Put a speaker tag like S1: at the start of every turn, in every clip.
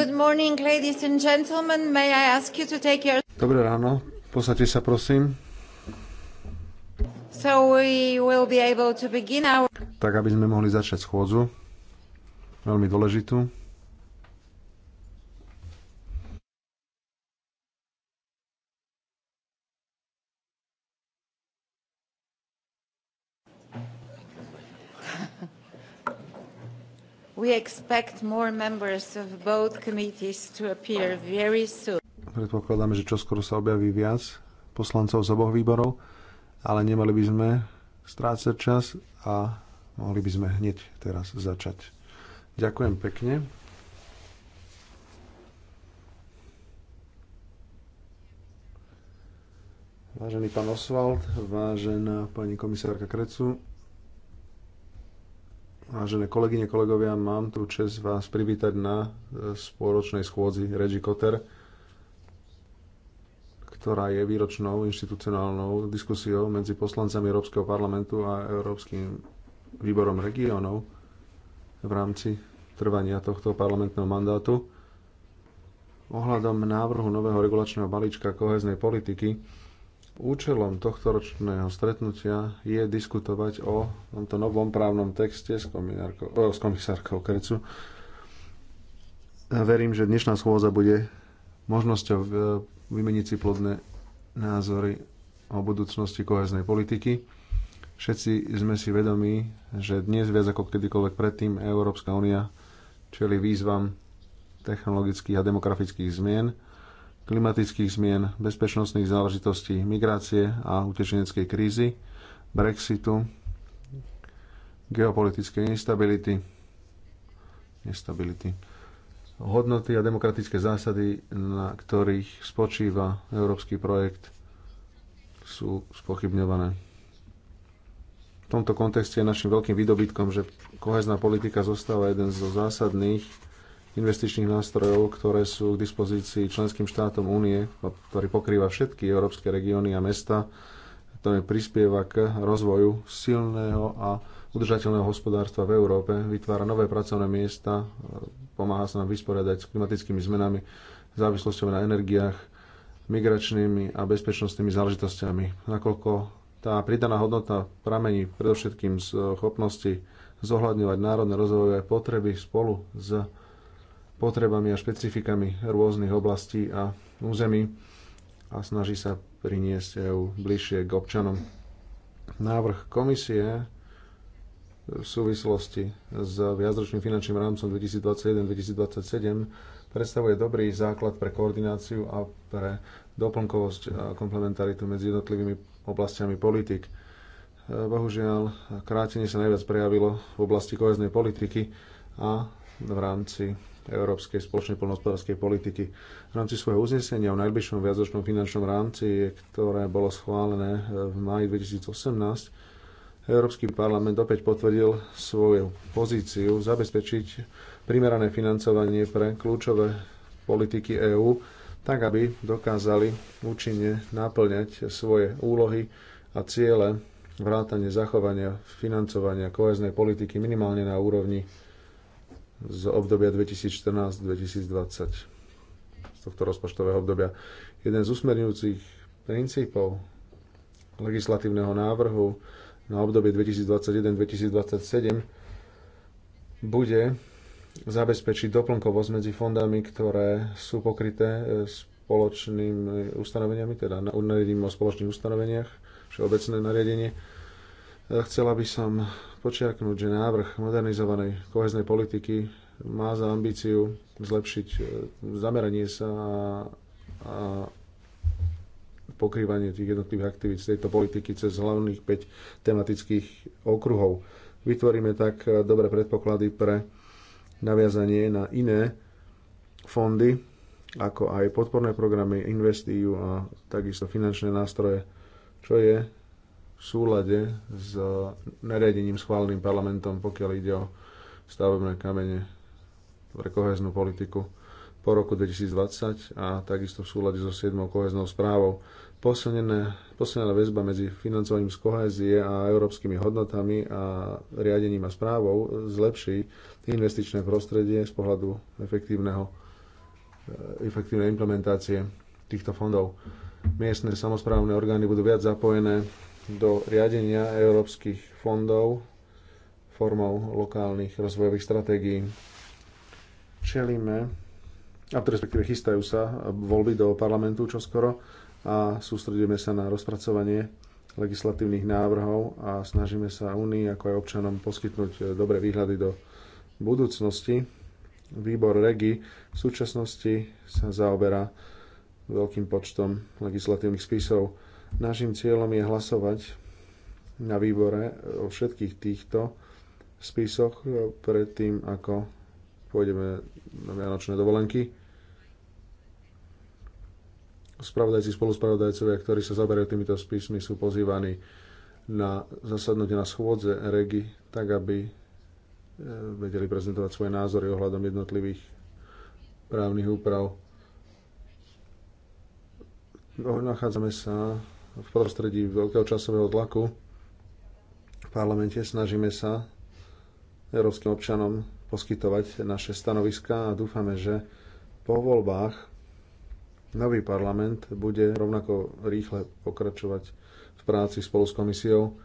S1: Good morning, ladies and gentlemen. May I ask you to take your...
S2: Dobré ráno, posaďte sa prosím.
S1: So we will be able to begin our...
S2: Tak, aby sme mohli začať schôdzu, veľmi dôležitú.
S1: We expect more members of both committees to appear very soon.
S2: Predpokladáme, že čoskoro sa objaví viac poslancov z oboch výborov, ale nemali by sme strácať čas a mohli by sme hneď teraz začať. Ďakujem pekne. Vážený pán Osvald, vážená pani komisárka Krecu, Vážené kolegyne, kolegovia, mám tu čest vás privítať na e, spoločnej schôdzi Regi Koter, ktorá je výročnou inštitucionálnou diskusiou medzi poslancami Európskeho parlamentu a Európskym výborom regiónov v rámci trvania tohto parlamentného mandátu ohľadom návrhu nového regulačného balíčka koheznej politiky Účelom tohto ročného stretnutia je diskutovať o tomto novom právnom texte s, s komisárkou Krecu. Verím, že dnešná schôdza bude možnosťou e, vymeniť si plodné názory o budúcnosti koheznej politiky. Všetci sme si vedomí, že dnes viac ako kedykoľvek predtým Európska únia čeli výzvam technologických a demografických zmien – klimatických zmien, bezpečnostných záležitostí, migrácie a utečeneckej krízy, Brexitu, geopolitickej instability, nestability, hodnoty a demokratické zásady, na ktorých spočíva európsky projekt, sú spochybňované. V tomto kontexte je našim veľkým výdobytkom, že kohezná politika zostáva jeden zo zásadných investičných nástrojov, ktoré sú k dispozícii členským štátom únie, ktorý pokrýva všetky európske regióny a mesta, ktoré prispieva k rozvoju silného a udržateľného hospodárstva v Európe, vytvára nové pracovné miesta, pomáha sa nám vysporiadať s klimatickými zmenami, závislosťou na energiách, migračnými a bezpečnostnými záležitostiami, Nakoľko tá pridaná hodnota pramení predovšetkým z schopnosti zohľadňovať národné rozvojové potreby spolu s potrebami a špecifikami rôznych oblastí a území a snaží sa priniesť EU bližšie k občanom. Návrh komisie v súvislosti s viacročným finančným rámcom 2021-2027 predstavuje dobrý základ pre koordináciu a pre doplnkovosť a komplementaritu medzi jednotlivými oblastiami politik. Bohužiaľ, krátenie sa najviac prejavilo v oblasti koheznej politiky a v rámci európskej spoločnej poľnohospodárskej politiky. V rámci svojho uznesenia o najbližšom viacročnom finančnom rámci, ktoré bolo schválené eh, v maji 2018, Európsky parlament opäť potvrdil svoju pozíciu zabezpečiť primerané financovanie pre kľúčové politiky EÚ, tak aby dokázali účinne naplňať svoje úlohy a ciele vrátane zachovania financovania koheznej politiky minimálne na úrovni z obdobia 2014-2020, z tohto rozpočtového obdobia. Jeden z usmerňujúcich princípov legislatívneho návrhu na obdobie 2021-2027 bude zabezpečiť doplnkovosť medzi fondami, ktoré sú pokryté e, spoločnými e, ustanoveniami, teda nariadením o spoločných ustanoveniach, všeobecné nariadenie. E, chcela by som počiarknúť, že návrh modernizovanej koheznej politiky má za ambíciu zlepšiť e, zameranie sa a, a pokrývanie tých jednotlivých aktivít z tejto politiky cez hlavných 5 tematických okruhov. Vytvoríme tak e, dobré predpoklady pre naviazanie na iné fondy, ako aj podporné programy investíciu e a takisto finančné nástroje, čo je v súlade s nariadením schváleným parlamentom, pokiaľ ide o stavebné kamene pre koheznú politiku po roku 2020 a takisto v súlade so 7. koheznou správou. Posilnené, posilnená väzba medzi financovaním z kohézie a európskymi hodnotami a riadením a správou zlepší investičné prostredie z pohľadu efektívneho, eh, efektívnej implementácie týchto fondov. Miestne samozprávne orgány budú viac zapojené do riadenia európskych fondov formou lokálnych rozvojových stratégií. Čelíme, a respektíve chystajú sa voľby do parlamentu čoskoro a sústredíme sa na rozpracovanie legislatívnych návrhov a snažíme sa Únii ako aj občanom poskytnúť e, dobré výhľady do budúcnosti. Výbor REGI v súčasnosti sa zaoberá veľkým počtom legislatívnych spisov Našim cieľom je hlasovať na výbore o všetkých týchto spisoch e, predtým, ako pôjdeme na vianočné dovolenky. Spravodajci, spoluspravodajcovia, ktorí sa zaberajú týmito spismi, sú pozývaní na zasadnutie na schôdze REGI, tak aby e, vedeli prezentovať svoje názory ohľadom jednotlivých právnych úprav. No, nachádzame sa v prostredí veľkého časového tlaku v parlamente snažíme sa európskym občanom poskytovať naše stanoviska a dúfame, že po voľbách nový parlament bude rovnako rýchle pokračovať v práci spolu s komisiou,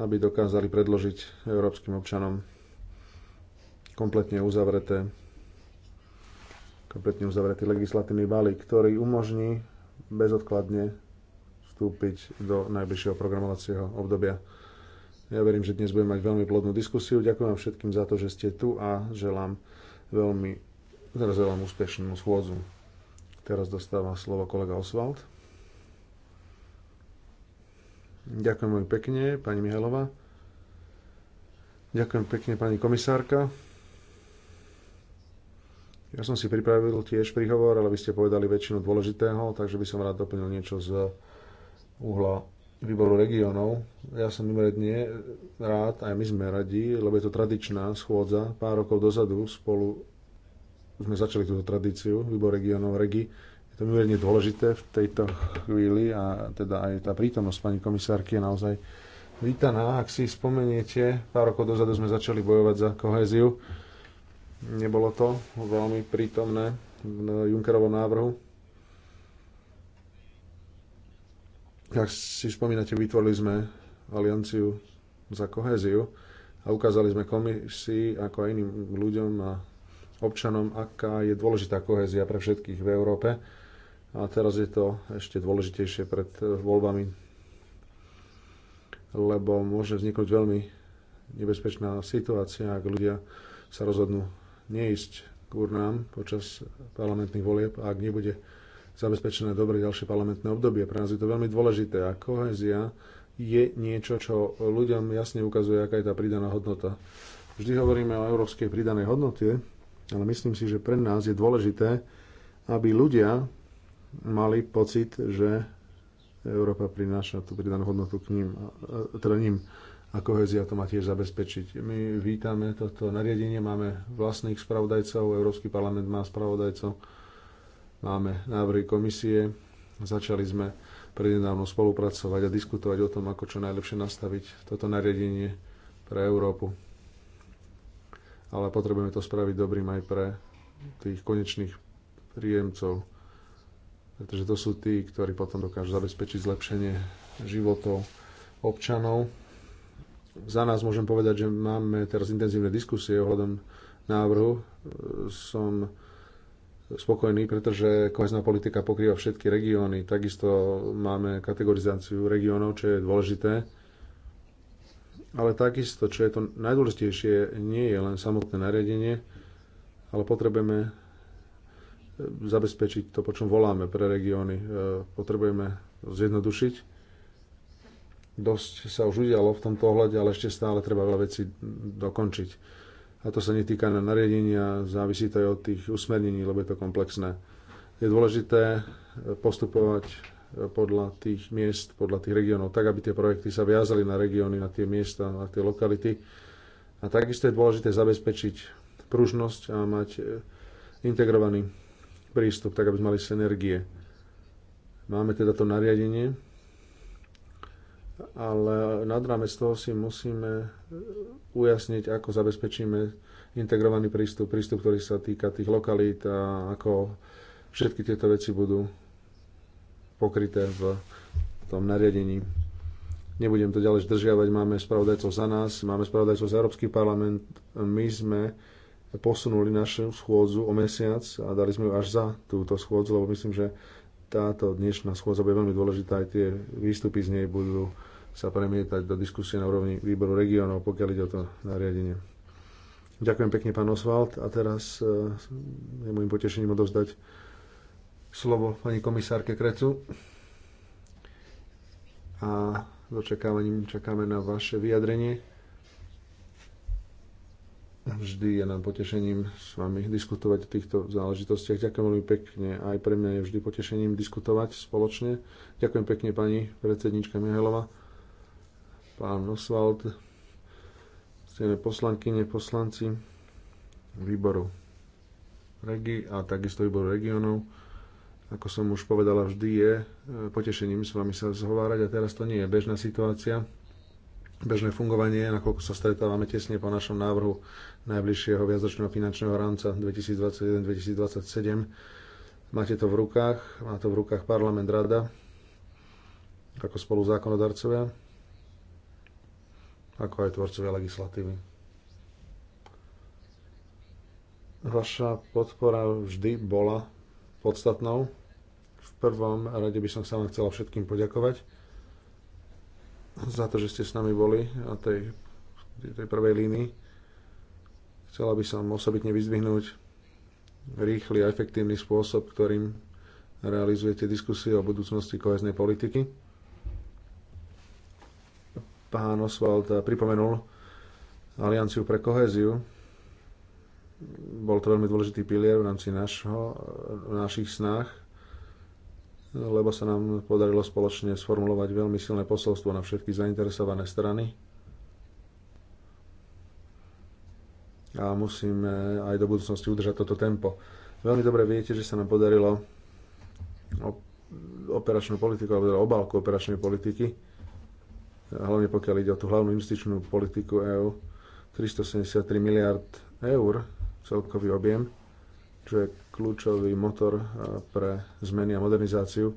S2: aby dokázali predložiť európskym občanom kompletne uzavreté kompletne uzavretý legislatívny balík, ktorý umožní bezodkladne vstúpiť do najbližšieho programovacieho obdobia. Ja verím, že dnes budeme mať veľmi plodnú diskusiu. Ďakujem vám všetkým za to, že ste tu a želám veľmi, teraz úspešnú schôdzu. Teraz dostáva slovo kolega Oswald. Ďakujem veľmi pekne, pani Mihalová. Ďakujem pekne, pani komisárka. Ja som si pripravil tiež príhovor, ale vy ste povedali väčšinu dôležitého, takže by som rád doplnil niečo z uhla výboru regiónov. Ja som mimoriadne rád, aj my sme radi, lebo je to tradičná schôdza. Pár rokov dozadu spolu sme začali túto tradíciu, výbor regiónov regi. Je to mimoriadne dôležité v tejto chvíli a teda aj tá prítomnosť pani komisárky je naozaj vítaná. Ak si spomeniete, pár rokov dozadu sme začali bojovať za kohéziu. Nebolo to veľmi prítomné v Junkerovom návrhu Ak si spomínate, vytvorili sme alianciu za kohéziu a ukázali sme komisii, ako aj iným ľuďom a občanom, aká je dôležitá kohézia pre všetkých v Európe. A teraz je to ešte dôležitejšie pred voľbami, lebo môže vzniknúť veľmi nebezpečná situácia, ak ľudia sa rozhodnú neísť k urnám počas parlamentných volieb, ak nebude zabezpečené dobre ďalšie parlamentné obdobie. Pre nás je to veľmi dôležité a kohezia je niečo, čo ľuďom jasne ukazuje, aká je tá pridaná hodnota. Vždy hovoríme o európskej pridanej hodnote, ale myslím si, že pre nás je dôležité, aby ľudia mali pocit, že Európa prináša tú pridanú hodnotu k ním, e, teda ním a kohezia to má tiež zabezpečiť. My vítame toto nariadenie, máme vlastných spravodajcov, Európsky parlament má spravodajcov, Máme návrhy komisie, začali sme prednedávno spolupracovať a diskutovať o tom, ako čo najlepšie nastaviť toto nariadenie pre Európu. Ale potrebujeme to spraviť dobrým aj pre tých konečných príjemcov, pretože to sú tí, ktorí potom dokážu zabezpečiť zlepšenie životov občanov. Za nás môžem povedať, že máme teraz intenzívne diskusie ohľadom návrhu. Som spokojní, pretože kohezná politika pokrýva všetky regióny. Takisto máme kategorizáciu regiónov, čo je dôležité. Ale takisto, čo je to najdôležitejšie, nie je len samotné nariadenie, ale potrebujeme e, zabezpečiť to, po čom voláme pre regióny. E, potrebujeme zjednodušiť. Dosť sa už udialo v tomto ohľade, ale ešte stále treba veľa vecí dokončiť a to sa netýka na nariadenia, závisí to aj od tých usmernení, lebo je to komplexné. Je dôležité eh, postupovať eh, podľa tých miest, podľa tých regiónov, tak aby tie projekty sa viazali na regióny, na tie miesta, na tie lokality. A takisto je dôležité zabezpečiť pružnosť a mať eh, integrovaný prístup, tak aby sme mali synergie. Máme teda to nariadenie, ale nad rámec toho si musíme eh, ujasniť, ako zabezpečíme integrovaný prístup, prístup, ktorý sa týka tých lokalít a ako všetky tieto veci budú pokryté v tom nariadení. Nebudem to ďalej zdržiavať, máme spravodajcov za nás, máme spravodajcov za Európsky parlament. My sme posunuli našu schôdzu o mesiac a dali sme ju až za túto schôdzu, lebo myslím, že táto dnešná schôdza bude veľmi dôležitá, aj tie výstupy z nej budú sa premietať do diskusie na úrovni výboru regiónov, pokiaľ ide o to nariadenie. Ďakujem pekne, pán Osvald. A teraz e, je môjim potešením odovzdať slovo pani komisárke Krecu. A s očakávaním čakáme na vaše vyjadrenie. Vždy je nám potešením s vami diskutovať o týchto záležitostiach. Ďakujem veľmi pekne. Aj pre mňa je vždy potešením diskutovať spoločne. Ďakujem pekne pani predsednička Mihajlova, pán Oswald, stené poslankyne, poslanci výboru regi a takisto výboru regionov. Ako som už povedala, vždy je e, potešením s vami sa zhovárať a teraz to nie je bežná situácia bežné fungovanie, nakoľko sa stretávame tesne po našom návrhu najbližšieho viacročného finančného rámca 2021-2027. Máte to v rukách, má to v rukách parlament rada, ako spolu zákonodarcovia, ako aj tvorcovia legislatívy. Vaša podpora vždy bola podstatnou. V prvom rade by som sa vám chcela všetkým poďakovať za to, že ste s nami boli na tej, tej prvej línii. Chcela by som osobitne vyzdvihnúť rýchly a efektívny spôsob, ktorým realizujete diskusie o budúcnosti koheznej politiky. Pán Oswald pripomenul Alianciu pre kohéziu. Bol to veľmi dôležitý pilier v rámci našho, našich snách lebo sa nám podarilo spoločne sformulovať veľmi silné posolstvo na všetky zainteresované strany. A musíme aj do budúcnosti udržať toto tempo. Veľmi dobre viete, že sa nám podarilo operačnú politiku, alebo teda obálku operačnej politiky, hlavne pokiaľ ide o tú hlavnú investičnú politiku EÚ, 373 miliard eur celkový objem čo je kľúčový motor e, pre zmeny a modernizáciu.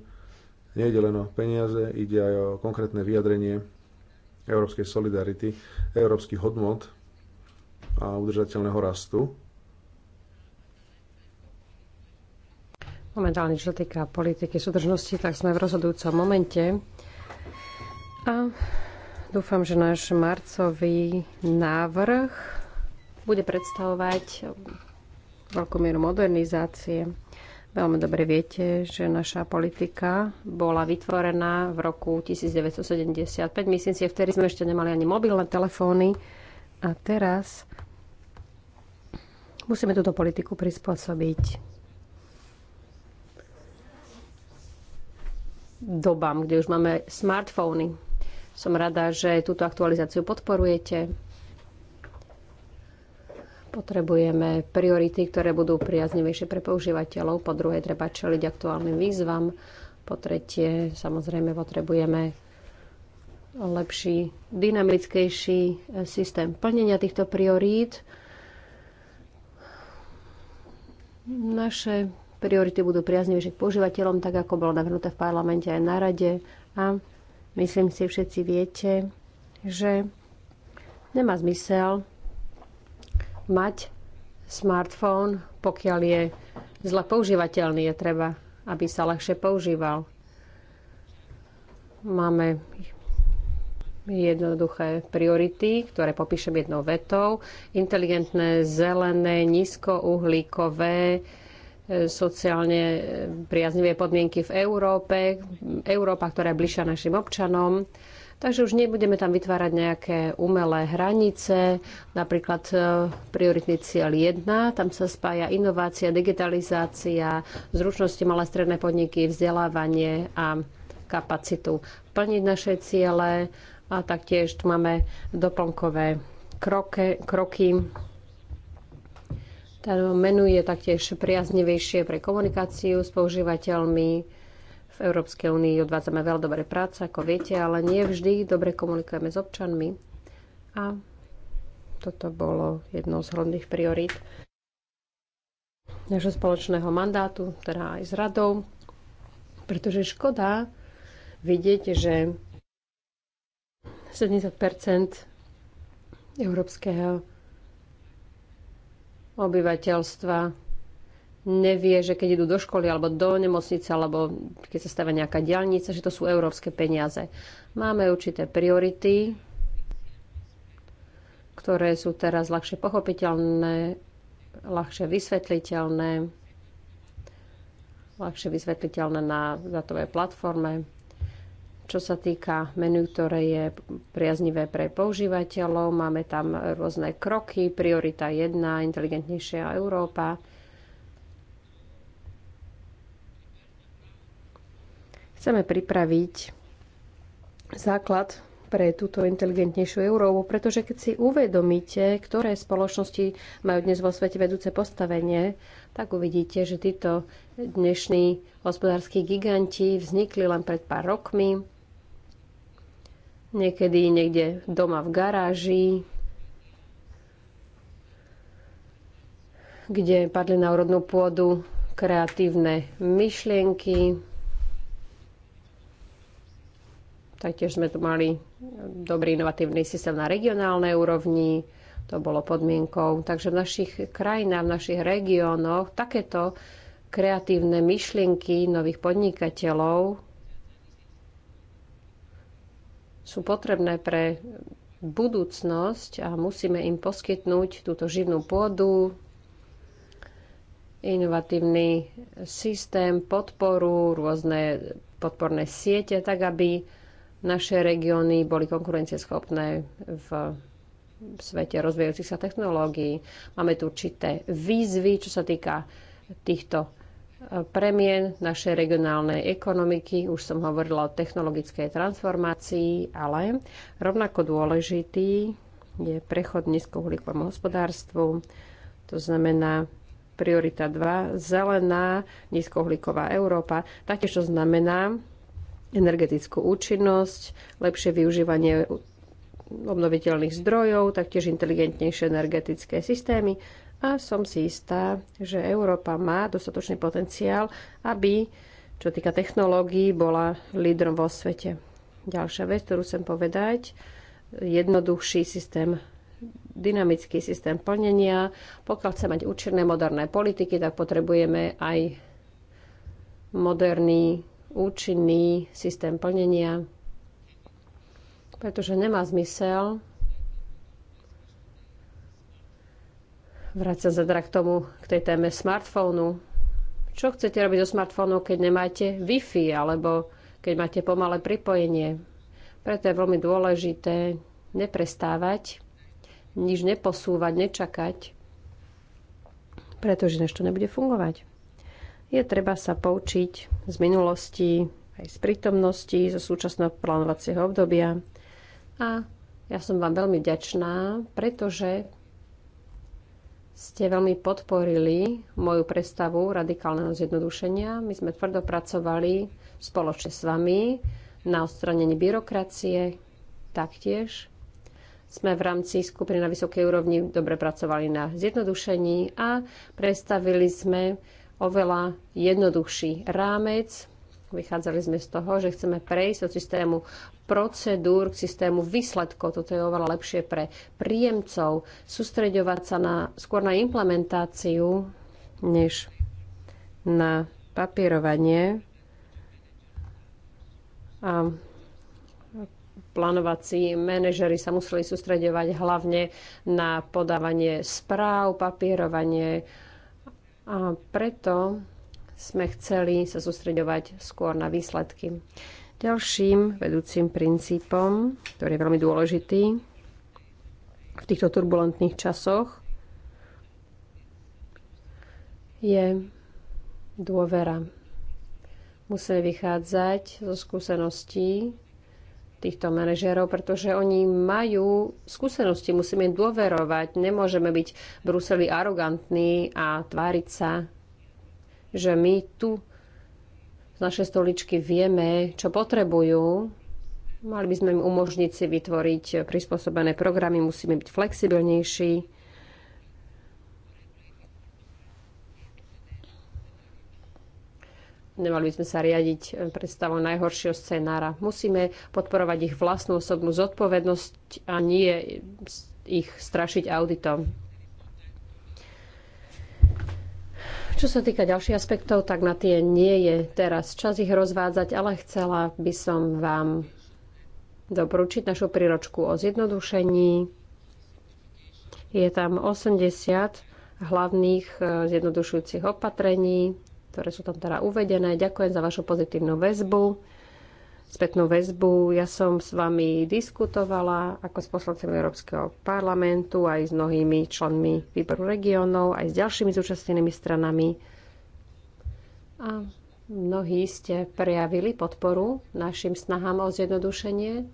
S2: Nejde len o peniaze, ide aj o konkrétne vyjadrenie európskej solidarity, európskych hodnot a udržateľného rastu.
S3: Momentálne, čo sa týka politiky súdržnosti, tak sme v rozhodujúcom momente. A dúfam, že náš marcový návrh bude predstavovať veľkú mieru modernizácie. Veľmi dobre viete, že naša politika bola vytvorená v roku 1975. Myslím si, že vtedy sme ešte nemali ani mobilné telefóny. A teraz musíme túto politiku prispôsobiť dobám, kde už máme smartfóny. Som rada, že túto aktualizáciu podporujete. Potrebujeme priority, ktoré budú priaznivejšie pre používateľov. Po druhé, treba čeliť aktuálnym výzvam. Po tretie, samozrejme, potrebujeme lepší, dynamickejší eh, systém plnenia týchto priorít. Naše priority budú priaznivejšie k používateľom, tak ako bolo navrhnuté v parlamente aj na rade. A myslím si, všetci viete, že nemá zmysel mať smartfón, pokiaľ je zle používateľný, je treba, aby sa ľahšie používal. Máme jednoduché priority, ktoré popíšem jednou vetou. Inteligentné, zelené, nízkouhlíkové, e, sociálne e, priaznivé podmienky v Európe, Európa, ktorá je bližšia našim občanom, Takže už nebudeme tam vytvárať nejaké umelé hranice, napríklad e, prioritný cieľ 1, tam sa spája inovácia, digitalizácia, zručnosti malé stredné podniky, vzdelávanie a kapacitu plniť naše ciele a taktiež tu máme doplnkové kroke, kroky. Tá menu je taktiež priaznivejšie pre komunikáciu s používateľmi v Európskej únii odvádzame veľa dobrej práce, ako viete, ale nie vždy dobre komunikujeme s občanmi. A toto bolo jednou z hlavných priorít nášho spoločného mandátu, teda aj s radou, pretože škoda vidieť, že 70 európskeho obyvateľstva nevie, že keď idú do školy alebo do nemocnice, alebo keď sa stáva nejaká diálnica, že to sú európske peniaze. Máme určité priority, ktoré sú teraz ľahšie pochopiteľné, ľahšie vysvetliteľné, ľahšie vysvetliteľné na datovej platforme. Čo sa týka menu, ktoré je priaznivé pre používateľov, máme tam rôzne kroky, priorita 1, inteligentnejšia Európa, Chceme pripraviť základ pre túto inteligentnejšiu Európu, pretože keď si uvedomíte, ktoré spoločnosti majú dnes vo svete vedúce postavenie, tak uvidíte, že títo dnešní hospodárskí giganti vznikli len pred pár rokmi, niekedy niekde doma v garáži, kde padli na úrodnú pôdu kreatívne myšlienky, Taktiež sme tu mali dobrý inovatívny systém na regionálnej úrovni, to bolo podmienkou. Takže v našich krajinách, v našich regiónoch takéto kreatívne myšlienky nových podnikateľov sú potrebné pre budúcnosť a musíme im poskytnúť túto živnú pôdu, inovatívny systém, podporu, rôzne podporné siete, tak aby naše regióny boli konkurencieschopné v svete rozvíjajúcich sa technológií. Máme tu určité výzvy, čo sa týka týchto e, premien našej regionálnej ekonomiky. Už som hovorila o technologickej transformácii, ale rovnako dôležitý je prechod nízkouhlíkovému hospodárstvu. To znamená priorita 2, zelená nízkouhlíková Európa. Taktiež to znamená energetickú účinnosť, lepšie využívanie obnoviteľných zdrojov, taktiež inteligentnejšie energetické systémy. A som si istá, že Európa má dostatočný potenciál, aby, čo týka technológií, bola lídrom vo svete. Ďalšia vec, ktorú chcem povedať, jednoduchší systém dynamický systém plnenia. Pokiaľ chce mať účinné moderné politiky, tak potrebujeme aj moderný účinný systém plnenia, pretože nemá zmysel vráť sa teda k tomu, k tej téme smartfónu. Čo chcete robiť so smartfónu, keď nemáte Wi-Fi alebo keď máte pomalé pripojenie? Preto je veľmi dôležité neprestávať, nič neposúvať, nečakať, pretože než to nebude fungovať je treba sa poučiť z minulosti, aj z prítomnosti, zo súčasného plánovacieho obdobia. A ja som vám veľmi vďačná, pretože ste veľmi podporili moju predstavu radikálneho zjednodušenia. My sme tvrdo pracovali spoločne s vami na odstranení byrokracie. Taktiež sme v rámci skupiny na vysokej úrovni dobre pracovali na zjednodušení a predstavili sme oveľa jednoduchší rámec. Vychádzali sme z toho, že chceme prejsť od systému procedúr k systému výsledkov. Toto je oveľa lepšie pre príjemcov. Sústreďovať sa na, skôr na implementáciu, než na papierovanie a plánovací manažery sa museli sústredovať hlavne na podávanie správ, papierovanie a preto sme chceli sa sústreďovať skôr na výsledky. Ďalším vedúcim princípom, ktorý je veľmi dôležitý v týchto turbulentných časoch, je dôvera. Musíme vychádzať zo skúseností týchto manažérov, pretože oni majú skúsenosti, musíme im dôverovať, nemôžeme byť v Bruseli arogantní a tváriť sa, že my tu z našej stoličky vieme, čo potrebujú. Mali by sme im umožniť si vytvoriť prispôsobené programy, musíme byť flexibilnejší Nemali by sme sa riadiť e, predstavou najhoršieho scenára. Musíme podporovať ich vlastnú osobnú zodpovednosť a nie ich strašiť auditom. Čo sa týka ďalších aspektov, tak na tie nie je teraz čas ich rozvádzať, ale chcela by som vám doporučiť našu príročku o zjednodušení. Je tam 80 hlavných e, zjednodušujúcich opatrení ktoré sú tam teda uvedené. Ďakujem za vašu pozitívnu väzbu, spätnú väzbu. Ja som s vami diskutovala ako s poslancami Európskeho parlamentu, aj s mnohými členmi výboru regionov, aj s ďalšími zúčastnenými stranami. A mnohí ste prejavili podporu našim snahám o zjednodušenie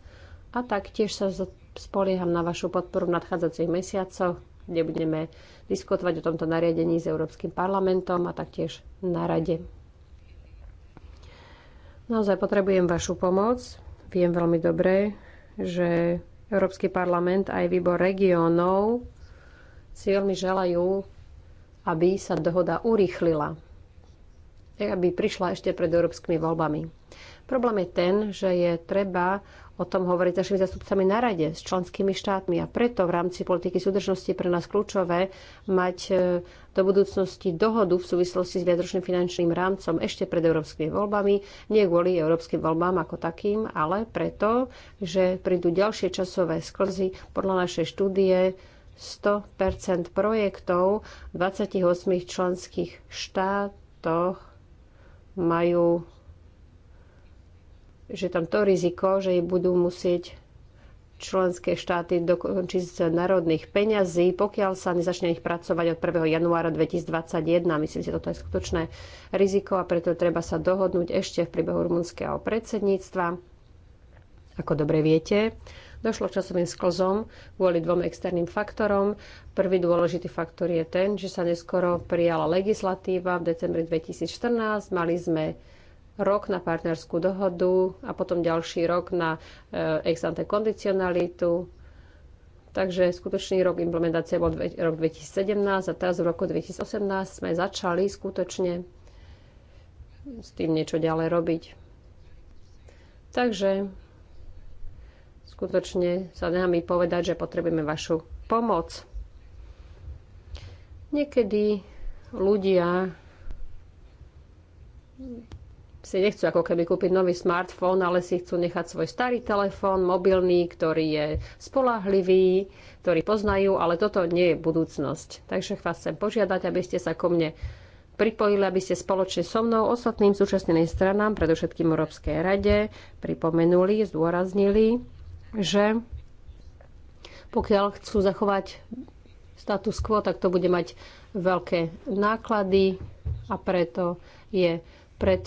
S3: a taktiež sa spolieham na vašu podporu v nadchádzajúcich mesiacoch kde budeme diskutovať o tomto nariadení s Európskym parlamentom a taktiež na rade. Naozaj potrebujem vašu pomoc. Viem veľmi dobre, že Európsky parlament aj výbor regiónov si veľmi želajú, aby sa dohoda urýchlila, aby prišla ešte pred európskymi voľbami. Problém je ten, že je treba o tom hovoriť s našimi zastupcami na rade, s členskými štátmi. A preto v rámci politiky súdržnosti pre nás kľúčové mať e, do budúcnosti dohodu v súvislosti s viadročným finančným rámcom ešte pred európskymi voľbami. Nie kvôli európskym voľbám ako takým, ale preto, že prídu ďalšie časové sklzy. Podľa našej štúdie 100 projektov v 28 členských štátoch majú že tam to riziko, že ich budú musieť členské štáty dokončiť z národných peňazí, pokiaľ sa nezačne ich pracovať od 1. januára 2021. Myslím si, že toto je skutočné riziko a preto treba sa dohodnúť ešte v priebehu rumunského predsedníctva. Ako dobre viete, došlo k časovým sklzom kvôli dvom externým faktorom. Prvý dôležitý faktor je ten, že sa neskoro prijala legislatíva v decembri 2014. Mali sme rok na partnerskú dohodu a potom ďalší rok na e, ex ante kondicionalitu. Takže skutočný rok implementácie bol rok 2017 a teraz v roku 2018 sme začali skutočne s tým niečo ďalej robiť. Takže skutočne sa nechám mi povedať, že potrebujeme vašu pomoc. Niekedy ľudia si nechcú ako keby kúpiť nový smartfón, ale si chcú nechať svoj starý telefón, mobilný, ktorý je spolahlivý, ktorý poznajú, ale toto nie je budúcnosť. Takže vás chcem požiadať, aby ste sa ku mne pripojili, aby ste spoločne so mnou ostatným súčasneným stranám, predovšetkým Európskej rade, pripomenuli, zdôraznili, že pokiaľ chcú zachovať status quo, tak to bude mať veľké náklady a preto je pred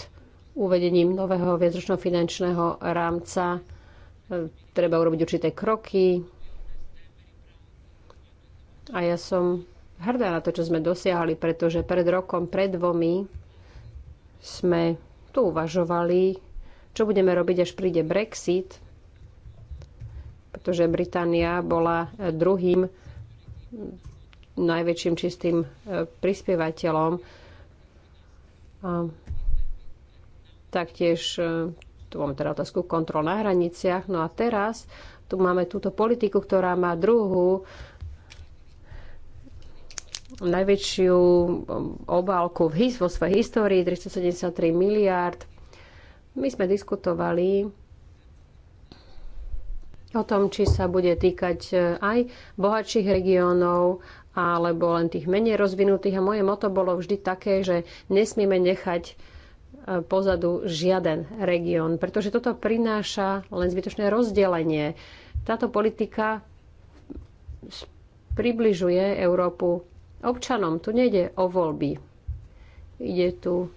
S3: uvedením nového viacročného finančného rámca e, treba urobiť určité kroky. A ja som hrdá na to, čo sme dosiahli, pretože pred rokom, pred dvomi sme tu uvažovali, čo budeme robiť, až príde Brexit, pretože Británia bola e, druhým najväčším čistým e, prispievateľom taktiež e, tu mám teda otázku kontrol na hraniciach. No a teraz tu máme túto politiku, ktorá má druhú najväčšiu e, obálku v his, vo svojej histórii, 373 miliárd. My sme diskutovali o tom, či sa bude týkať e, aj bohatších regiónov alebo len tých menej rozvinutých. A moje moto bolo vždy také, že nesmíme nechať pozadu žiaden región, pretože toto prináša len zbytočné rozdelenie. Táto politika približuje Európu občanom. Tu nejde o voľby. Ide tu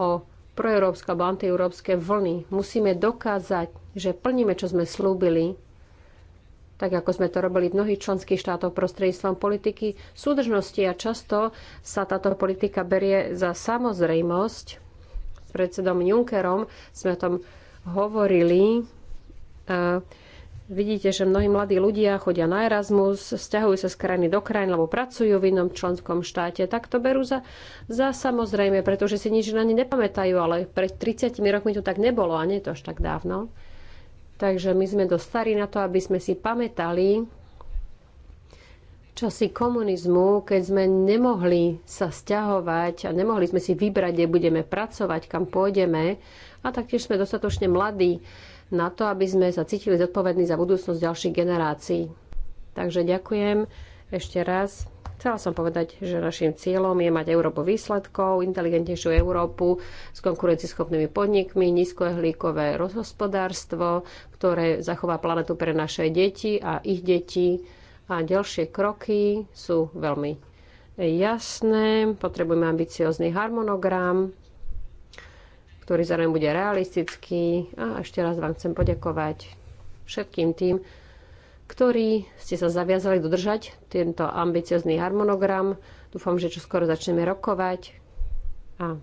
S3: o proeurópske alebo antieurópske vlny. Musíme dokázať, že plníme, čo sme slúbili, tak ako sme to robili v mnohých členských štátoch prostredníctvom politiky súdržnosti a často sa táto politika berie za samozrejmosť predsedom Junckerom sme o tom hovorili. A vidíte, že mnohí mladí ľudia chodia na Erasmus, stiahujú sa z krajiny do krajiny, lebo pracujú v inom členskom štáte. Tak to berú za, za samozrejme, pretože si nič na ne nepamätajú, ale pred 30 rokmi to tak nebolo a nie je to až tak dávno. Takže my sme dostarí na to, aby sme si pamätali časy komunizmu, keď sme nemohli sa stiahovať a nemohli sme si vybrať, kde budeme pracovať, kam pôjdeme. A taktiež sme dostatočne mladí na to, aby sme sa cítili zodpovední za budúcnosť ďalších generácií. Takže ďakujem ešte raz. Chcela som povedať, že našim cieľom je mať Európu výsledkov, inteligentnejšiu Európu s konkurencieschopnými podnikmi, nízkoehlíkové rozhospodárstvo, ktoré zachová planetu pre naše deti a ich deti a ďalšie kroky sú veľmi jasné. Potrebujeme ambiciózny harmonogram, ktorý zároveň bude realistický. A ešte raz vám chcem poďakovať všetkým tým, ktorí ste sa zaviazali dodržať tento ambiciozný harmonogram. Dúfam, že čoskoro začneme rokovať a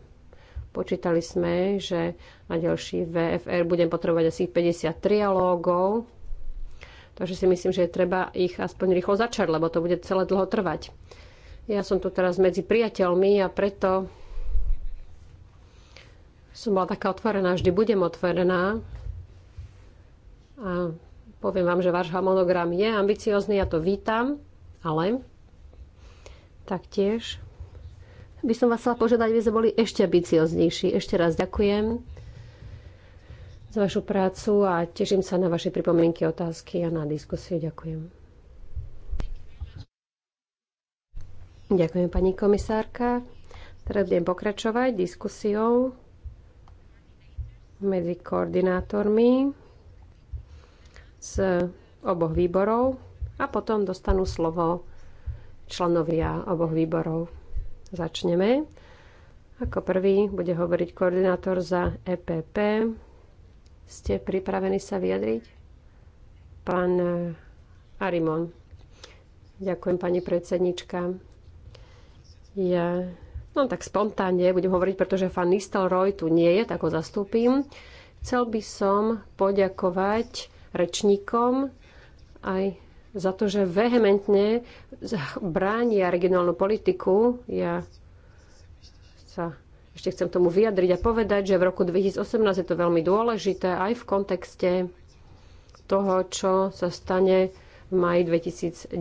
S3: počítali sme, že na ďalší VFR budem potrebovať asi 50 trialógov, Takže si myslím, že treba ich aspoň rýchlo začať, lebo to bude celé dlho trvať. Ja som tu teraz medzi priateľmi a preto som bola taká otvorená, vždy budem otvorená. A poviem vám, že váš harmonogram je ambiciozný, ja to vítam, ale taktiež by som vás chcela požiadať, aby sme boli ešte ambicioznejší. Ešte raz ďakujem za vašu prácu a teším sa na vaše pripomienky, otázky a na diskusiu. Ďakujem. Ďakujem, pani komisárka. Teraz budem pokračovať diskusiou medzi koordinátormi z oboch výborov a potom dostanú slovo členovia oboch výborov. Začneme. Ako prvý bude hovoriť koordinátor za EPP ste pripravení sa vyjadriť? Pán eh, Arimon. Ďakujem, pani predsednička. Ja, no tak spontánne budem hovoriť, pretože fan Nistelrooy tu nie je, tak ho zastúpim. Chcel by som poďakovať rečníkom aj za to, že vehementne bránia regionálnu politiku. Ja sa ešte chcem tomu vyjadriť a povedať, že v roku 2018 je to veľmi dôležité aj v kontexte toho, čo sa stane v maji 2019.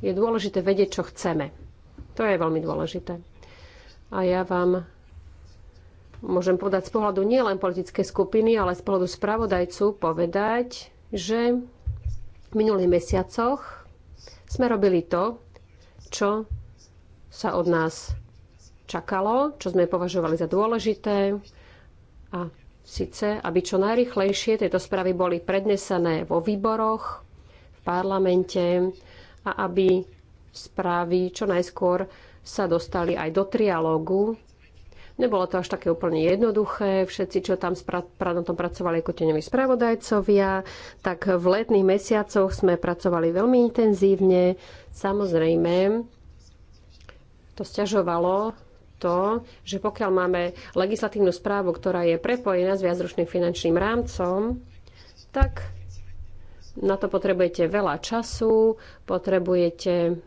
S3: Je dôležité vedieť, čo chceme. To je veľmi dôležité. A ja vám môžem podať z pohľadu nielen politické skupiny, ale z pohľadu spravodajcu povedať, že v minulých mesiacoch sme robili to, čo sa od nás čakalo, čo sme považovali za dôležité. A síce, aby čo najrychlejšie tieto správy boli prednesené vo výboroch, v parlamente a aby správy čo najskôr sa dostali aj do trialógu. Nebolo to až také úplne jednoduché. Všetci, čo tam na tom pracovali ako teňoví spravodajcovia, tak v letných mesiacoch sme pracovali veľmi intenzívne. Samozrejme, to sťažovalo to, že pokiaľ máme legislatívnu správu, ktorá je prepojená s viacročným finančným rámcom, tak na to potrebujete veľa času, potrebujete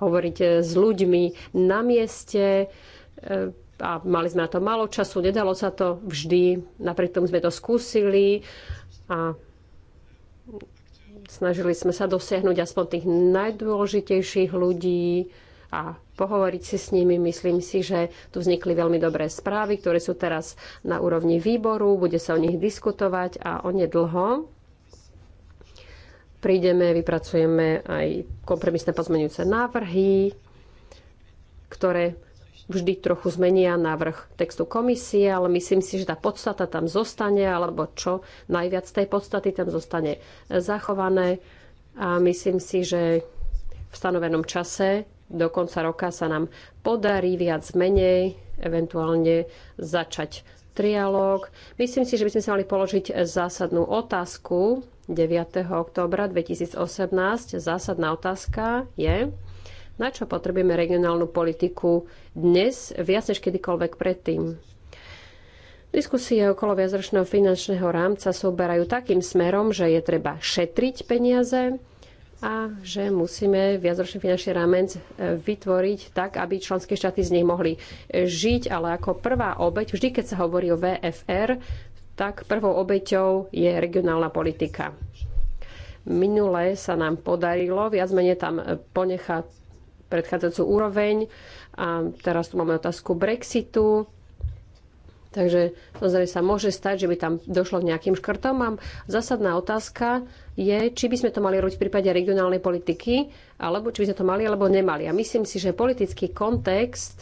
S3: hovoriť eh, s ľuďmi na mieste eh, a mali sme na to málo času, nedalo sa to vždy, napriek tomu sme to skúsili a snažili sme sa dosiahnuť aspoň tých najdôležitejších ľudí, a pohovoriť si s nimi. Myslím si, že tu vznikli veľmi dobré správy, ktoré sú teraz na úrovni výboru, bude sa o nich diskutovať a onedlho prídeme, vypracujeme aj kompromisné pozmenujúce návrhy, ktoré vždy trochu zmenia návrh textu komisie, ale myslím si, že tá podstata tam zostane, alebo čo najviac tej podstaty tam zostane zachované. A myslím si, že v stanovenom čase do konca roka sa nám podarí viac menej eventuálne začať trialóg. Myslím si, že by sme sa mali položiť zásadnú otázku 9. októbra 2018. Zásadná otázka je, na čo potrebujeme regionálnu politiku dnes viac než kedykoľvek predtým. Diskusie okolo viacročného finančného rámca sa uberajú takým smerom, že je treba šetriť peniaze, a že musíme viacročný finančný rámec e, vytvoriť tak, aby členské štáty z nich mohli e, žiť, ale ako prvá obeď, vždy keď sa hovorí o VFR, tak prvou obeťou je regionálna politika. Minule sa nám podarilo viac menej tam e, ponechať predchádzajúcu úroveň a teraz tu máme otázku Brexitu Takže samozrejme sa môže stať, že by tam došlo k nejakým škrtom. Mám zásadná otázka je, či by sme to mali robiť v prípade regionálnej politiky, alebo či by sme to mali, alebo nemali. A myslím si, že politický kontext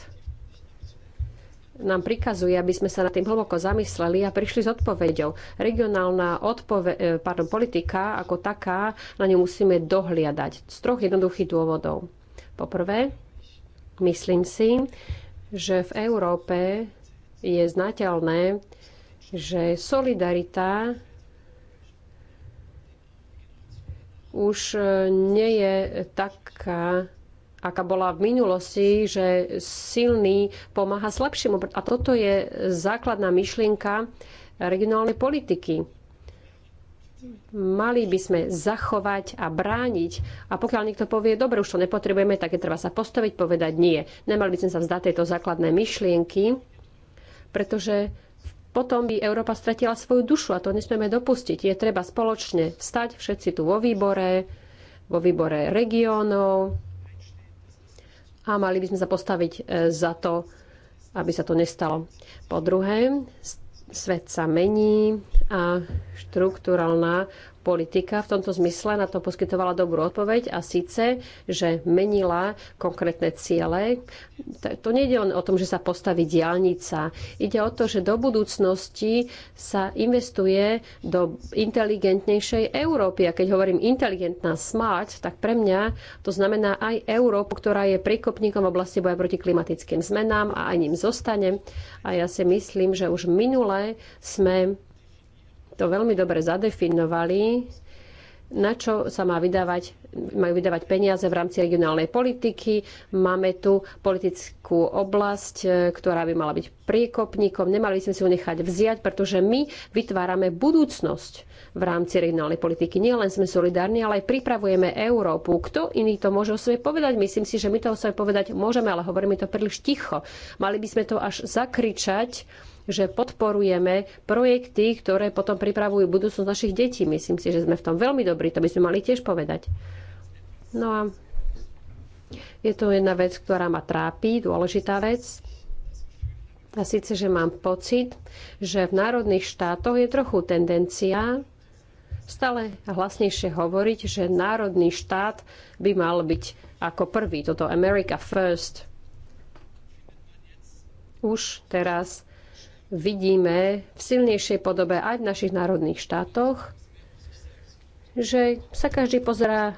S3: nám prikazuje, aby sme sa nad tým hlboko zamysleli a prišli s odpoveďou. Regionálna odpove- e, pardon, politika ako taká, na ňu musíme dohliadať z troch jednoduchých dôvodov. Poprvé, myslím si, že v Európe je znateľné, že solidarita už e, nie je taká, aká bola v minulosti, že silný pomáha slabšiemu. A toto je základná myšlienka regionálnej politiky. Mali by sme zachovať a brániť. A pokiaľ niekto povie, dobre, už to nepotrebujeme, tak je treba sa postaviť, povedať nie. Nemali by sme sa vzdať tejto základné myšlienky, pretože potom by Európa stratila svoju dušu a to nesmieme dopustiť. Je treba spoločne vstať, všetci tu vo výbore, vo výbore regiónov a mali by sme sa postaviť e, za to, aby sa to nestalo. Po druhé, svet sa mení a štruktúralná politika v tomto zmysle na to poskytovala dobrú odpoveď a síce, že menila konkrétne ciele. To nie je len o tom, že sa postaví diálnica. Ide o to, že do budúcnosti sa investuje do inteligentnejšej Európy. A keď hovorím inteligentná smart, tak pre mňa to znamená aj Európu, ktorá je príkopníkom v oblasti boja proti klimatickým zmenám a aj ním zostane. A ja si myslím, že už minule sme to veľmi dobre zadefinovali, na čo sa má vydávať, majú vydávať peniaze v rámci regionálnej politiky. Máme tu politickú oblasť, e, ktorá by mala byť priekopníkom. Nemali by sme si ho nechať vziať, pretože my vytvárame budúcnosť v rámci regionálnej politiky. Nie len sme solidárni, ale aj pripravujeme Európu. Kto iný to môže o sebe povedať? Myslím si, že my to o sebe povedať môžeme, ale hovoríme to príliš ticho. Mali by sme to až zakričať, že podporujeme projekty, ktoré potom pripravujú budúcnosť našich detí. Myslím si, že sme v tom veľmi dobrí, to by sme mali tiež povedať. No a je to jedna vec, ktorá ma trápi, dôležitá vec. A síce, že mám pocit, že v národných štátoch je trochu tendencia stále hlasnejšie hovoriť, že národný štát by mal byť ako prvý, toto America First. Už teraz vidíme v silnejšej podobe aj v našich národných štátoch, že sa každý pozerá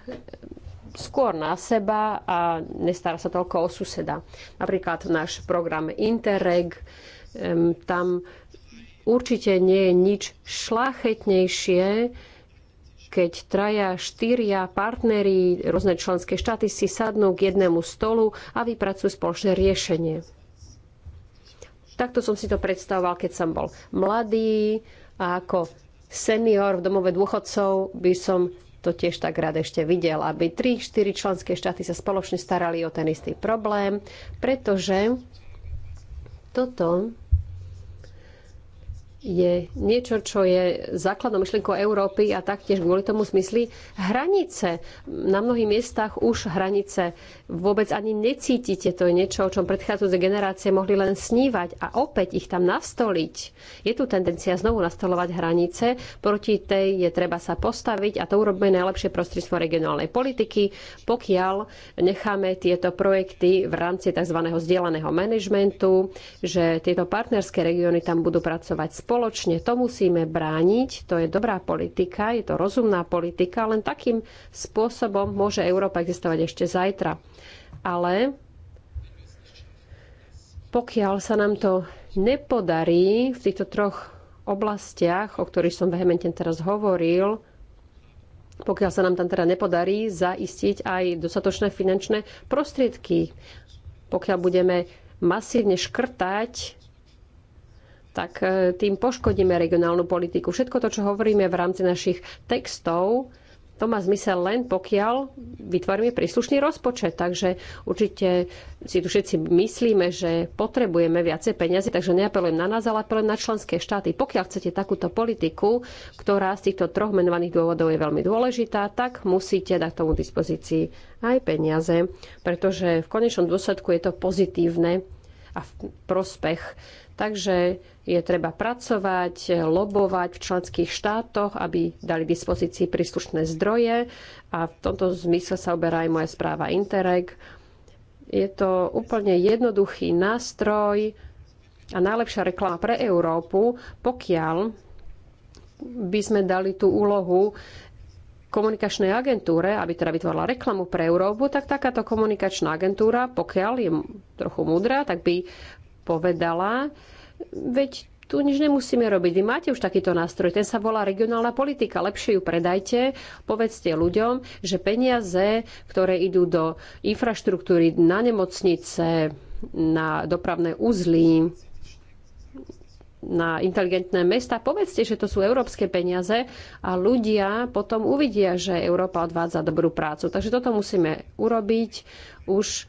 S3: skôr na seba a nestará sa toľko o suseda. Napríklad náš program Interreg, tam určite nie je nič šlachetnejšie, keď traja, štyria partneri, rôzne členské štáty si sadnú k jednému stolu a vypracujú spoločné riešenie. Takto som si to predstavoval, keď som bol mladý a ako senior v domove dôchodcov by som to tiež tak rád ešte videl, aby 3-4 členské štáty sa spoločne starali o ten istý problém, pretože toto je niečo, čo je základnou myšlienkou Európy a taktiež kvôli tomu smysli hranice. Na mnohých miestach už hranice vôbec ani necítite. To je niečo, o čom predchádzajúce generácie mohli len snívať a opäť ich tam nastoliť. Je tu tendencia znovu nastolovať hranice. Proti tej je treba sa postaviť a to urobíme najlepšie prostredstvo regionálnej politiky, pokiaľ necháme tieto projekty v rámci tzv. zdieľaného manažmentu, že tieto partnerské regióny tam budú pracovať spolu spoločne. To musíme brániť, to je dobrá politika, je to rozumná politika, len takým spôsobom môže Európa existovať ešte zajtra. Ale pokiaľ sa nám to nepodarí v týchto troch oblastiach, o ktorých som vehementne teraz hovoril, pokiaľ sa nám tam teda nepodarí zaistiť aj dostatočné finančné prostriedky. Pokiaľ budeme masívne škrtať tak e, tým poškodíme regionálnu politiku. Všetko to, čo hovoríme v rámci našich textov, to má zmysel len pokiaľ vytvoríme príslušný rozpočet. Takže určite si tu všetci myslíme, že potrebujeme viacej peniazy, takže neapelujem na nás, ale apelujem na členské štáty. Pokiaľ chcete takúto politiku, ktorá z týchto troch menovaných dôvodov je veľmi dôležitá, tak musíte dať tomu dispozícii aj peniaze, pretože v konečnom dôsledku je to pozitívne a v prospech Takže je treba pracovať, lobovať v členských štátoch, aby dali k dispozícii príslušné zdroje a v tomto zmysle sa oberá aj moja správa Interreg. Je to úplne jednoduchý nástroj a najlepšia reklama pre Európu, pokiaľ by sme dali tú úlohu komunikačnej agentúre, aby teda vytvorila reklamu pre Európu, tak takáto komunikačná agentúra, pokiaľ je trochu múdra, tak by povedala, veď tu nič nemusíme robiť. Vy máte už takýto nástroj, ten sa volá regionálna politika. Lepšie ju predajte, povedzte ľuďom, že peniaze, ktoré idú do infraštruktúry, na nemocnice, na dopravné uzly, na inteligentné mesta. Povedzte, že to sú európske peniaze a ľudia potom uvidia, že Európa odvádza dobrú prácu. Takže toto musíme urobiť. Už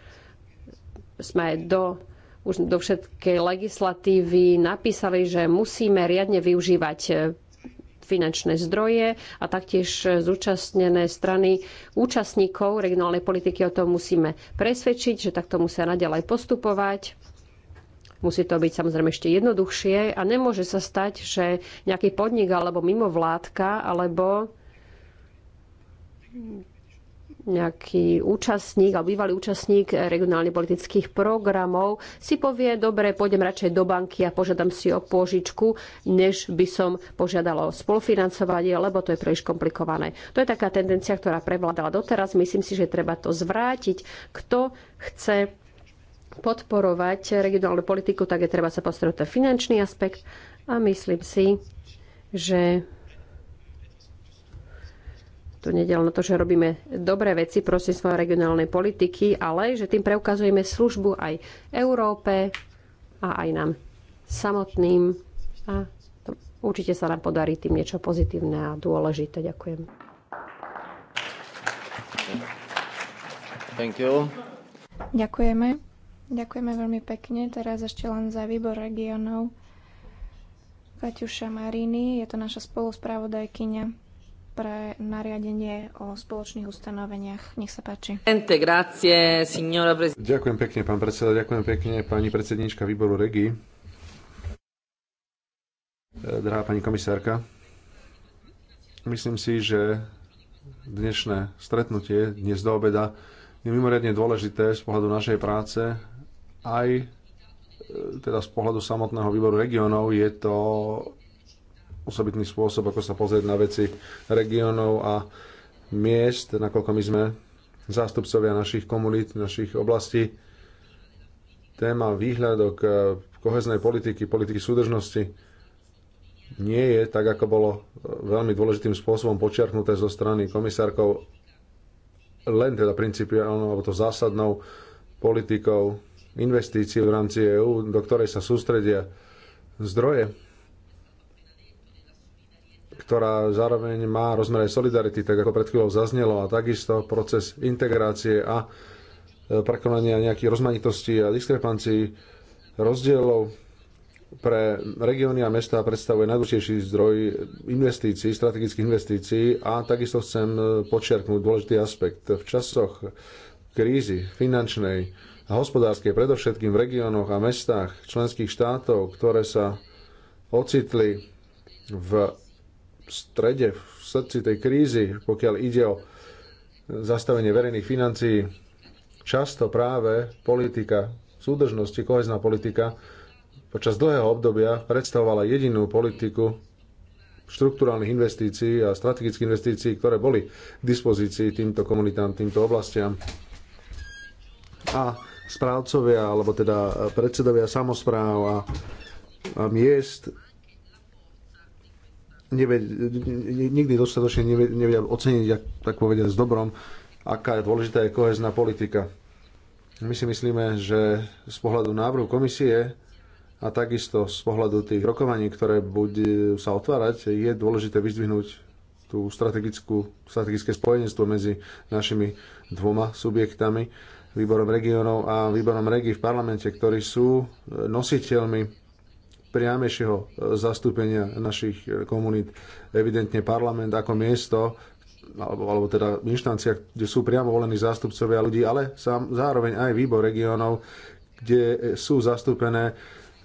S3: sme do už do všetkej legislatívy napísali, že musíme riadne využívať e, finančné zdroje a taktiež zúčastnené strany účastníkov regionálnej politiky o tom musíme presvedčiť, že takto musia naďalej postupovať. Musí to byť samozrejme ešte jednoduchšie a nemôže sa stať, že nejaký podnik alebo mimovládka alebo nejaký účastník alebo bývalý účastník regionálnych politických programov si povie, dobre, pôjdem radšej do banky a požiadam si o pôžičku, než by som požiadala o spolufinancovanie, lebo to je príliš komplikované. To je taká tendencia, ktorá prevládala doteraz. Myslím si, že treba to zvrátiť. Kto chce podporovať regionálnu politiku, tak je treba sa postaviť o ten finančný aspekt a myslím si, že to nedel na to, že robíme dobré veci prostredstvom regionálnej politiky, ale že tým preukazujeme službu aj Európe a aj nám samotným. A to určite sa nám podarí tým niečo pozitívne a dôležité. Ďakujem.
S2: Thank you.
S1: Ďakujeme. Ďakujeme veľmi pekne. Teraz ešte len za výbor regionov. Kaťuša Marini, je to naša spoluspravodajkyňa pre nariadenie o spoločných ustanoveniach. Nech sa páči.
S2: Ďakujem pekne, pán predseda, ďakujem pekne, pani predsednička výboru REGI. E, drahá pani komisárka, myslím si, že dnešné stretnutie, dnes do obeda, je mimoriadne dôležité z pohľadu našej práce, aj e, teda z pohľadu samotného výboru regionov je to osobitný spôsob, ako sa pozrieť na veci regiónov a miest, nakoľko my sme zástupcovia našich komunít, našich oblastí. Téma výhľadok eh, koheznej politiky, politiky súdržnosti nie je, tak ako bolo eh, veľmi dôležitým spôsobom počiarknuté zo strany komisárkov, len teda principiálnou alebo to zásadnou politikou investícií v rámci EÚ, do ktorej sa sústredia zdroje ktorá zároveň má rozmer aj solidarity, tak ako pred chvíľou zaznelo, a takisto proces integrácie a e, prekonania nejakých rozmanitostí a diskrepancií, rozdielov pre regióny a mesta predstavuje najdôležitejší zdroj investícií, strategických investícií a takisto chcem e, počiarknúť dôležitý aspekt. V časoch krízy finančnej a hospodárskej, predovšetkým v regiónoch a mestách členských štátov, ktoré sa ocitli v strede, v srdci tej krízy, pokiaľ ide o zastavenie verejných financií, často práve politika súdržnosti, kohezná politika počas dlhého obdobia predstavovala jedinú politiku štruktúrálnych investícií a strategických investícií, ktoré boli k dispozícii týmto komunitám, týmto oblastiam. A správcovia, alebo teda predsedovia samozpráv a, a miest neved, nikdy dostatočne nevedia oceniť, tak povedať, s dobrom, aká je dôležitá je kohezná politika. My si myslíme, že z pohľadu návrhu komisie a takisto z pohľadu tých rokovaní, ktoré budú sa otvárať, je dôležité vyzdvihnúť tú strategickú, strategické spojenstvo medzi našimi dvoma subjektami, výborom regionov a výborom regí v parlamente, ktorí sú nositeľmi priamejšieho e, zastúpenia našich e, komunít. Evidentne parlament ako miesto, alebo, alebo teda inštancia, kde sú priamo volení zástupcovia ľudí, ale sám, zároveň aj výbor regionov, kde sú zastúpené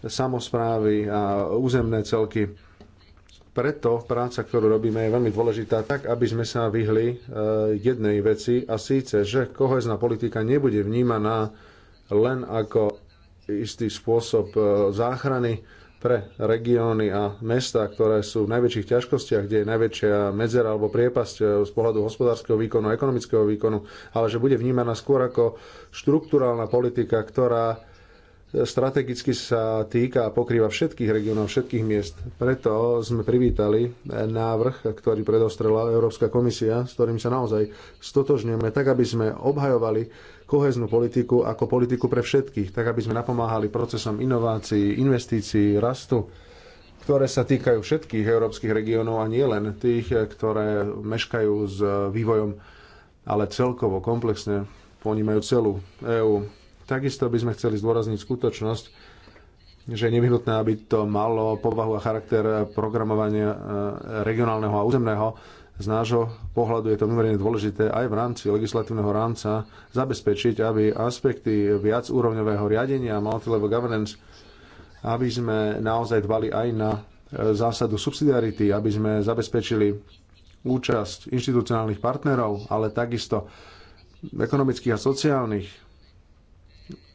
S2: samozprávy a územné celky. Preto práca, ktorú robíme, je veľmi dôležitá, tak aby sme sa vyhli e, jednej veci, a síce, že kohezná politika nebude vnímaná len ako istý spôsob záchrany pre regióny a mesta, ktoré sú v najväčších ťažkostiach, kde je najväčšia medzera alebo priepasť e, z pohľadu hospodárskeho výkonu a ekonomického výkonu, ale že bude vnímaná skôr ako štruktúrálna politika, ktorá e, strategicky sa týka a pokrýva všetkých regiónov, všetkých miest. Preto sme privítali e, návrh, ktorý predostrela Európska komisia, s ktorým sa naozaj stotožňujeme, tak aby sme obhajovali koheznú politiku ako politiku pre všetkých, tak aby sme napomáhali procesom inovácií, investícií, rastu, ktoré sa týkajú všetkých európskych regiónov a nie len tých, ktoré meškajú s vývojom, ale celkovo, komplexne ponímajú celú EÚ. Takisto by sme chceli zdôrazniť skutočnosť, že je nevyhnutné, aby to malo povahu a charakter programovania eh, regionálneho a územného, z nášho pohľadu je to mimoriadne dôležité aj v rámci legislatívneho rámca zabezpečiť, aby aspekty viacúrovňového riadenia a multilevel governance, aby sme naozaj dbali aj na e, zásadu subsidiarity, aby sme zabezpečili účasť inštitucionálnych partnerov, ale takisto ekonomických a sociálnych,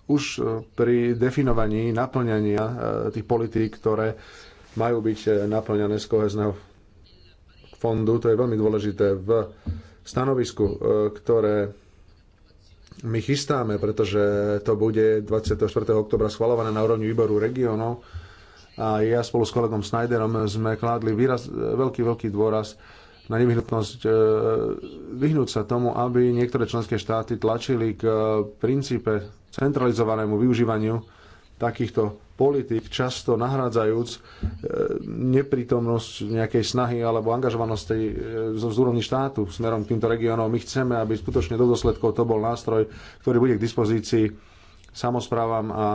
S2: už e, pri definovaní naplňania e, tých politík, ktoré majú byť naplňané z kohezného fondu, to je veľmi dôležité v stanovisku, e, ktoré my chystáme, pretože to bude 24. oktobra schvalované na úrovni výboru regionov a ja spolu s kolegom Snyderom sme kládli výraz, e, veľký, veľký dôraz na nevyhnutnosť e, vyhnúť sa tomu, aby niektoré členské štáty tlačili k princípe centralizovanému využívaniu takýchto politik, často nahrádzajúc e, neprítomnosť nejakej snahy alebo angažovanosti e, z úrovni štátu smerom k týmto regiónom. My chceme, aby skutočne do dôsledkov to bol nástroj, ktorý bude k dispozícii samozprávam a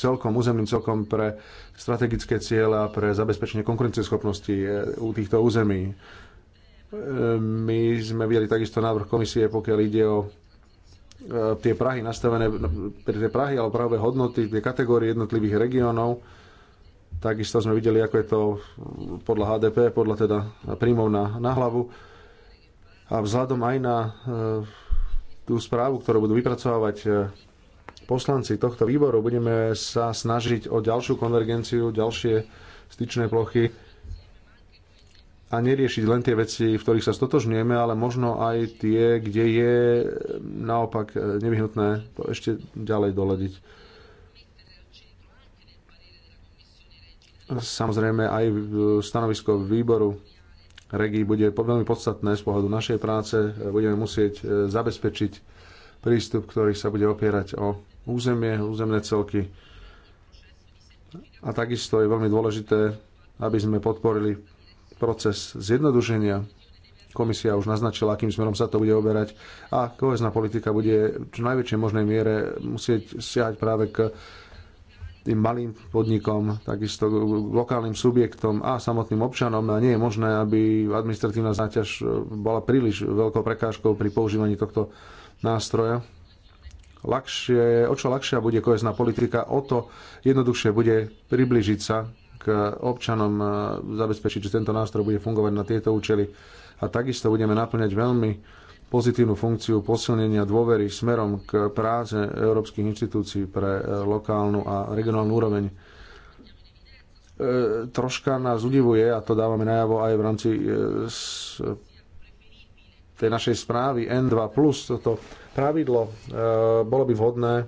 S2: celkom územným celkom pre strategické ciele a pre zabezpečenie konkurencieschopnosti e, u týchto území. My sme videli takisto návrh komisie, pokiaľ ide o E, tie Prahy nastavené, no, tie Prahy alebo práve hodnoty, tie kategórie jednotlivých regiónov. Takisto sme videli, ako je to podľa HDP, podľa teda príjmov na, na hlavu. A vzhľadom aj na e, tú správu, ktorú budú vypracovávať e, poslanci tohto výboru, budeme sa snažiť o ďalšiu konvergenciu, ďalšie styčné plochy a neriešiť len tie veci, v ktorých sa stotožňujeme, ale možno aj tie, kde je naopak e, nevyhnutné to ešte ďalej doladiť. Samozrejme aj e, stanovisko výboru regí bude veľmi podstatné z pohľadu našej práce. E, budeme musieť zabezpečiť prístup, ktorý sa bude opierať o územie, územné celky. A takisto je veľmi dôležité, aby sme podporili proces zjednodušenia. Komisia už naznačila, akým smerom sa to bude oberať a kohezná politika bude čo najväčšej možnej miere musieť siahať práve k tým malým podnikom, takisto lokálnym subjektom a samotným občanom a nie je možné, aby administratívna záťaž bola príliš veľkou prekážkou pri používaní tohto nástroja. Ľahšie, o čo ľahšia bude kohezná politika, o to jednoduchšie bude približiť sa občanom e, zabezpečiť, že tento nástroj bude fungovať na tieto účely. A takisto budeme naplňať veľmi pozitívnu funkciu posilnenia dôvery smerom k práce európskych inštitúcií pre e, lokálnu a regionálnu úroveň. E, troška nás udivuje, a to dávame najavo aj v rámci e, tej našej správy N2+, toto pravidlo, e, bolo by vhodné e,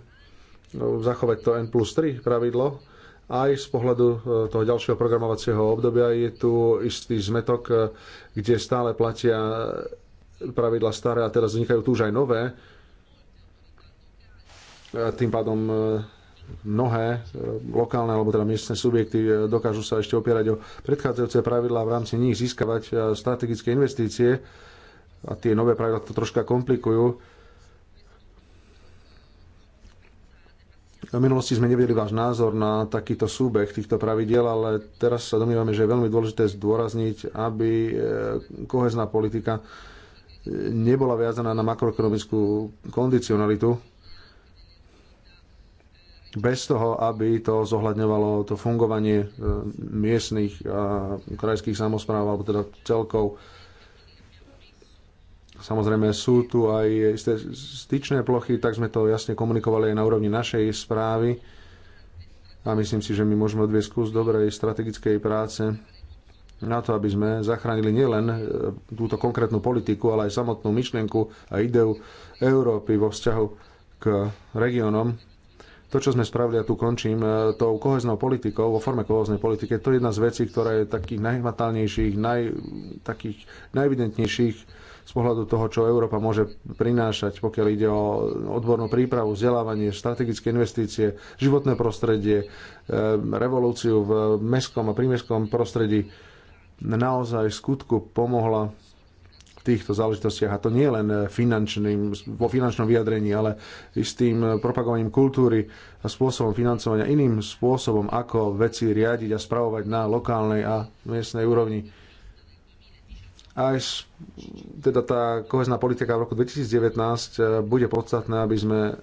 S2: zachovať to N plus 3 pravidlo, aj z pohľadu e, toho ďalšieho programovacieho obdobia je tu istý zmetok, e, kde stále platia e, pravidla staré a teraz vznikajú tu už aj nové. Tým pádom mnohé lokálne alebo teda miestne subjekty dokážu sa ešte opierať o predchádzajúce pravidlá v rámci nich získavať strategické investície a tie nové pravidla to troška komplikujú. V minulosti sme nevedeli váš názor na takýto súbeh týchto pravidiel, ale teraz sa domnívame, že je veľmi dôležité zdôrazniť, aby eh, kohezná politika eh, nebola viazaná na makroekonomickú kondicionalitu bez toho, aby to zohľadňovalo to fungovanie eh, miestnych a krajských samozpráv alebo teda celkov Samozrejme sú tu aj isté styčné plochy, tak sme to jasne komunikovali aj na úrovni našej správy a myslím si, že my môžeme odviesť kus dobrej strategickej práce na to, aby sme zachránili nielen e, túto konkrétnu politiku, ale aj samotnú myšlienku a ideu Európy vo vzťahu k regiónom. To, čo sme spravili, a tu končím, e, tou koheznou politikou, vo forme koheznej politike, to je jedna z vecí, ktorá je takých najhmatálnejších, naj, takých najevidentnejších z pohľadu toho, čo Európa môže prinášať, pokiaľ ide o odbornú prípravu, vzdelávanie, strategické investície, životné prostredie, e, revolúciu v mestskom a prímeskom prostredí, naozaj skutku pomohla týchto záležitostiach. A to nie len finančným, vo finančnom vyjadrení, ale istým propagovaním kultúry a spôsobom financovania, iným spôsobom, ako veci riadiť a spravovať na lokálnej a miestnej úrovni. Aj teda tá kohezná politika v roku 2019 e, bude podstatná, aby sme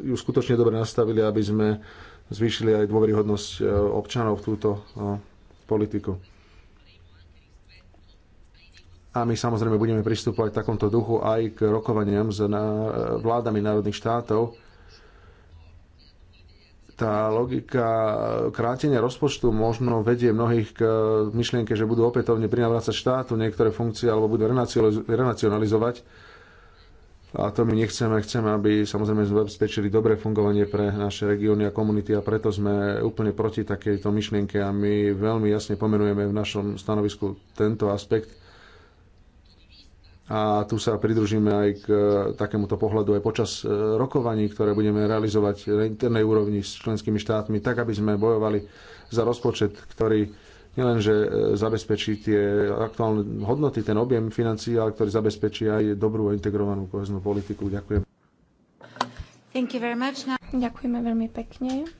S2: ju skutočne dobre nastavili, aby sme zvýšili aj dôveryhodnosť e, občanov v túto e, politiku. A my samozrejme budeme pristupovať v takomto duchu aj k rokovaniam s vládami národných štátov, tá logika krátenia rozpočtu možno vedie mnohých k e, myšlienke, že budú opätovne prinavrácať štátu niektoré funkcie alebo budú renacionalizovať. A to my nechceme. Chceme, aby samozrejme zabezpečili dobré fungovanie pre naše regióny a komunity a preto sme úplne proti takejto myšlienke a my veľmi jasne pomenujeme v našom stanovisku tento aspekt a tu sa pridružíme aj k e, takémuto pohľadu aj počas e, rokovaní, ktoré budeme realizovať na internej úrovni s členskými štátmi, tak aby sme bojovali za rozpočet, ktorý nielenže e, zabezpečí tie aktuálne hodnoty, ten objem financií, ale ktorý zabezpečí aj dobrú a integrovanú koheznú politiku. Ďakujem.
S1: Thank you very much. Ďakujeme veľmi pekne.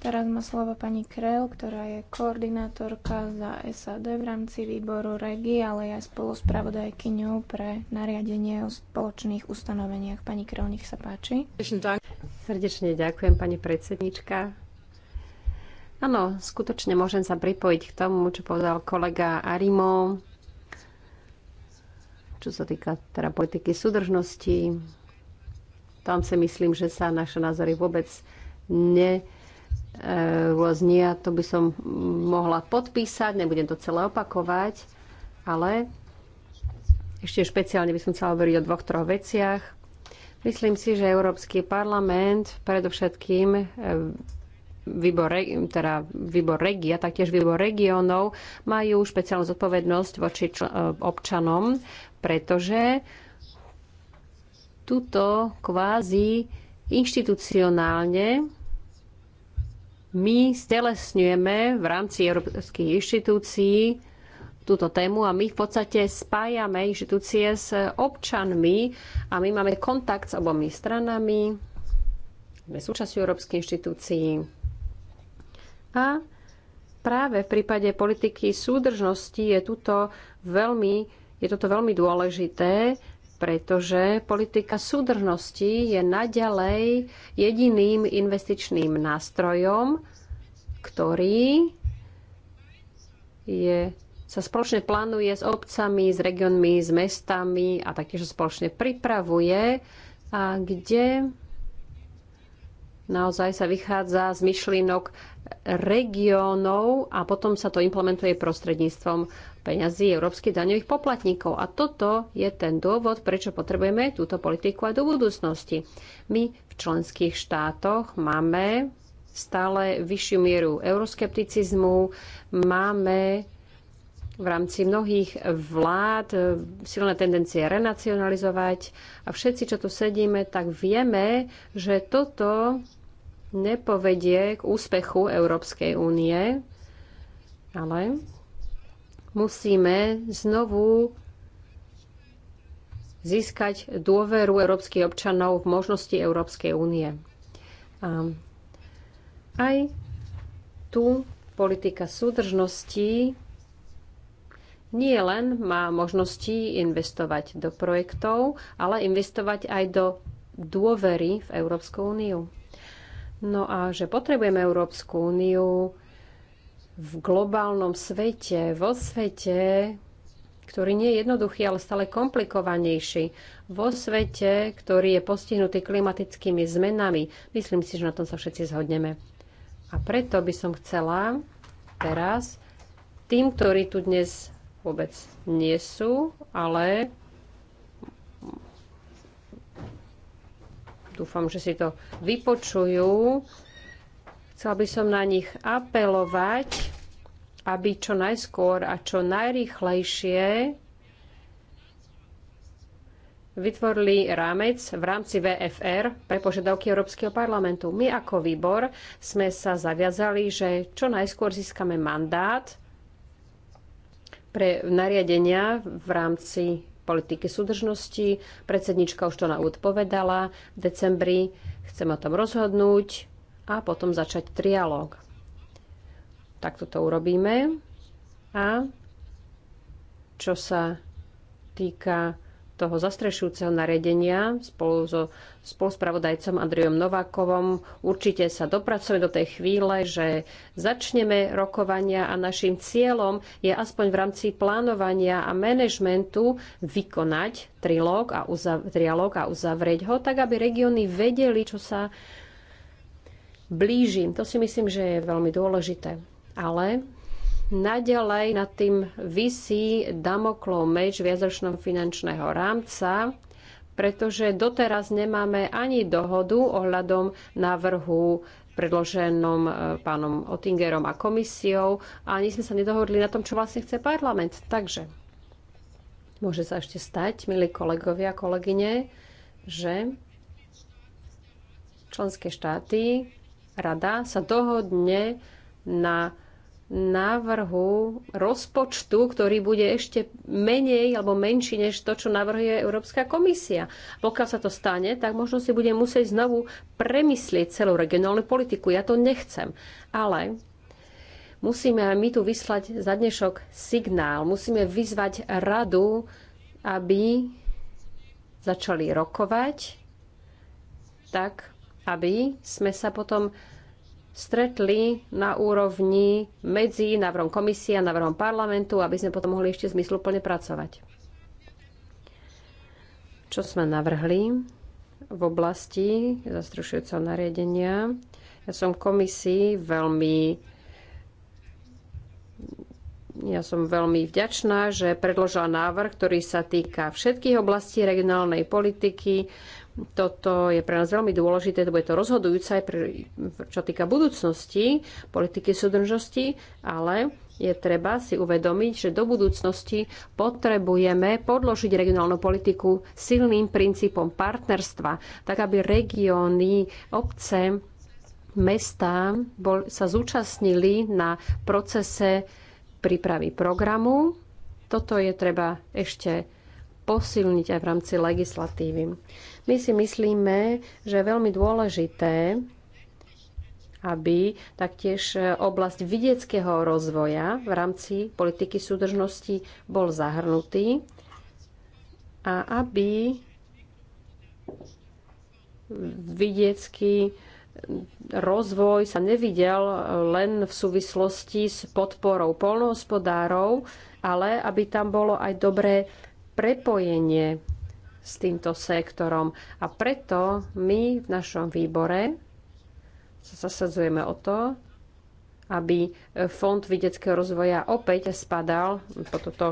S1: Teraz má slovo pani Krel, ktorá je koordinátorka za SAD v rámci výboru REGI, ale aj spoluspravodajkyňou pre nariadenie o spoločných ustanoveniach. Pani Krel, nech sa
S3: páči. Srdečne ďakujem, pani predsednička. Áno, skutočne môžem sa pripojiť k tomu, čo povedal kolega Arimo, čo sa týka teda politiky súdržnosti. Tam si myslím, že sa naše názory vôbec ne ja eh, to by som mohla podpísať, nebudem to celé opakovať, ale ešte špeciálne by som chcela hovoriť o dvoch, troch veciach. Myslím si, že Európsky parlament, predovšetkým eh, výbor, teda výbor regia, taktiež výbor regiónov, majú špeciálnu zodpovednosť voči eh, občanom, pretože tuto kvázi inštitucionálne my stelesňujeme v rámci európskych inštitúcií túto tému a my v podstate spájame inštitúcie s občanmi a my máme kontakt s obomi stranami, sme súčasťou európskych inštitúcií a práve v prípade politiky súdržnosti je, tuto veľmi, je toto veľmi dôležité, pretože politika súdržnosti je naďalej jediným investičným nástrojom, ktorý je, sa spoločne plánuje s obcami, s regiónmi, s mestami a taktiež spoločne pripravuje a kde naozaj sa vychádza z myšlienok regiónov a potom sa to implementuje prostredníctvom peňazí európskych daňových poplatníkov. A toto je ten dôvod, prečo potrebujeme túto politiku aj do budúcnosti. My v členských štátoch máme stále vyššiu mieru euroskepticizmu, máme v rámci mnohých vlád silné tendencie renacionalizovať a všetci, čo tu sedíme, tak vieme, že toto nepovedie k úspechu Európskej únie, ale musíme znovu získať dôveru európskych občanov v možnosti Európskej únie. A aj tu politika súdržnosti nie len má možnosti investovať do projektov, ale investovať aj do dôvery v Európsku úniu. No a že potrebujeme Európsku úniu v globálnom svete, vo svete, ktorý nie je jednoduchý, ale stále komplikovanejší. Vo svete, ktorý je postihnutý klimatickými zmenami. Myslím si, že na tom sa všetci zhodneme. A preto by som chcela teraz tým, ktorí tu dnes vôbec nie sú, ale dúfam, že si to vypočujú, Chcela by som na nich apelovať, aby čo najskôr a čo najrychlejšie vytvorili rámec v rámci VFR pre požiadavky Európskeho parlamentu. My ako výbor sme sa zaviazali, že čo najskôr získame mandát pre nariadenia v rámci politiky súdržnosti. Predsednička už to na odpovedala povedala. V decembri chceme o tom rozhodnúť a potom začať trialóg. Takto to urobíme. A čo sa týka toho zastrešujúceho naredenia spolu so spoluspravodajcom Andriom Novákovom. Určite sa dopracujeme do tej chvíle, že začneme rokovania a našim cieľom je aspoň v rámci plánovania a manažmentu vykonať trilóg a, uzav- trialóg a uzavrieť ho, tak aby regióny vedeli, čo sa blížim. To si myslím, že je veľmi dôležité. Ale naďalej nad tým vysí Damoklov meč v viacročnom finančného rámca, pretože doteraz nemáme ani dohodu ohľadom návrhu predloženom e, pánom Otingerom a komisiou a ani sme sa nedohodli na tom, čo vlastne chce parlament. Takže môže sa ešte stať, milí kolegovia a kolegyne, že členské štáty rada sa dohodne na návrhu rozpočtu, ktorý bude ešte menej alebo menší než to, čo navrhuje Európska komisia. Pokiaľ sa to stane, tak možno si bude musieť znovu premyslieť celú regionálnu politiku. Ja to nechcem. Ale musíme my tu vyslať za dnešok signál. Musíme vyzvať radu, aby začali rokovať tak, aby sme sa potom stretli na úrovni medzi návrhom komisie a návrhom parlamentu, aby sme potom mohli ešte zmysluplne pracovať. Čo sme navrhli v oblasti zastrušujúceho nariadenia? Ja som komisii veľmi ja som veľmi vďačná, že predložila návrh, ktorý sa týka všetkých oblastí regionálnej politiky, toto je pre nás veľmi dôležité, to bude to rozhodujúce aj pre, čo týka budúcnosti politiky súdržnosti, ale je treba si uvedomiť, že do budúcnosti potrebujeme podložiť regionálnu politiku silným princípom partnerstva, tak aby regióny, obce, mesta bol, sa zúčastnili na procese prípravy programu. Toto je treba ešte posilniť aj v rámci legislatívy. My si myslíme, že je veľmi dôležité, aby taktiež oblasť vidieckého rozvoja v rámci politiky súdržnosti bol zahrnutý a aby vidiecký rozvoj sa nevidel len v súvislosti s podporou polnohospodárov, ale aby tam bolo aj dobré prepojenie s týmto sektorom. A preto my v našom výbore sa zasadzujeme o to, aby Fond vedeckého rozvoja opäť spadal po toto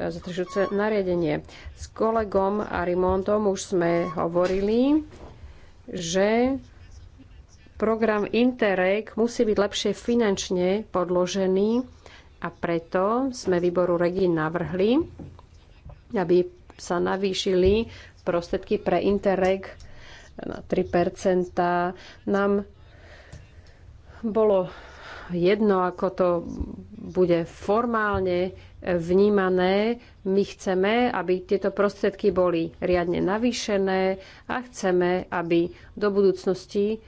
S3: e, zatržujúce nariadenie. S kolegom Arimontom už sme hovorili, že program Interreg musí byť lepšie finančne podložený a preto sme výboru Regín navrhli, aby sa navýšili prostriedky pre Interreg na 3 Nám bolo jedno, ako to bude formálne vnímané. My chceme, aby tieto prostriedky boli riadne navýšené a chceme, aby do budúcnosti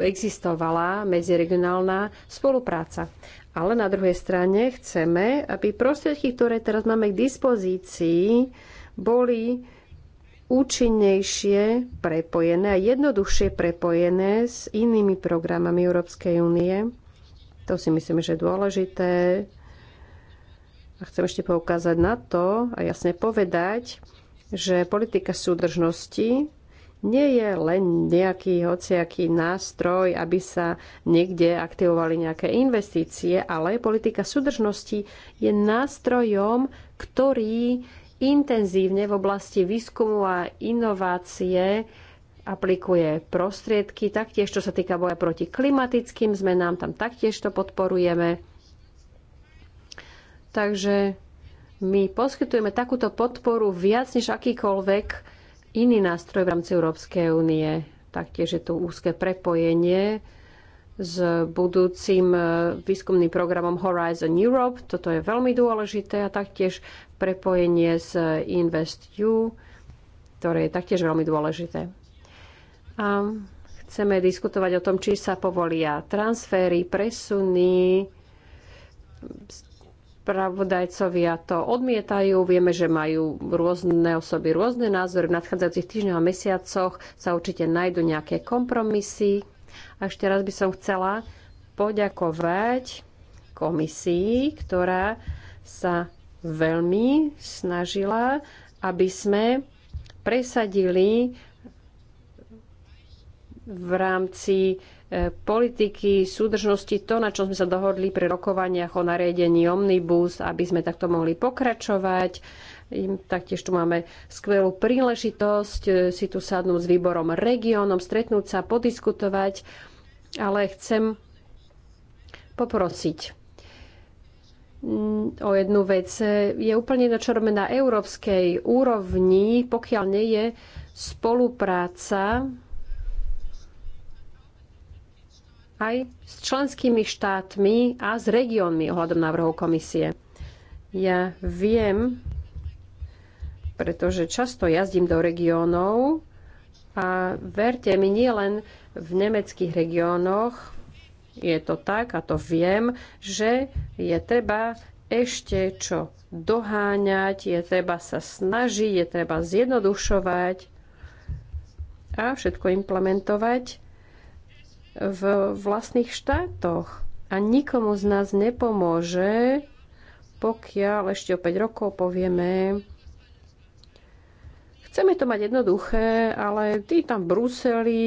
S3: existovala medziregionálna spolupráca. Ale na druhej strane chceme, aby prostriedky, ktoré teraz máme k dispozícii, boli účinnejšie prepojené a jednoduchšie prepojené s inými programami Európskej únie. To si myslím, že je dôležité. A chcem ešte poukázať na to a jasne povedať, že politika súdržnosti nie je len nejaký hociaký nástroj, aby sa niekde aktivovali nejaké investície, ale politika súdržnosti je nástrojom, ktorý intenzívne v oblasti výskumu a inovácie aplikuje prostriedky, taktiež čo sa týka boja proti klimatickým zmenám, tam taktiež to podporujeme. Takže my poskytujeme takúto podporu viac než akýkoľvek iný nástroj v rámci Európskej únie. Taktiež je to úzke prepojenie s budúcim e, výskumným programom Horizon Europe. Toto je veľmi dôležité a taktiež prepojenie s e, InvestU, ktoré je taktiež veľmi dôležité. A chceme diskutovať o tom, či sa povolia transfery, presuny, Spravodajcovia to odmietajú. Vieme, že majú rôzne osoby rôzne názory. V nadchádzajúcich týždňoch a mesiacoch sa určite nájdú nejaké kompromisy. A ešte raz by som chcela poďakovať komisii, ktorá sa veľmi snažila, aby sme presadili v rámci E, politiky, súdržnosti, to, na čo sme sa dohodli pri rokovaniach o nariadení Omnibus, aby sme takto mohli pokračovať. Taktiež tu máme skvelú príležitosť e, si tu sadnúť s výborom regiónom, stretnúť sa, podiskutovať, ale chcem poprosiť mm, o jednu vec. E, je úplne jedno, čo robíme na európskej úrovni, pokiaľ nie je spolupráca aj s členskými štátmi a s regiónmi ohľadom návrhov komisie. Ja viem, pretože často jazdím do regiónov a verte mi, nie len v nemeckých regiónoch je to tak, a to viem, že je treba ešte čo doháňať, je treba sa snažiť, je treba zjednodušovať a všetko implementovať v vlastných štátoch. A nikomu z nás nepomôže, pokiaľ ešte o 5 rokov povieme, chceme to mať jednoduché, ale tí tam v Bruseli,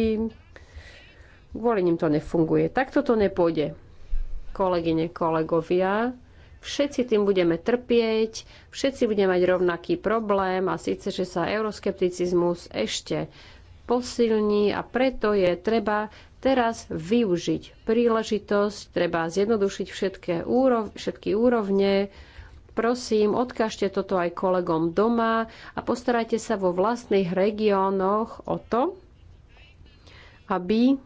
S3: kvôli nim to nefunguje. Takto to nepôjde, kolegyne, kolegovia. Všetci tým budeme trpieť, všetci budeme mať rovnaký problém a síce, že sa euroskepticizmus ešte posilní a preto je treba teraz využiť príležitosť, treba zjednodušiť všetky, úrov, všetky úrovne. Prosím, odkážte toto aj kolegom doma a postarajte sa vo vlastných regiónoch o to, aby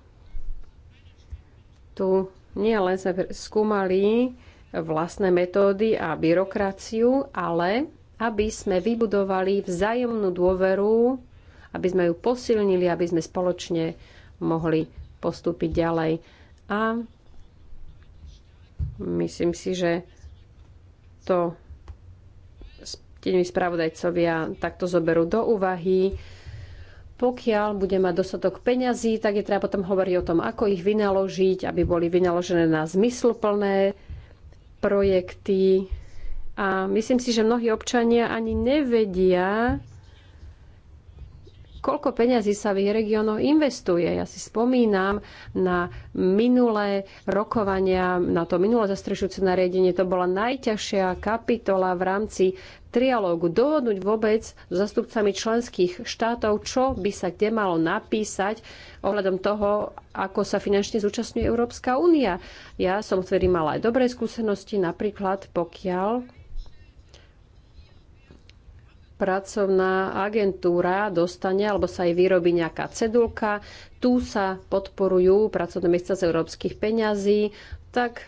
S3: tu nie len skúmali vlastné metódy a byrokraciu, ale aby sme vybudovali vzájomnú dôveru, aby sme ju posilnili, aby sme spoločne mohli postúpiť ďalej. A myslím si, že to tými spravodajcovia takto zoberú do úvahy. Pokiaľ bude mať dostatok peňazí, tak je treba potom hovoriť o tom, ako ich vynaložiť, aby boli vynaložené na zmysluplné projekty. A myslím si, že mnohí občania ani nevedia, koľko peňazí sa v ich regiónoch investuje. Ja si spomínam na minulé rokovania, na to minulé zastrešujúce nariadenie. To bola najťažšia kapitola v rámci trialógu. Dohodnúť vôbec s zastupcami členských štátov, čo by sa kde malo napísať ohľadom toho, ako sa finančne zúčastňuje Európska únia. Ja som vtedy mala aj dobré skúsenosti, napríklad pokiaľ pracovná agentúra dostane, alebo sa jej vyrobí nejaká cedulka, tu sa podporujú pracovné miesta z európskych peňazí, tak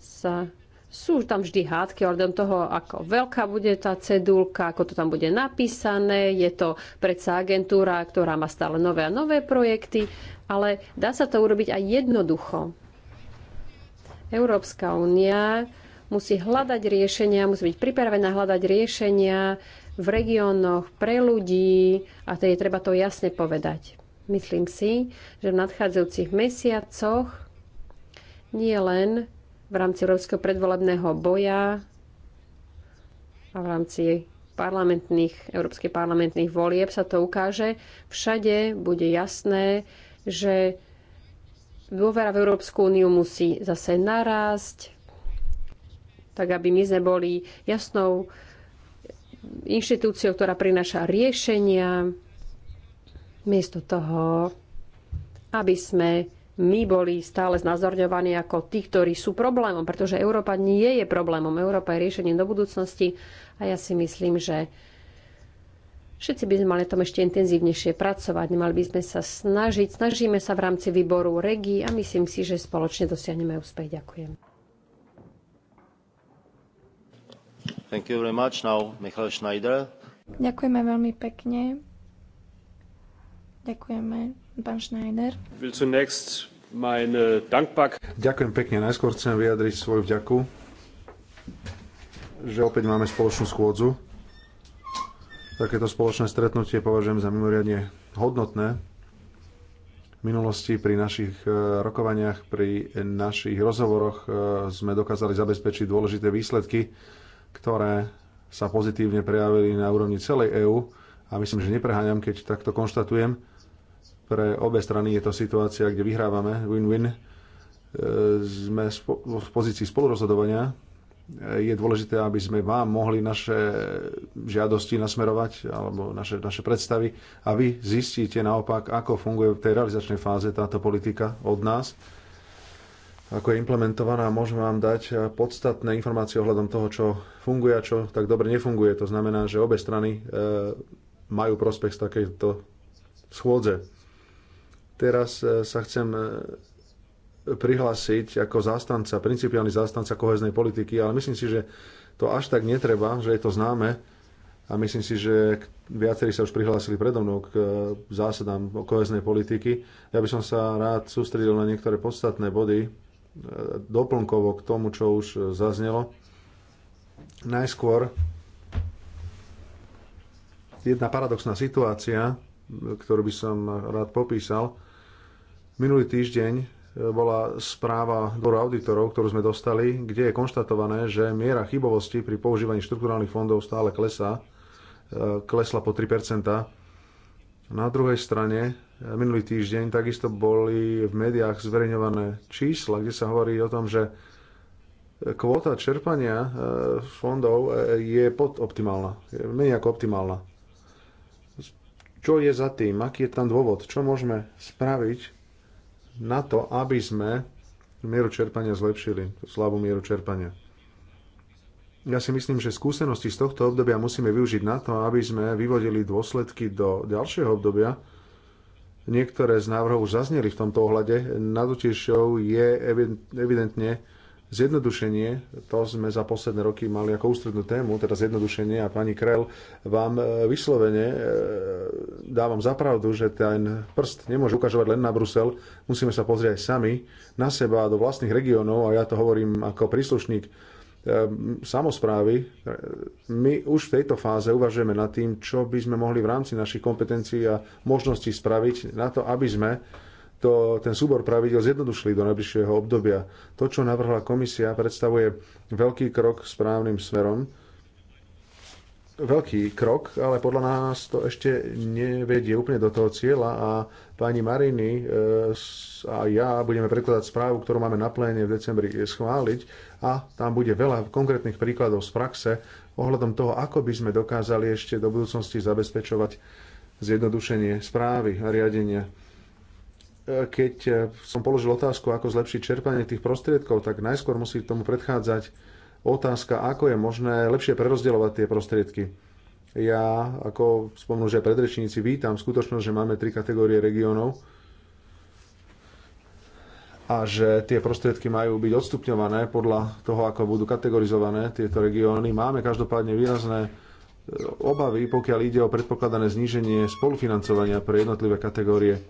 S3: sa sú tam vždy hádky ohľadom toho, ako veľká bude tá cedulka, ako to tam bude napísané. Je to predsa agentúra, ktorá má stále nové a nové projekty, ale dá sa to urobiť aj jednoducho. Európska únia musí hľadať riešenia, musí byť pripravená hľadať riešenia v regiónoch pre ľudí a to je treba to jasne povedať. Myslím si, že v nadchádzajúcich mesiacoch nie len v rámci európskeho predvolebného boja a v rámci parlamentných, európskej parlamentných volieb sa to ukáže. Všade bude jasné, že dôvera v Európsku úniu musí zase narásť, tak aby my sme boli jasnou inštitúciou, ktorá prináša riešenia, miesto toho, aby sme my boli stále znázorňovaní ako tí, ktorí sú problémom, pretože Európa nie je problémom. Európa je riešením do budúcnosti a ja si myslím, že všetci by sme mali tom ešte intenzívnejšie pracovať. Nemali by sme sa snažiť. Snažíme sa v rámci výboru regí a myslím si, že spoločne dosiahneme úspech. Ďakujem.
S2: Thank you very much. Now Michael Schneider.
S1: Ďakujeme veľmi pekne. Ďakujeme, pán Schneider.
S2: Will zunächst meine Ďakujem pekne. Najskôr chcem vyjadriť svoju vďaku, že opäť máme spoločnú schôdzu. Takéto spoločné stretnutie považujem za mimoriadne hodnotné. V minulosti pri našich e, rokovaniach, pri našich rozhovoroch e, sme dokázali zabezpečiť dôležité výsledky ktoré sa pozitívne prejavili na úrovni celej EÚ a myslím, že nepreháňam, keď takto konštatujem. Pre obe strany je to situácia, kde vyhrávame win-win. E, sme v pozícii spolurozhodovania. E, je dôležité, aby sme vám mohli naše žiadosti nasmerovať alebo naše, naše predstavy a vy zistíte naopak, ako funguje v tej realizačnej fáze táto politika od nás ako je implementovaná, môžem vám dať eh, podstatné informácie ohľadom toho, čo funguje a čo tak dobre nefunguje. To znamená, že obe strany eh, majú prospech z takejto schôdze. Teraz eh, sa chcem prihlásiť ako zástanca, principiálny zástanca koheznej politiky, ale myslím si, že to až tak netreba, že je to známe a myslím si, že viacerí sa už prihlásili predo mnou k zásadám koheznej politiky. Ja by som sa rád sústredil na niektoré podstatné body, doplnkovo k tomu, čo už e, zaznelo. Najskôr jedna paradoxná situácia, ktorú by som rád popísal. Minulý týždeň e, bola správa dvoru auditorov, ktorú sme dostali, kde je konštatované, že miera chybovosti pri používaní štrukturálnych fondov stále klesá. E, klesla po 3 Na druhej strane minulý týždeň takisto boli v médiách zverejňované čísla, kde sa hovorí o tom, že kvóta čerpania e, fondov e, je podoptimálna, je menej ako optimálna. Čo je za tým? Aký je tam dôvod? Čo môžeme spraviť na to, aby sme mieru čerpania zlepšili, slabú mieru čerpania? Ja si myslím, že skúsenosti z tohto obdobia musíme využiť na to, aby sme vyvodili dôsledky do ďalšieho obdobia, Niektoré z návrhov už zazneli v tomto ohľade. Najdôležitejšou je evidentne zjednodušenie. To sme za posledné roky mali ako ústrednú tému, teda zjednodušenie. A pani Krell, vám e, vyslovene e, dávam zapravdu, že ten prst nemôže ukažovať len na Brusel. Musíme sa pozrieť aj sami na seba, do vlastných regiónov. A ja to hovorím ako príslušník Ehm, samozprávy, e, my už v tejto fáze uvažujeme nad tým, čo by sme mohli v rámci našich kompetencií a možností spraviť na to, aby sme to, ten súbor pravidel zjednodušili do najbližšieho obdobia. To, čo navrhla komisia, predstavuje veľký krok správnym smerom veľký krok, ale podľa nás to ešte nevedie úplne do toho cieľa a pani Mariny e, a ja budeme prekladať správu, ktorú máme na pléne v decembri schváliť a tam bude veľa konkrétnych príkladov z praxe ohľadom toho, ako by sme dokázali ešte do budúcnosti zabezpečovať zjednodušenie správy a riadenia. E, keď e, som položil otázku, ako zlepšiť čerpanie tých prostriedkov, tak najskôr musí tomu predchádzať otázka, ako je možné lepšie prerozdeľovať tie prostriedky. Ja, ako spomnú, že predrečníci, vítam skutočnosť, že máme tri kategórie regiónov a že tie prostriedky majú byť odstupňované podľa toho, ako budú kategorizované tieto regióny. Máme každopádne výrazné e, obavy, pokiaľ ide o predpokladané zníženie spolufinancovania pre jednotlivé kategórie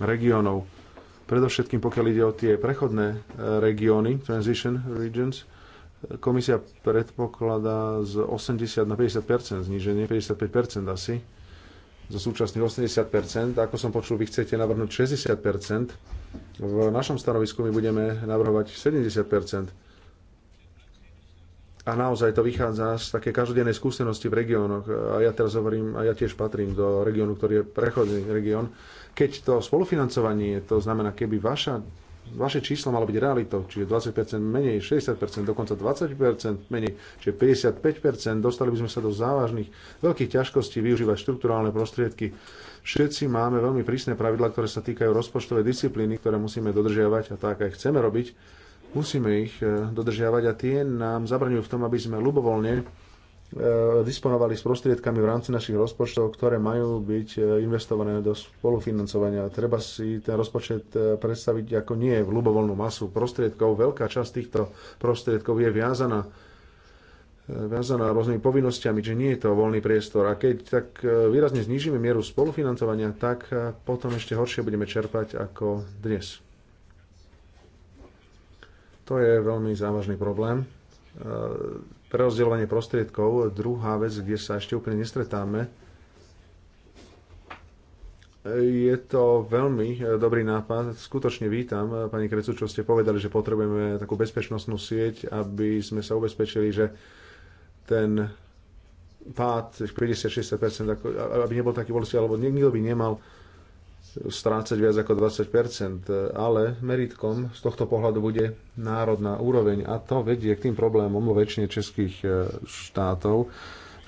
S2: regiónov. Predovšetkým pokiaľ ide o tie prechodné e, regióny, transition regions, Komisia predpokladá z 80 na 50 zníženie, 55 asi, zo súčasných 80 Ako som počul, vy chcete navrhnúť 60 V našom stanovisku my budeme navrhovať 70 A naozaj to vychádza z také každodennej skúsenosti v regiónoch. A ja teraz hovorím, a ja tiež patrím do regiónu, ktorý je prechodný región. Keď to spolufinancovanie, to znamená, keby vaša vaše číslo malo byť realitou, čiže 20% menej, 60%, dokonca 20% menej, čiže 55%, dostali by sme sa do závažných veľkých ťažkostí využívať štrukturálne prostriedky. Všetci máme veľmi prísne pravidla, ktoré sa týkajú rozpočtovej disciplíny, ktoré musíme dodržiavať a tak aj chceme robiť. Musíme ich eh, dodržiavať a tie nám zabraňujú v tom, aby sme ľubovoľne E, disponovali s prostriedkami v rámci našich rozpočtov, ktoré majú byť e, investované do spolufinancovania. Treba si ten rozpočet e, predstaviť ako nie v ľubovoľnú masu prostriedkov. Veľká časť týchto prostriedkov je viazaná viazaná rôznymi povinnosťami, že nie je to voľný priestor. A keď tak výrazne znižíme mieru spolufinancovania, tak potom ešte horšie budeme čerpať ako dnes. To je veľmi závažný problém prerozdeľovanie prostriedkov. Druhá vec, kde sa ešte úplne nestretáme, je to veľmi dobrý nápad. Skutočne vítam, pani Krecu, čo ste povedali, že potrebujeme takú bezpečnostnú sieť, aby sme sa ubezpečili, že ten pád 50-60%, aby nebol taký voľci, alebo nikto by nemal strácať viac ako 20 ale meritkom z tohto pohľadu bude národná úroveň a to vedie k tým problémom vo väčšine českých e, štátov,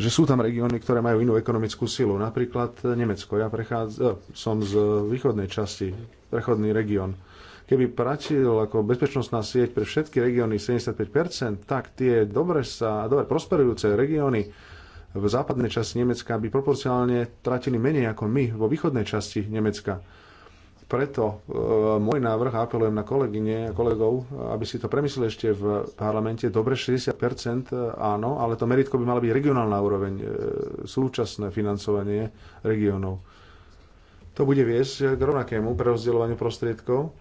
S2: že sú tam regióny, ktoré majú inú ekonomickú silu. Napríklad Nemecko. Ja prechádz- e, som z východnej časti, prechodný región. Keby pratil ako bezpečnostná sieť pre všetky regióny 75%, tak tie dobre, sa, dobre prosperujúce regióny v západnej časti Nemecka by proporcionálne tratili menej ako my vo východnej časti Nemecka. Preto e, môj návrh, apelujem na kolegyne a kolegov, aby si to premysleli ešte v parlamente. Dobre, 60% e, áno, ale to meritko by mala byť regionálna úroveň, e, súčasné financovanie regiónov. To bude viesť k rovnakému prerozdeľovaniu prostriedkov,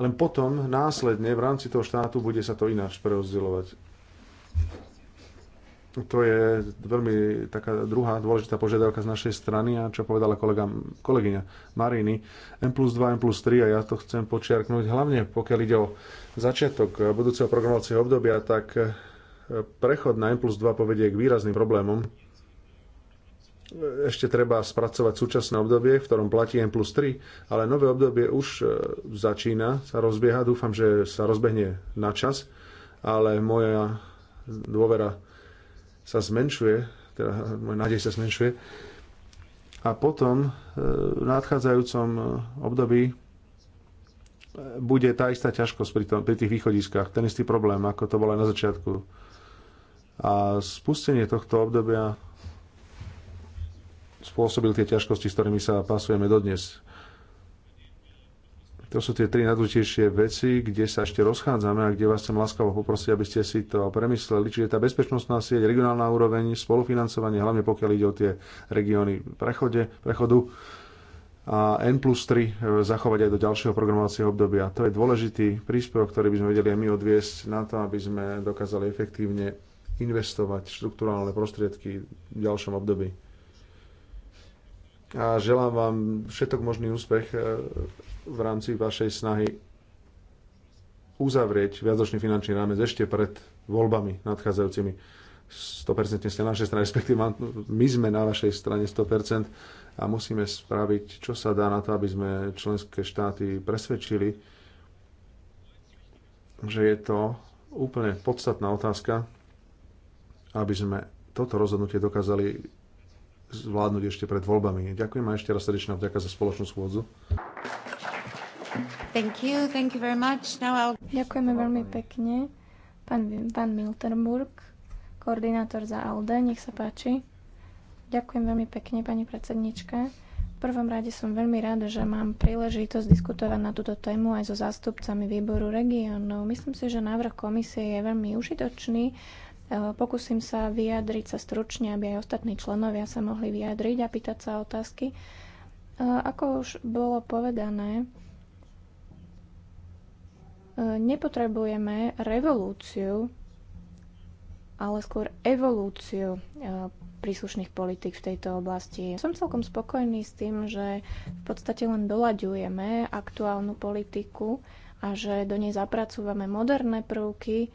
S2: len potom následne v rámci toho štátu bude sa to ináč prerozdeľovať. To je veľmi taká druhá dôležitá požiadavka z našej strany a čo povedala kolega, kolegyňa Maríny. M plus 2, M plus 3 a ja to chcem počiarknúť hlavne pokiaľ ide o začiatok budúceho programovacieho obdobia, tak eh, prechod na M plus 2 povedie k výrazným problémom. Eh, ešte treba spracovať súčasné obdobie, v ktorom platí M plus 3, ale nové obdobie už eh, začína, sa rozbieha, dúfam, že sa rozbehne na čas, ale moja dôvera sa zmenšuje, teda môj nádej sa zmenšuje. A potom e, v nadchádzajúcom e, období e, bude tá istá ťažkosť pri, tom, pri tých východiskách, ten istý problém, ako to bolo aj na začiatku. A spustenie tohto obdobia spôsobil tie ťažkosti, s ktorými sa pasujeme dodnes. To sú tie tri najdôležitejšie veci, kde sa ešte rozchádzame a kde vás chcem láskavo poprosiť, aby ste si to premysleli. Čiže tá bezpečnostná sieť, regionálna úroveň, spolufinancovanie, hlavne pokiaľ ide o tie regióny prechode, prechodu a N plus 3 e, zachovať aj do ďalšieho programovacieho obdobia. To je dôležitý príspevok, ktorý by sme vedeli aj my odviesť na to, aby sme dokázali efektívne investovať štruktúrálne prostriedky v ďalšom období a želám vám všetok možný úspech e, v rámci vašej snahy uzavrieť viacročný finančný rámec ešte pred voľbami nadchádzajúcimi. 100% ste na našej strane, respektíve my sme na vašej strane 100% a musíme spraviť, čo sa dá na to, aby sme členské štáty presvedčili, že je to úplne podstatná otázka, aby sme toto rozhodnutie dokázali zvládnuť ešte pred voľbami. Ďakujem a ešte raz srdečná vďaka za spoločnú schôdzu.
S1: Thank you, thank you very much. Now I'll... Ďakujeme veľmi pekne. Pán, pán Milterburg, koordinátor za ALDE, nech sa páči. Ďakujem veľmi pekne, pani predsednička. V prvom rade som veľmi rada, že mám príležitosť diskutovať na túto tému aj so zástupcami výboru regiónov. Myslím si, že návrh komisie je veľmi užitočný Eh, pokúsim sa vyjadriť sa stručne, aby aj ostatní členovia sa mohli vyjadriť a pýtať sa otázky. Eh, ako už bolo povedané, eh, nepotrebujeme revolúciu, ale skôr evolúciu príslušných politik v tejto oblasti. Som celkom spokojný s tým, že v podstate len dolaďujeme aktuálnu politiku a že do nej zapracúvame moderné prvky,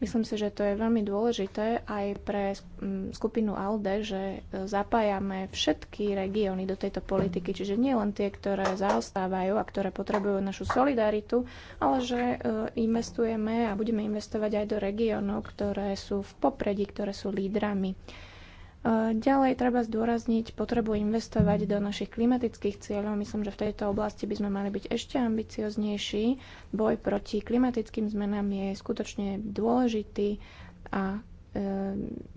S1: Myslím si, že to je veľmi dôležité aj pre mm, skupinu ALDE, že e, zapájame všetky regióny do tejto politiky, čiže nie len tie, ktoré zaostávajú a ktoré potrebujú našu solidaritu, ale že e, investujeme a budeme investovať aj do regiónov, ktoré sú v popredí, ktoré sú lídrami. Ďalej treba zdôrazniť potrebu investovať do našich klimatických cieľov. Myslím, že v tejto oblasti by sme mali byť ešte ambicioznejší. Boj proti klimatickým zmenám je skutočne dôležitý a e,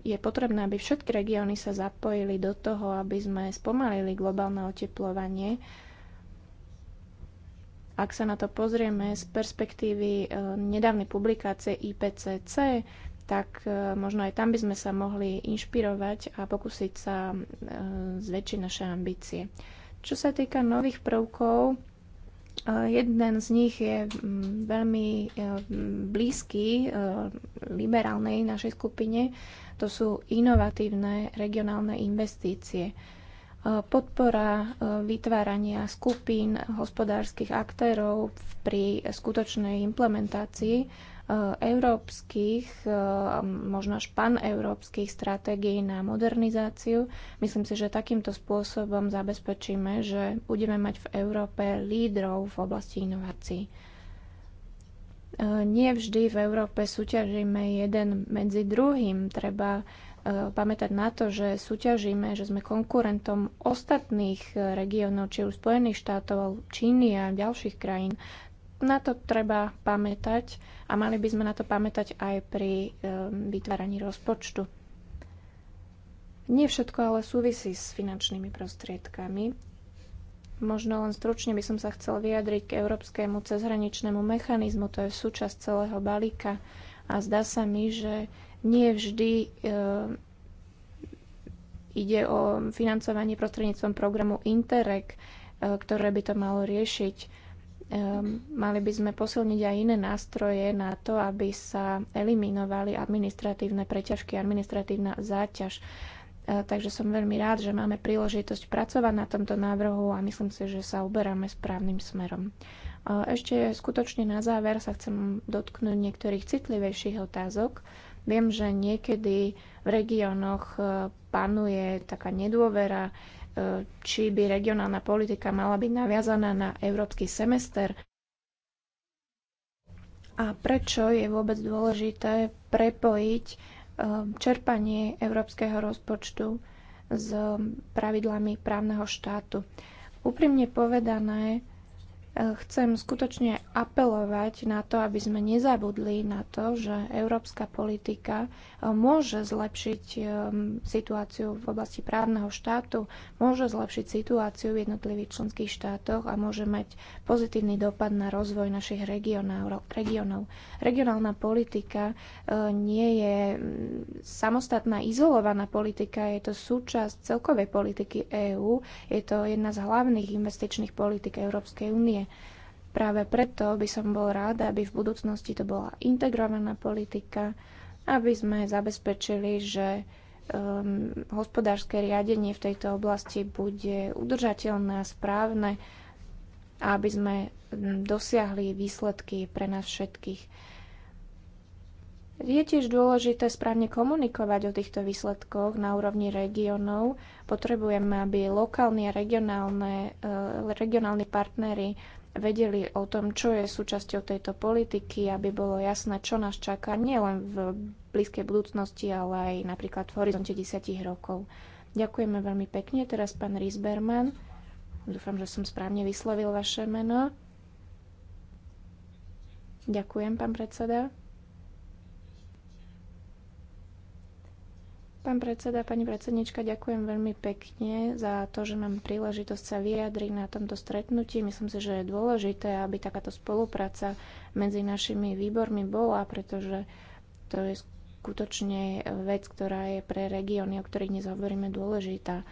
S1: je potrebné, aby všetky regióny sa zapojili do toho, aby sme spomalili globálne oteplovanie. Ak sa na to pozrieme z perspektívy e, nedávnej publikácie IPCC, tak e, možno aj tam by sme sa mohli inšpirovať a pokúsiť sa e, zväčšiť naše ambície. Čo sa týka nových prvkov, e, jeden z nich je veľmi blízky liberálnej našej skupine. To sú inovatívne regionálne investície. Podpora vytvárania skupín hospodárskych aktérov pri skutočnej implementácii Eh, európskych, eh, možno až paneurópskych stratégií na modernizáciu. Myslím si, že takýmto spôsobom zabezpečíme, že budeme mať v Európe lídrov v oblasti inovácií. Eh, nie vždy v Európe súťažíme jeden medzi druhým. Treba pamätať na to, že súťažíme, že sme konkurentom ostatných regiónov, či už Spojených štátov, Číny a ďalších krajín. Na to treba pamätať a mali by sme na to pamätať aj pri ehm, vytváraní rozpočtu. Nie všetko ale súvisí s finančnými prostriedkami. Možno len stručne by som sa chcel vyjadriť k európskemu cezhraničnému mechanizmu, to je súčasť celého balíka a zdá sa mi, že nie vždy e, ide o financovanie prostredníctvom programu Interreg, e, ktoré by to malo riešiť Ehm, mali by sme posilniť aj iné nástroje na to, aby sa eliminovali administratívne preťažky, administratívna záťaž. Ehm, takže som veľmi rád, že máme príležitosť pracovať na tomto návrhu a myslím si, že sa uberáme správnym smerom. Ehm, ešte skutočne na záver sa chcem dotknúť niektorých citlivejších otázok. Viem, že niekedy v regiónoch panuje taká nedôvera či by regionálna politika mala byť naviazaná na európsky semester a prečo je vôbec dôležité prepojiť um, čerpanie európskeho rozpočtu s um, pravidlami právneho štátu. Úprimne povedané, chcem skutočne apelovať na to, aby sme nezabudli na to, že európska politika e, môže zlepšiť e, situáciu v oblasti právneho štátu, môže zlepšiť situáciu v jednotlivých členských štátoch a môže mať pozitívny dopad na rozvoj našich regionov. Regionálna politika e, nie je mm, samostatná, izolovaná politika, je to súčasť celkovej politiky EÚ, je to jedna z hlavných investičných politik Európskej únie. Práve preto by som bol rád, aby v budúcnosti to bola integrovaná politika, aby sme zabezpečili, že um, hospodárske riadenie v tejto oblasti bude udržateľné a správne, aby sme um, dosiahli výsledky pre nás všetkých. Je tiež dôležité správne komunikovať o týchto výsledkoch na úrovni regiónov. Potrebujeme, aby lokálni a regionálne, eh, regionálni partnery vedeli o tom, čo je súčasťou tejto politiky, aby bolo jasné, čo nás čaká nielen v blízkej budúcnosti, ale aj napríklad v horizonte 10 rokov. Ďakujeme veľmi pekne. Teraz pán Riesberman. Dúfam, že som správne vyslovil vaše meno. Ďakujem, pán predseda. Pán predseda, pani predsednička, ďakujem veľmi pekne za to, že mám príležitosť sa vyjadriť na tomto stretnutí. Myslím si, že je dôležité, aby takáto spolupráca medzi našimi výbormi bola, pretože to je skutočne vec, ktorá je pre regióny, o ktorých dnes hovoríme, dôležitá.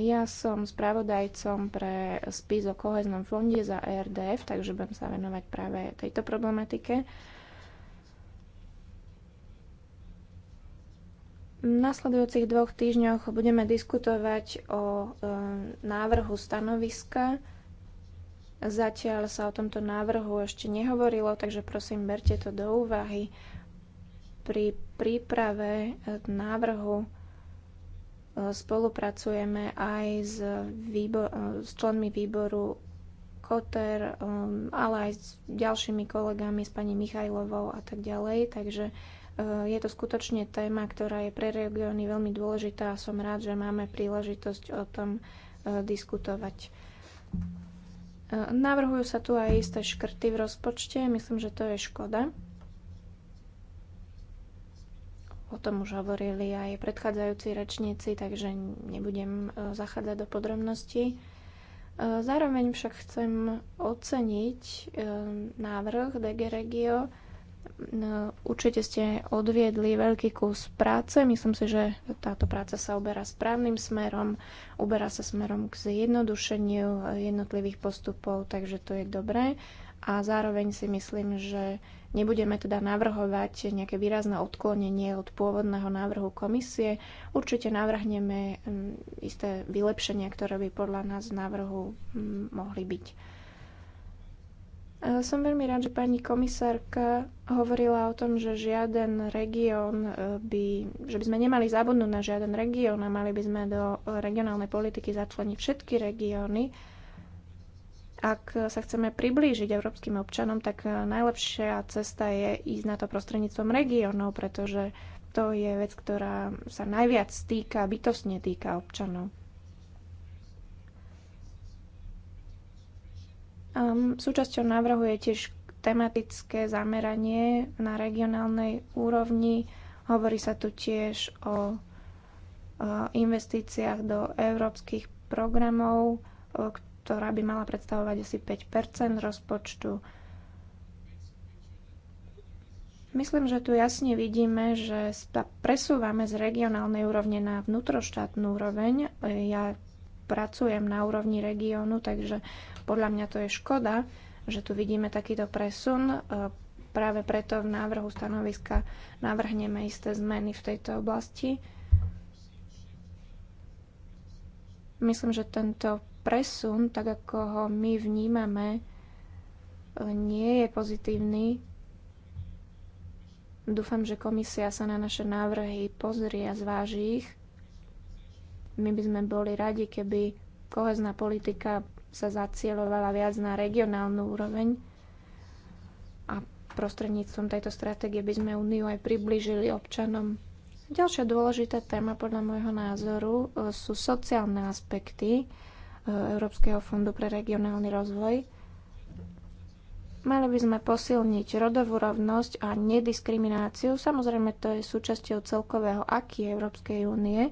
S1: Ja som spravodajcom pre spis o koheznom fonde za ERDF, takže budem sa venovať práve tejto problematike. V nasledujúcich dvoch týždňoch budeme diskutovať o e, návrhu stanoviska. Zatiaľ sa o tomto návrhu ešte nehovorilo, takže prosím, berte to do úvahy pri príprave e, návrhu e, spolupracujeme aj s, výbor, s členmi výboru Koter, ale aj s ďalšími kolegami, s pani Michajlovou a tak ďalej. Takže je to skutočne téma, ktorá je pre regióny veľmi dôležitá a som rád, že máme príležitosť o tom e, diskutovať. E, navrhujú sa tu aj isté škrty v rozpočte, myslím, že to je škoda. O tom už hovorili aj predchádzajúci rečníci, takže nebudem e, zachádzať do podrobností. Zároveň však chcem oceniť návrh DG Regio No, určite ste odviedli veľký kus práce. Myslím si, že táto práca sa uberá správnym smerom, uberá sa smerom k zjednodušeniu jednotlivých postupov, takže to je dobré. A zároveň si myslím, že nebudeme teda navrhovať nejaké výrazné odklonenie od pôvodného návrhu komisie. Určite navrhneme mm, isté vylepšenia, ktoré by podľa nás v návrhu mm, mohli byť. Som veľmi rád, že pani komisárka hovorila o tom, že žiaden región e, by, že by sme nemali zabudnúť na žiaden región a mali by sme do regionálnej politiky začleniť všetky regióny. Ak sa chceme priblížiť európskym občanom, tak najlepšia cesta je ísť na to prostredníctvom regiónov, pretože to je vec, ktorá sa najviac týka, bytostne týka občanov. Um, súčasťou návrhu je tiež tematické zameranie na regionálnej úrovni. Hovorí sa tu tiež o, investíciách do európskych programov, ktorá by mala predstavovať asi 5 rozpočtu. Myslím, že tu jasne vidíme, že sa presúvame z regionálnej úrovne na vnútroštátnu úroveň. Ja pracujem na úrovni regiónu, takže uh, podľa mňa to je škoda, že tu vidíme takýto presun. E, práve preto v návrhu stanoviska navrhneme isté zmeny v tejto oblasti. Myslím, že tento presun, tak ako ho my vnímame, nie je pozitívny. Dúfam, že komisia sa na naše návrhy pozrie a zváži ich. My by sme boli radi, keby kohezná politika sa zacielovala viac na regionálnu úroveň a prostredníctvom tejto stratégie by sme Úniu aj priblížili občanom. Ďalšia dôležitá téma podľa môjho názoru e, sú sociálne aspekty e, Európskeho fondu pre regionálny rozvoj. Mali by sme posilniť rodovú rovnosť a nediskrimináciu. Samozrejme, to je súčasťou celkového aký Európskej únie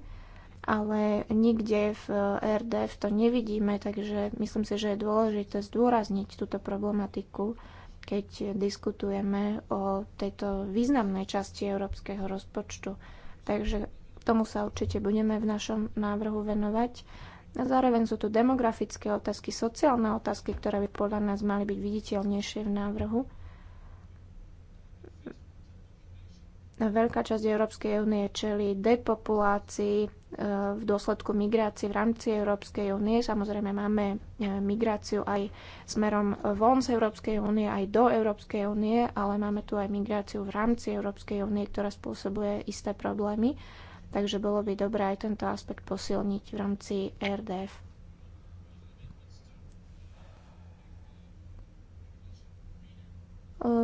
S1: ale nikde v eh, RDF to nevidíme, takže myslím si, že je dôležité zdôrazniť túto problematiku, keď diskutujeme o tejto významnej časti európskeho rozpočtu. Takže tomu sa určite budeme v našom návrhu venovať. A zároveň sú tu demografické otázky, sociálne otázky, ktoré by podľa nás mali byť viditeľnejšie v návrhu. Veľká časť Európskej únie čelí depopulácii, v dôsledku migrácie v rámci Európskej únie. Samozrejme máme e, migráciu aj smerom von z Európskej únie, aj do Európskej únie, ale máme tu aj migráciu v rámci Európskej únie, ktorá spôsobuje isté problémy. Takže bolo by dobré aj tento aspekt posilniť v rámci RDF.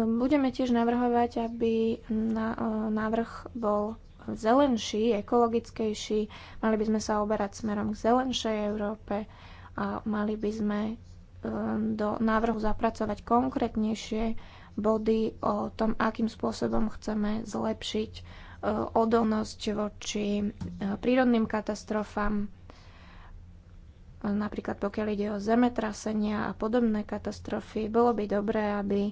S1: Budeme tiež navrhovať, aby e, návrh bol zelenší, ekologickejší, mali by sme sa oberať smerom k zelenšej Európe a mali by sme um, do návrhu zapracovať konkrétnejšie body o tom, akým spôsobom chceme zlepšiť uh, odolnosť voči uh, prírodným katastrofám, napríklad pokiaľ ide o zemetrasenia a podobné katastrofy. Bolo by dobré, aby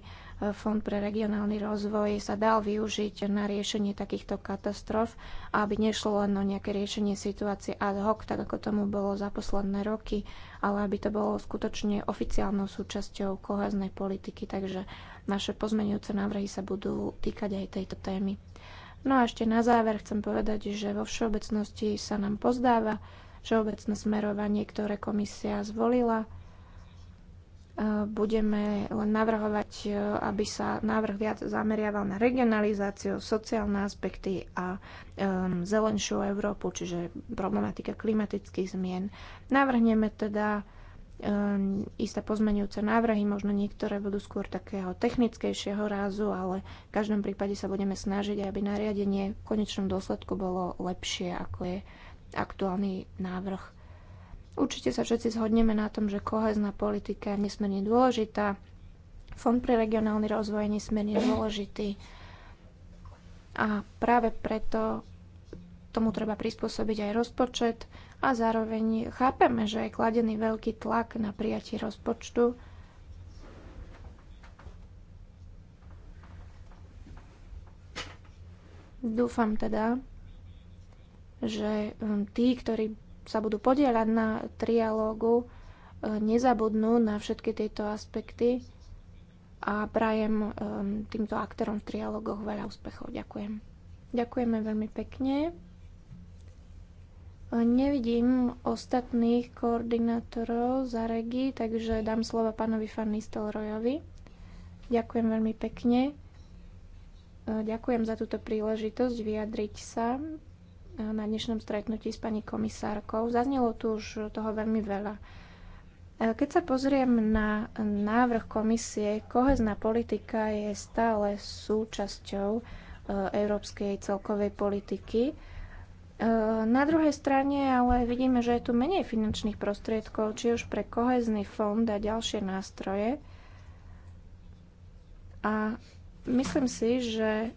S1: Fond pre regionálny rozvoj sa dal využiť na riešenie takýchto katastrof, aby nešlo len o nejaké riešenie situácie ad hoc, tak ako tomu bolo za posledné roky, ale aby to bolo skutočne oficiálnou súčasťou koheznej politiky. Takže naše pozmenujúce návrhy sa budú týkať aj tejto témy. No a ešte na záver chcem povedať, že vo všeobecnosti sa nám pozdáva všeobecné smerovanie, ktoré komisia zvolila – Eh, budeme len navrhovať, eh, aby sa návrh viac zameriaval na regionalizáciu, sociálne aspekty a um, zelenšiu Európu, čiže problematika klimatických zmien. Navrhneme teda um, isté pozmenujúce návrhy, možno niektoré budú skôr takého technickejšieho rázu, ale v každom prípade sa budeme snažiť, aby nariadenie v konečnom dôsledku bolo lepšie, ako je aktuálny návrh Určite sa všetci zhodneme na tom, že kohezná politika je nesmierne dôležitá. Fond pre regionálny rozvoj je nesmierne dôležitý. A práve preto tomu treba prispôsobiť aj rozpočet a zároveň chápeme, že je kladený veľký tlak na prijatie rozpočtu. Dúfam teda, že hm, tí, ktorí sa budú podielať na trialógu, e, nezabudnú na všetky tieto aspekty a prajem e, týmto aktorom v trialógoch veľa úspechov. Ďakujem. Ďakujeme veľmi pekne. E, nevidím ostatných koordinátorov za regi, takže dám slova pánovi Fanny Stelrojovi. Ďakujem veľmi pekne. Ďakujem za túto príležitosť vyjadriť sa na dnešnom stretnutí s pani komisárkou. Zaznelo tu už toho veľmi veľa. E, keď sa pozriem na návrh komisie, kohezná politika je stále súčasťou e, európskej celkovej politiky. E, na druhej strane ale vidíme, že je tu menej finančných prostriedkov, či už pre kohezný fond a ďalšie nástroje. A myslím si, že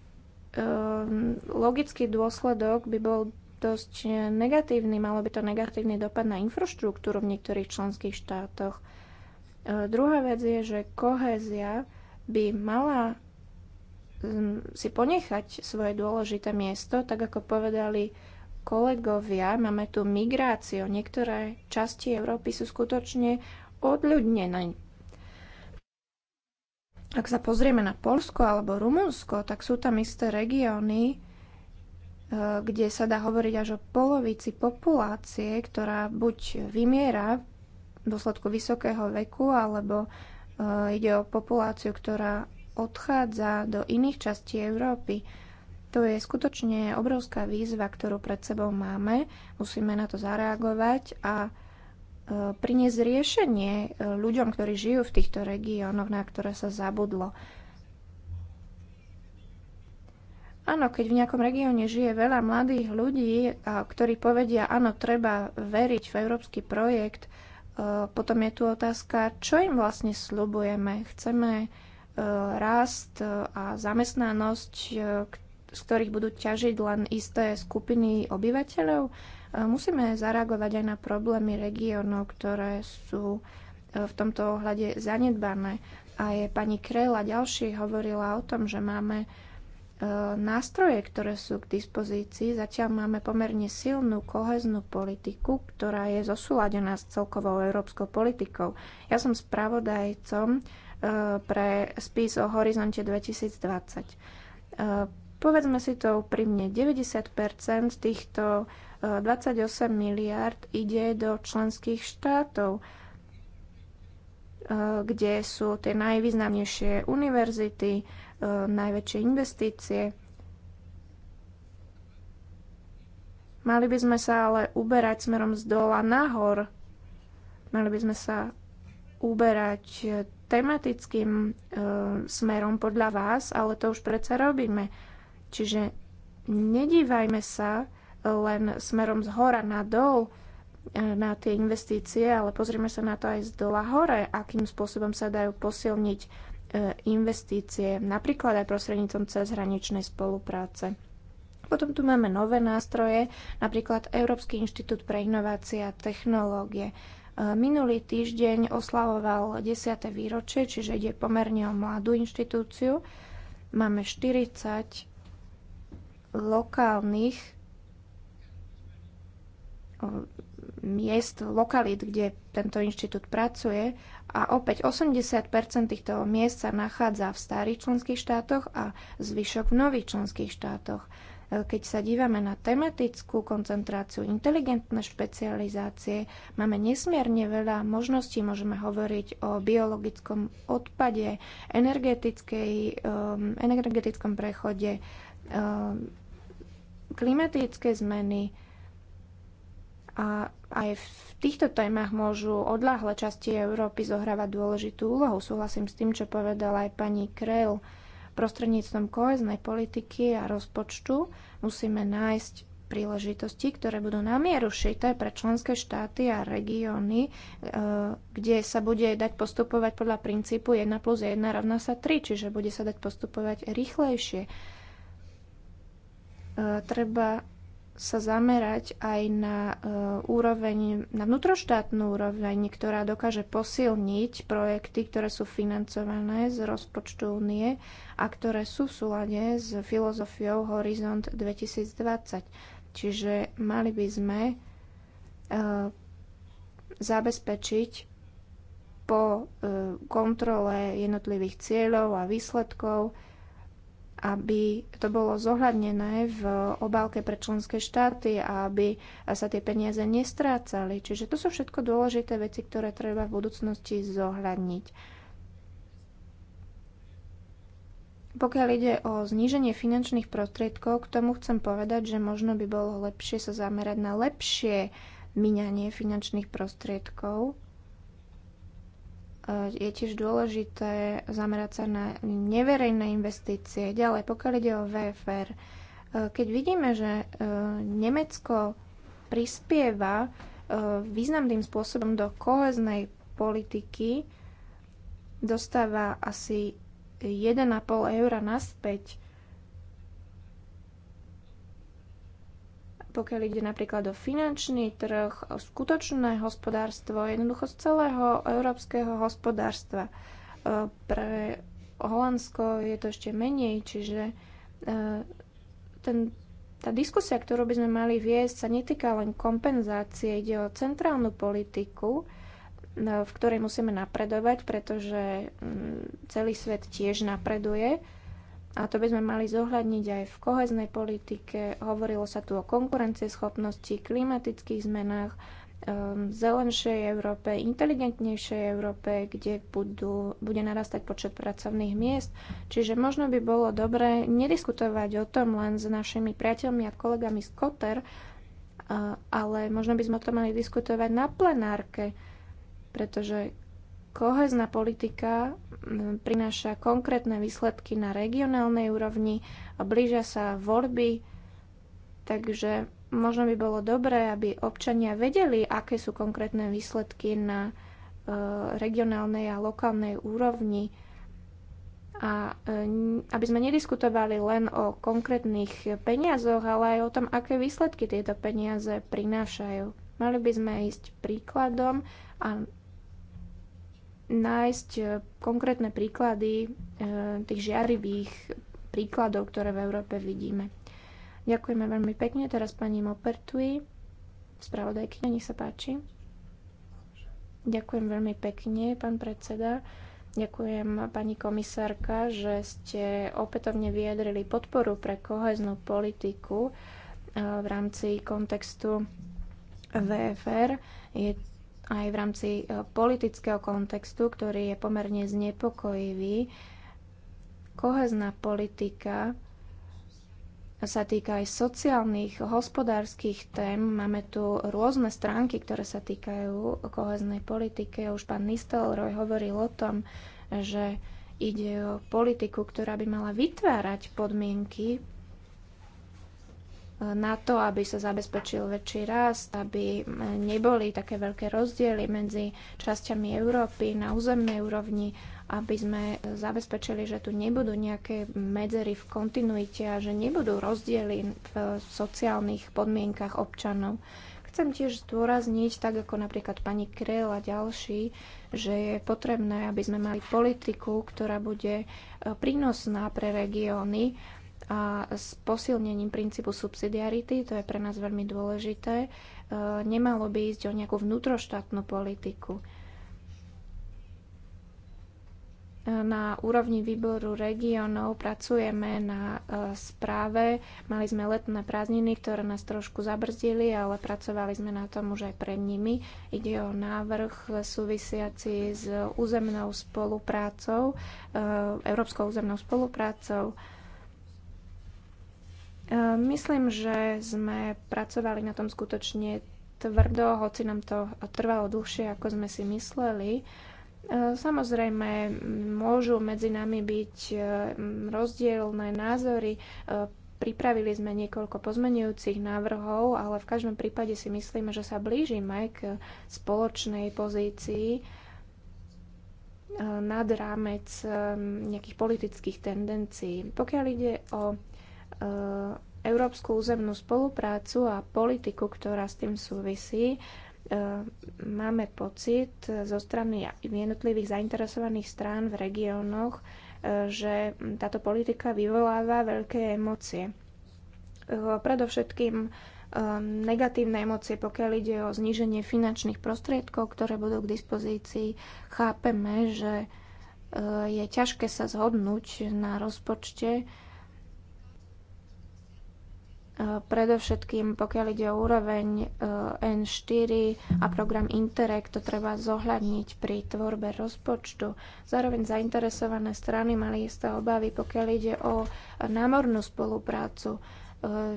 S1: Ehm, logický dôsledok by bol dosť e, negatívny, malo by to negatívny dopad na infraštruktúru v niektorých členských štátoch. E, druhá vec je, že kohézia by mala mm, si ponechať svoje dôležité miesto, tak ako povedali kolegovia, máme tu migráciu. Niektoré časti Európy sú skutočne odľudnené ak sa pozrieme na Polsko alebo Rumunsko, tak sú tam isté regióny, e, kde sa dá hovoriť až o polovici populácie, ktorá buď vymiera v dôsledku vysokého veku, alebo e, ide o populáciu, ktorá odchádza do iných častí Európy. To je skutočne obrovská výzva, ktorú pred sebou máme. Musíme na to zareagovať a priniesť riešenie e, ľuďom, ktorí žijú v týchto regiónoch, na ktoré sa zabudlo. Áno, keď v nejakom regióne žije veľa mladých ľudí, e, ktorí povedia, áno, treba veriť v európsky projekt, e, potom je tu otázka, čo im vlastne slubujeme. Chceme rast a zamestnanosť, z ktorých budú ťažiť len isté skupiny obyvateľov. Musíme zareagovať aj na problémy regiónov, ktoré sú e, v tomto ohľade zanedbané. A je pani Krell ďalší hovorila o tom, že máme e, nástroje, ktoré sú k dispozícii. Zatiaľ máme pomerne silnú koheznú politiku, ktorá je zosúladená s celkovou európskou politikou. Ja som spravodajcom e, pre spis o horizonte 2020. Povedzme si to úprimne, 90 týchto 28 miliard ide do členských štátov, eh, kde sú tie najvýznamnejšie univerzity, eh, najväčšie investície. Mali by sme sa ale uberať smerom z dola nahor. Mali by sme sa uberať eh, tematickým e, smerom podľa vás, ale to už predsa robíme. Čiže nedívajme sa len smerom z hora na dol e, na tie investície, ale pozrieme sa na to aj z dola hore, akým spôsobom sa dajú posilniť e, investície, napríklad aj prostrednícom cezhraničnej spolupráce. Potom tu máme nové nástroje, napríklad Európsky inštitút pre inovácie a technológie. E, minulý týždeň oslavoval 10. výročie, čiže ide pomerne o mladú inštitúciu. Máme 40 lokálnych miest, lokalít, kde tento inštitút pracuje a opäť 80 týchto miest sa nachádza v starých členských štátoch a zvyšok v nových členských štátoch. E, keď sa dívame na tematickú koncentráciu, inteligentné špecializácie, máme nesmierne veľa možností. Môžeme hovoriť o biologickom odpade, um, energetickom prechode, um, klimatické zmeny, a aj v týchto témach môžu odláhle časti Európy zohrávať dôležitú úlohu. Súhlasím s tým, čo povedala aj pani Krell. Prostredníctvom koheznej politiky a rozpočtu musíme nájsť príležitosti, ktoré budú na mieru šité pre členské štáty a regióny, e, kde sa bude dať postupovať podľa princípu 1 plus 1 rovná sa 3, čiže bude sa dať postupovať rýchlejšie. E, treba sa zamerať aj na e, úroveň, na vnútroštátnu úroveň, ktorá dokáže posilniť projekty, ktoré sú financované z rozpočtu únie a ktoré sú v súlade s filozofiou Horizont 2020. Čiže mali by sme e, zabezpečiť po e, kontrole jednotlivých cieľov a výsledkov aby to bolo zohľadnené v obálke pre členské štáty a aby sa tie peniaze nestrácali. Čiže to sú všetko dôležité veci, ktoré treba v budúcnosti zohľadniť. Pokiaľ ide o zníženie finančných prostriedkov, k tomu chcem povedať, že možno by bolo lepšie sa zamerať na lepšie minanie finančných prostriedkov Eh, je tiež dôležité zamerať sa na neverejné investície. Ďalej, pokiaľ ide o VFR, eh, keď vidíme, že eh, Nemecko prispieva významným spôsobom do koheznej politiky, dostáva asi 1,5 eura naspäť pokiaľ ide napríklad o finančný trh, o skutočné hospodárstvo, jednoducho z celého európskeho hospodárstva. E, pre Holandsko je to ešte menej, čiže e, ten, tá diskusia, ktorú by sme mali viesť, sa netýka len kompenzácie, ide o centrálnu politiku, e, v ktorej musíme napredovať, pretože mm, celý svet tiež napreduje a to by sme mali zohľadniť aj v koheznej politike. Hovorilo sa tu o konkurencieschopnosti, klimatických zmenách, ehm, zelenšej Európe, inteligentnejšej Európe, kde budú, bude narastať počet pracovných miest. Čiže možno by bolo dobré nediskutovať o tom len s našimi priateľmi a kolegami z Koter, ale možno by sme o tom mali diskutovať na plenárke, pretože Kohezná politika prináša konkrétne výsledky na regionálnej úrovni a blížia sa voľby, takže možno by bolo dobré, aby občania vedeli, aké sú konkrétne výsledky na e, regionálnej a lokálnej úrovni a e, aby sme nediskutovali len o konkrétnych peniazoch, ale aj o tom, aké výsledky tieto peniaze prinášajú. Mali by sme ísť príkladom a nájsť e, konkrétne príklady e, tých žiarivých príkladov, ktoré v Európe vidíme. Ďakujeme veľmi pekne. Teraz pani Mopertui, spravodajkyňa, nech sa páči. Ďakujem veľmi pekne, pán predseda. Ďakujem, pani komisárka, že ste opätovne vyjadrili podporu pre koheznú politiku e, v rámci kontextu VFR. Je aj v rámci e, politického kontextu, ktorý je pomerne znepokojivý. Kohezná politika sa týka aj sociálnych, hospodárskych tém. Máme tu rôzne stránky, ktoré sa týkajú koheznej politiky. Už pán Nistelroj hovoril o tom, že ide o politiku, ktorá by mala vytvárať podmienky na to, aby sa zabezpečil väčší rast, aby e, neboli také veľké rozdiely medzi časťami Európy na územnej úrovni, aby sme zabezpečili, že tu nebudú nejaké medzery v kontinuite a že nebudú rozdiely v sociálnych podmienkach občanov. Chcem tiež zdôrazniť, tak ako napríklad pani Krel a ďalší, že je potrebné, aby sme mali politiku, ktorá bude e, prínosná pre regióny a s posilnením princípu subsidiarity, to je pre nás veľmi dôležité, e, nemalo by ísť o nejakú vnútroštátnu politiku. E, na úrovni výboru regiónov pracujeme na e, správe. Mali sme letné prázdniny, ktoré nás trošku zabrzdili, ale pracovali sme na tom už aj pred nimi. Ide o návrh súvisiaci s územnou spoluprácou, európskou územnou spoluprácou Ehm, myslím, že sme pracovali na tom skutočne tvrdo, hoci nám to trvalo dlhšie, ako sme si mysleli. Ehm, samozrejme, môžu medzi nami byť ehm, rozdielne názory. Pripravili sme niekoľko pozmenujúcich návrhov, ale v každom prípade si myslíme, že sa blížime k spoločnej pozícii nad rámec nejakých politických tendencií. Pokiaľ ide o Eh, európsku územnú spoluprácu a politiku, ktorá s tým súvisí, eh, máme pocit zo strany jednotlivých zainteresovaných strán v regiónoch, eh, že táto politika vyvoláva veľké emócie. Predovšetkým negatívne emócie, pokiaľ ide o zníženie finančných prostriedkov, ktoré budú k dispozícii. Chápeme, že je ťažké sa zhodnúť na rozpočte, Predovšetkým, pokiaľ ide o úroveň e, N4 a program Interreg, to treba zohľadniť pri tvorbe rozpočtu. Zároveň zainteresované strany mali isté obavy, pokiaľ ide o námornú spoluprácu. E,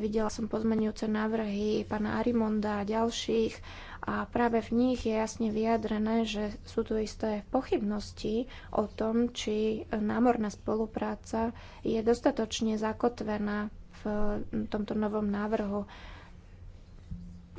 S1: videla som pozmenujúce návrhy pána Arimonda a ďalších a práve v nich je jasne vyjadrené, že sú tu isté pochybnosti o tom, či námorná spolupráca je dostatočne zakotvená v mm, tomto novom návrhu.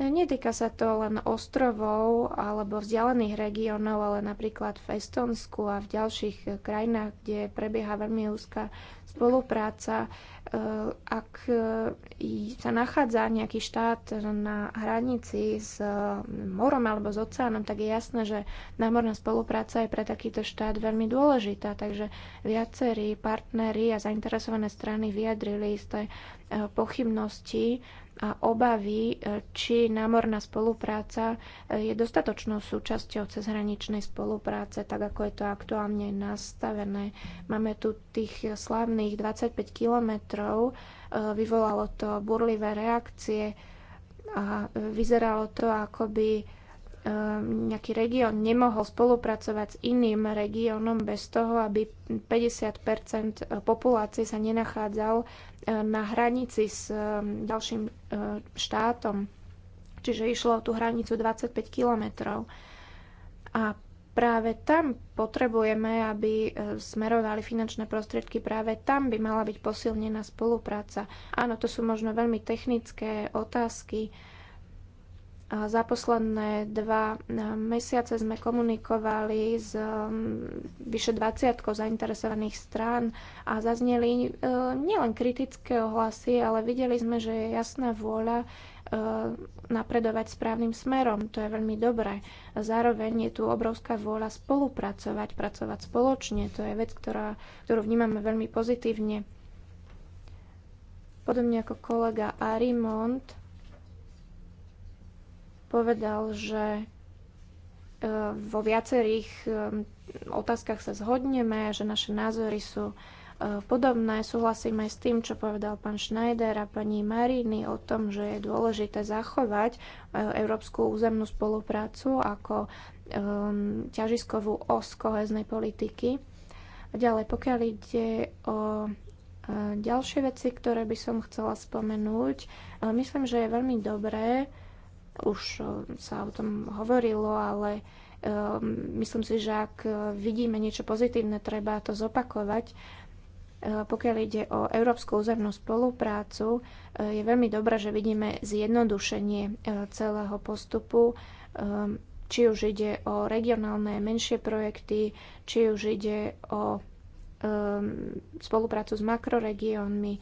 S1: Netýka sa to len ostrovov alebo vzdialených regiónov, ale napríklad v Estonsku a v ďalších eh, krajinách, kde prebieha veľmi úzka spolupráca. Eh, ak eh, sa nachádza nejaký štát na hranici s morom alebo s oceánom, tak je jasné, že námorná spolupráca je pre takýto štát veľmi dôležitá. Takže viacerí partnery a zainteresované strany vyjadrili isté pochybnosti a obavy, e, či námorná spolupráca e, je dostatočnou súčasťou cezhraničnej spolupráce, tak ako je to aktuálne nastavené. Máme tu tých slavných 25 kilometrov, e, vyvolalo to burlivé reakcie a vyzeralo to, ako by Ehm, nejaký región nemohol spolupracovať s iným regiónom bez toho, aby 50 e, populácie sa nenachádzal e, na hranici s e, ďalším štátom. Čiže išlo o tú hranicu 25 kilometrov. A práve tam potrebujeme, aby smerovali finančné prostriedky, práve tam by mala byť posilnená spolupráca. Áno, to sú možno veľmi technické otázky, za posledné dva e, mesiace sme komunikovali s e, vyše 20 zainteresovaných strán a zazneli e, nielen kritické ohlasy, ale videli sme, že je jasná vôľa napredovať správnym smerom. To je veľmi dobré. Zároveň je tu obrovská vôľa spolupracovať, pracovať spoločne. To je vec, ktorá, ktorú vnímame veľmi pozitívne. Podobne ako kolega Arimont, povedal, že e, vo viacerých e, otázkach sa zhodneme, že naše názory sú e, podobné. Súhlasím aj s tým, čo povedal pán Schneider a pani Maríny o tom, že je dôležité zachovať európsku územnú spoluprácu ako ťažiskovú os koheznej politiky. A ďalej, pokiaľ ide o ďalšie veci, ktoré by som chcela spomenúť, myslím, že je veľmi dobré, už eh, sa o tom hovorilo, ale eh, myslím si, že ak vidíme niečo pozitívne, treba to zopakovať. Eh, pokiaľ ide o európsku územnú spoluprácu, je veľmi dobré, že vidíme zjednodušenie celého postupu či už ide o regionálne menšie projekty, či už ide o spoluprácu s makroregiónmi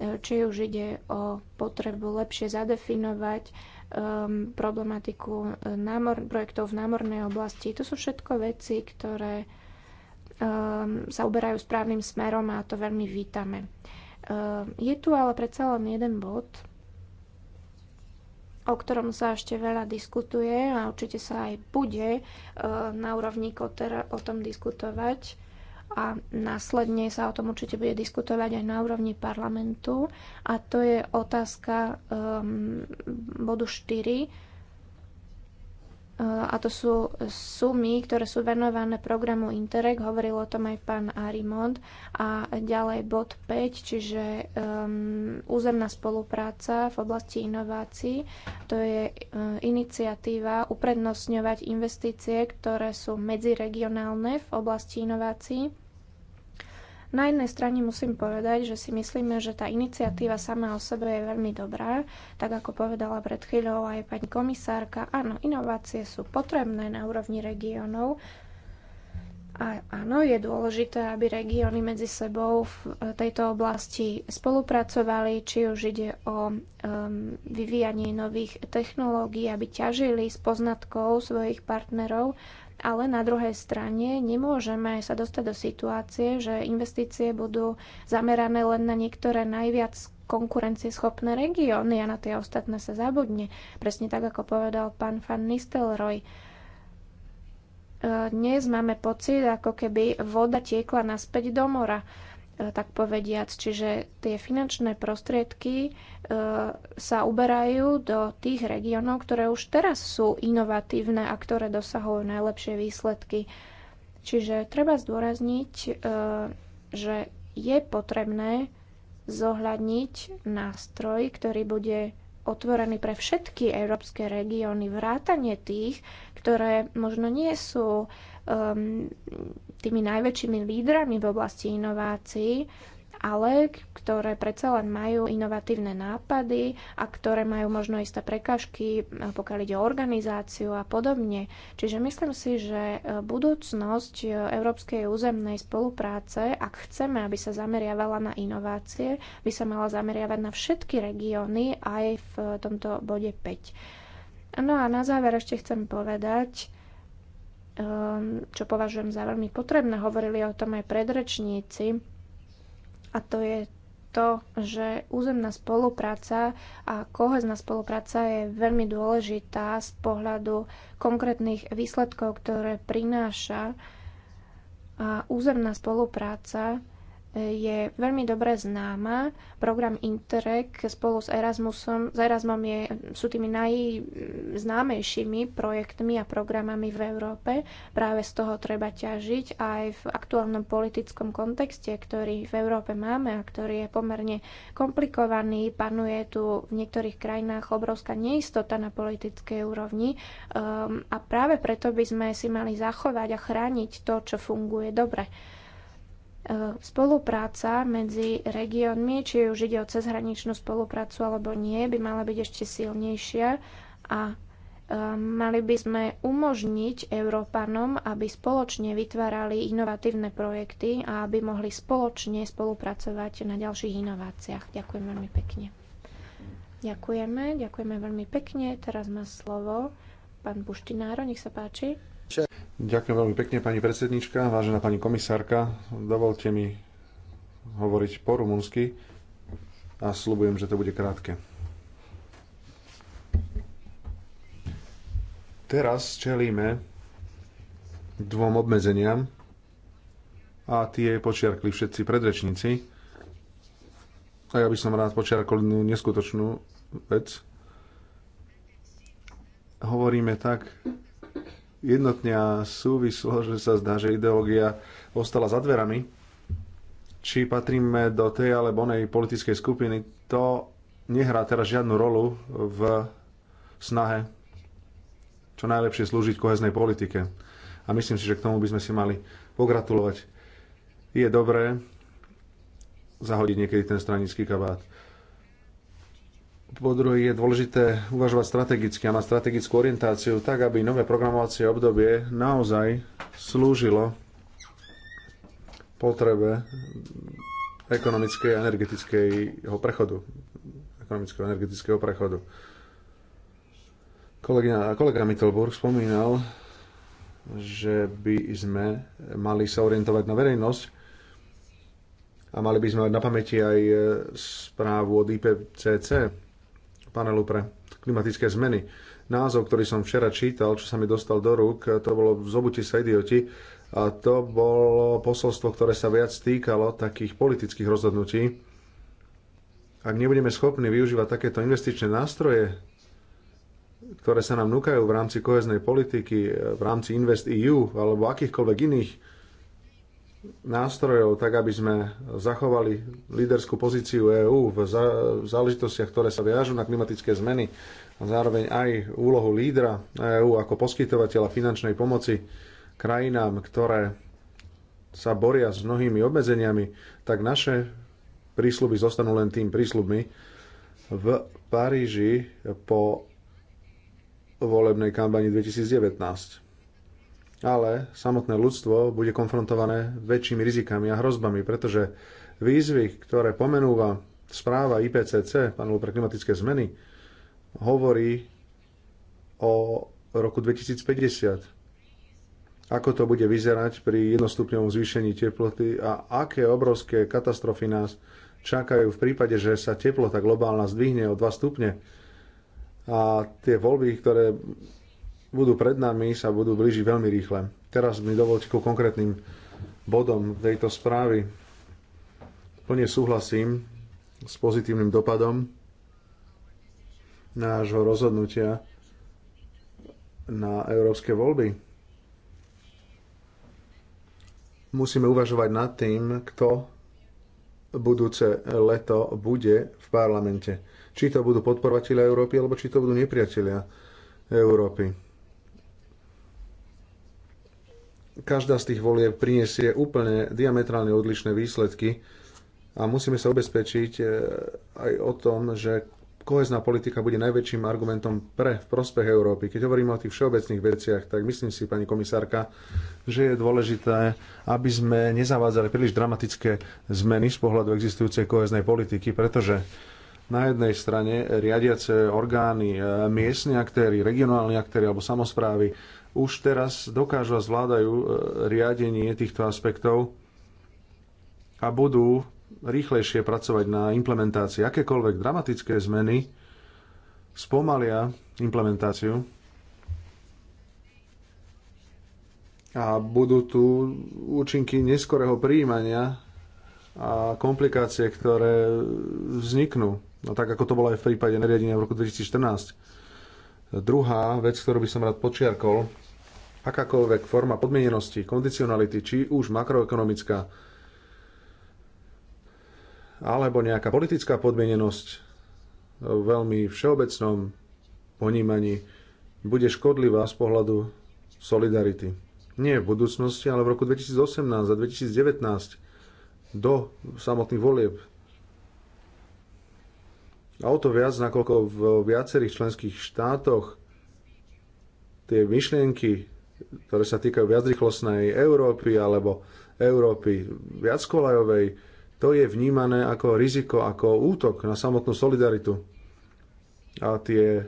S1: či už ide o potrebu lepšie zadefinovať um, problematiku eh, námor, projektov v námornej oblasti. To sú všetko veci, ktoré um, sa uberajú správnym smerom a to veľmi vítame. Um, je tu ale predsa len jeden bod, o ktorom sa ešte veľa diskutuje a určite sa aj bude uh, na úrovni koter o tom diskutovať a následne sa o tom určite bude diskutovať aj na úrovni parlamentu. A to je otázka um, bodu 4 a to sú sumy, ktoré sú venované programu Interreg, hovoril o tom aj pán Arimond, a ďalej bod 5, čiže um, územná spolupráca v oblasti inovácií, to je uh, iniciatíva uprednostňovať investície, ktoré sú medziregionálne v oblasti inovácií na jednej strane musím povedať, že si myslíme, že tá iniciatíva sama o sebe je veľmi dobrá. Tak ako povedala pred chvíľou aj pani komisárka, áno, inovácie sú potrebné na úrovni regiónov, a áno, je dôležité, aby regióny medzi sebou v e, tejto oblasti spolupracovali, či už ide o um, vyvíjanie nových technológií, aby ťažili z poznatkov svojich partnerov ale na druhej strane nemôžeme sa dostať do situácie, že investície budú zamerané len na niektoré najviac konkurencieschopné regióny a na tie ostatné sa zabudne. Presne tak, ako povedal pán Van Nistelrooy. E, dnes máme pocit, ako keby voda tiekla naspäť do mora tak povediac. Čiže tie finančné prostriedky e, sa uberajú do tých regiónov, ktoré už teraz sú inovatívne a ktoré dosahujú najlepšie výsledky. Čiže treba zdôrazniť, e, že je potrebné zohľadniť nástroj, ktorý bude otvorený pre všetky európske regióny, vrátane tých, ktoré možno nie sú um, tými najväčšími lídrami v oblasti inovácií, ale ktoré predsa len majú inovatívne nápady a ktoré majú možno isté prekažky, eh, pokiaľ ide o organizáciu a podobne. Čiže myslím si, že eh, budúcnosť eh, európskej územnej spolupráce, ak chceme, aby sa zameriavala na inovácie, by sa mala zameriavať na všetky regióny aj v tomto bode 5. No a na záver ešte chcem povedať, Ehm, čo považujem za veľmi potrebné, hovorili o tom aj predrečníci, a to je to, že územná spolupráca a kohezná spolupráca je veľmi dôležitá z pohľadu konkrétnych výsledkov, ktoré prináša. A územná spolupráca je veľmi dobre známa. Program Interreg spolu s Erasmusom, s Erasmom je, sú tými najznámejšími projektmi a programami v Európe. Práve z toho treba ťažiť aj v aktuálnom politickom kontexte, ktorý v Európe máme a ktorý je pomerne komplikovaný. Panuje tu v niektorých krajinách obrovská neistota na politickej úrovni um, a práve preto by sme si mali zachovať a chrániť to, čo funguje dobre. E, spolupráca medzi regiónmi, či už ide o cezhraničnú spoluprácu alebo nie, by mala byť ešte silnejšia a e, mali by sme umožniť Európanom, aby spoločne vytvárali inovatívne projekty a aby mohli spoločne spolupracovať na ďalších inováciách. Ďakujem veľmi pekne. Ďakujeme, ďakujeme veľmi pekne. Teraz má slovo pán Buštináro, nech sa páči.
S2: Ďakujem veľmi pekne, pani predsednička, vážená pani komisárka. Dovolte mi hovoriť po rumunsky a slúbujem, že to bude krátke. Teraz čelíme dvom obmedzeniam a tie počiarkli všetci predrečníci. A ja by som rád počiarkol jednu neskutočnú vec. Hovoríme tak, jednotne a súvislo, že sa zdá, že ideológia ostala za dverami. Či patríme do tej alebo onej politickej skupiny, to nehrá teraz žiadnu rolu v snahe čo najlepšie slúžiť koheznej politike. A myslím si, že k tomu by sme si mali pogratulovať. Je dobré zahodiť niekedy ten stranický kabát. Po druhé je dôležité uvažovať strategicky a na strategickú orientáciu tak, aby nové programovacie obdobie naozaj slúžilo potrebe ekonomickej a energetického prechodu. Ekonomického a energetického prechodu. Kolega, kolega Mittelburg spomínal, že by sme mali sa orientovať na verejnosť, a mali by sme mať na pamäti aj správu od IPCC, panelu pre klimatické zmeny. Názov, ktorý som včera čítal, čo sa mi dostal do rúk, to bolo Zobuti sa idioti. A to bolo posolstvo, ktoré sa viac týkalo takých politických rozhodnutí. Ak nebudeme schopní využívať takéto investičné nástroje, ktoré sa nám núkajú v rámci koheznej politiky, v rámci Invest EU alebo akýchkoľvek iných nástrojov, tak aby sme zachovali líderskú pozíciu EÚ v, v záležitostiach, ktoré sa viažú na klimatické zmeny a zároveň aj úlohu lídra EÚ ako poskytovateľa finančnej pomoci krajinám, ktoré sa boria s mnohými obmedzeniami, tak naše prísľuby zostanú len tým prísľubmi. V Paríži po volebnej kampani 2019 ale samotné ľudstvo bude konfrontované väčšími rizikami a hrozbami, pretože výzvy, ktoré pomenúva správa IPCC, panelu pre klimatické zmeny, hovorí o roku 2050 ako to bude vyzerať pri jednostupňovom zvýšení teploty a aké obrovské katastrofy nás čakajú v prípade, že sa teplota globálna zdvihne o 2 stupne. A tie voľby, ktoré budú pred nami, sa budú blížiť veľmi rýchle. Teraz mi dovolte ku konkrétnym bodom tejto správy. Plne súhlasím s pozitívnym dopadom nášho rozhodnutia na európske voľby. Musíme uvažovať nad tým, kto budúce leto bude v parlamente. Či to budú podporovatelia Európy, alebo či to budú nepriatelia Európy každá z tých volieb priniesie úplne diametrálne odlišné výsledky a musíme sa ubezpečiť e, aj o tom, že kohezná politika bude najväčším argumentom pre v prospech Európy. Keď hovoríme o tých všeobecných veciach, tak myslím si, pani komisárka, že je dôležité, aby sme nezavádzali príliš dramatické zmeny z pohľadu existujúcej koheznej politiky, pretože na jednej strane riadiace orgány, e, miestni aktéry, regionálni aktéry alebo samozprávy už teraz dokážu a zvládajú e, riadenie týchto aspektov a budú rýchlejšie pracovať na implementácii. Akékoľvek dramatické zmeny spomalia implementáciu a budú tu účinky neskorého príjmania a komplikácie, ktoré vzniknú. No tak ako to bolo aj v prípade nariadenia v roku 2014 Druhá vec, ktorú by som rád počiarkol, akákoľvek forma podmienenosti, kondicionality, či už makroekonomická, alebo nejaká politická podmienenosť v veľmi všeobecnom ponímaní, bude škodlivá z pohľadu solidarity. Nie v budúcnosti, ale v roku 2018 a 2019 do samotných volieb a o to viac, nakoľko v viacerých členských štátoch tie myšlienky, ktoré sa týkajú viacrychlostnej Európy alebo Európy viackolajovej, to je vnímané ako riziko, ako útok na samotnú solidaritu. A tie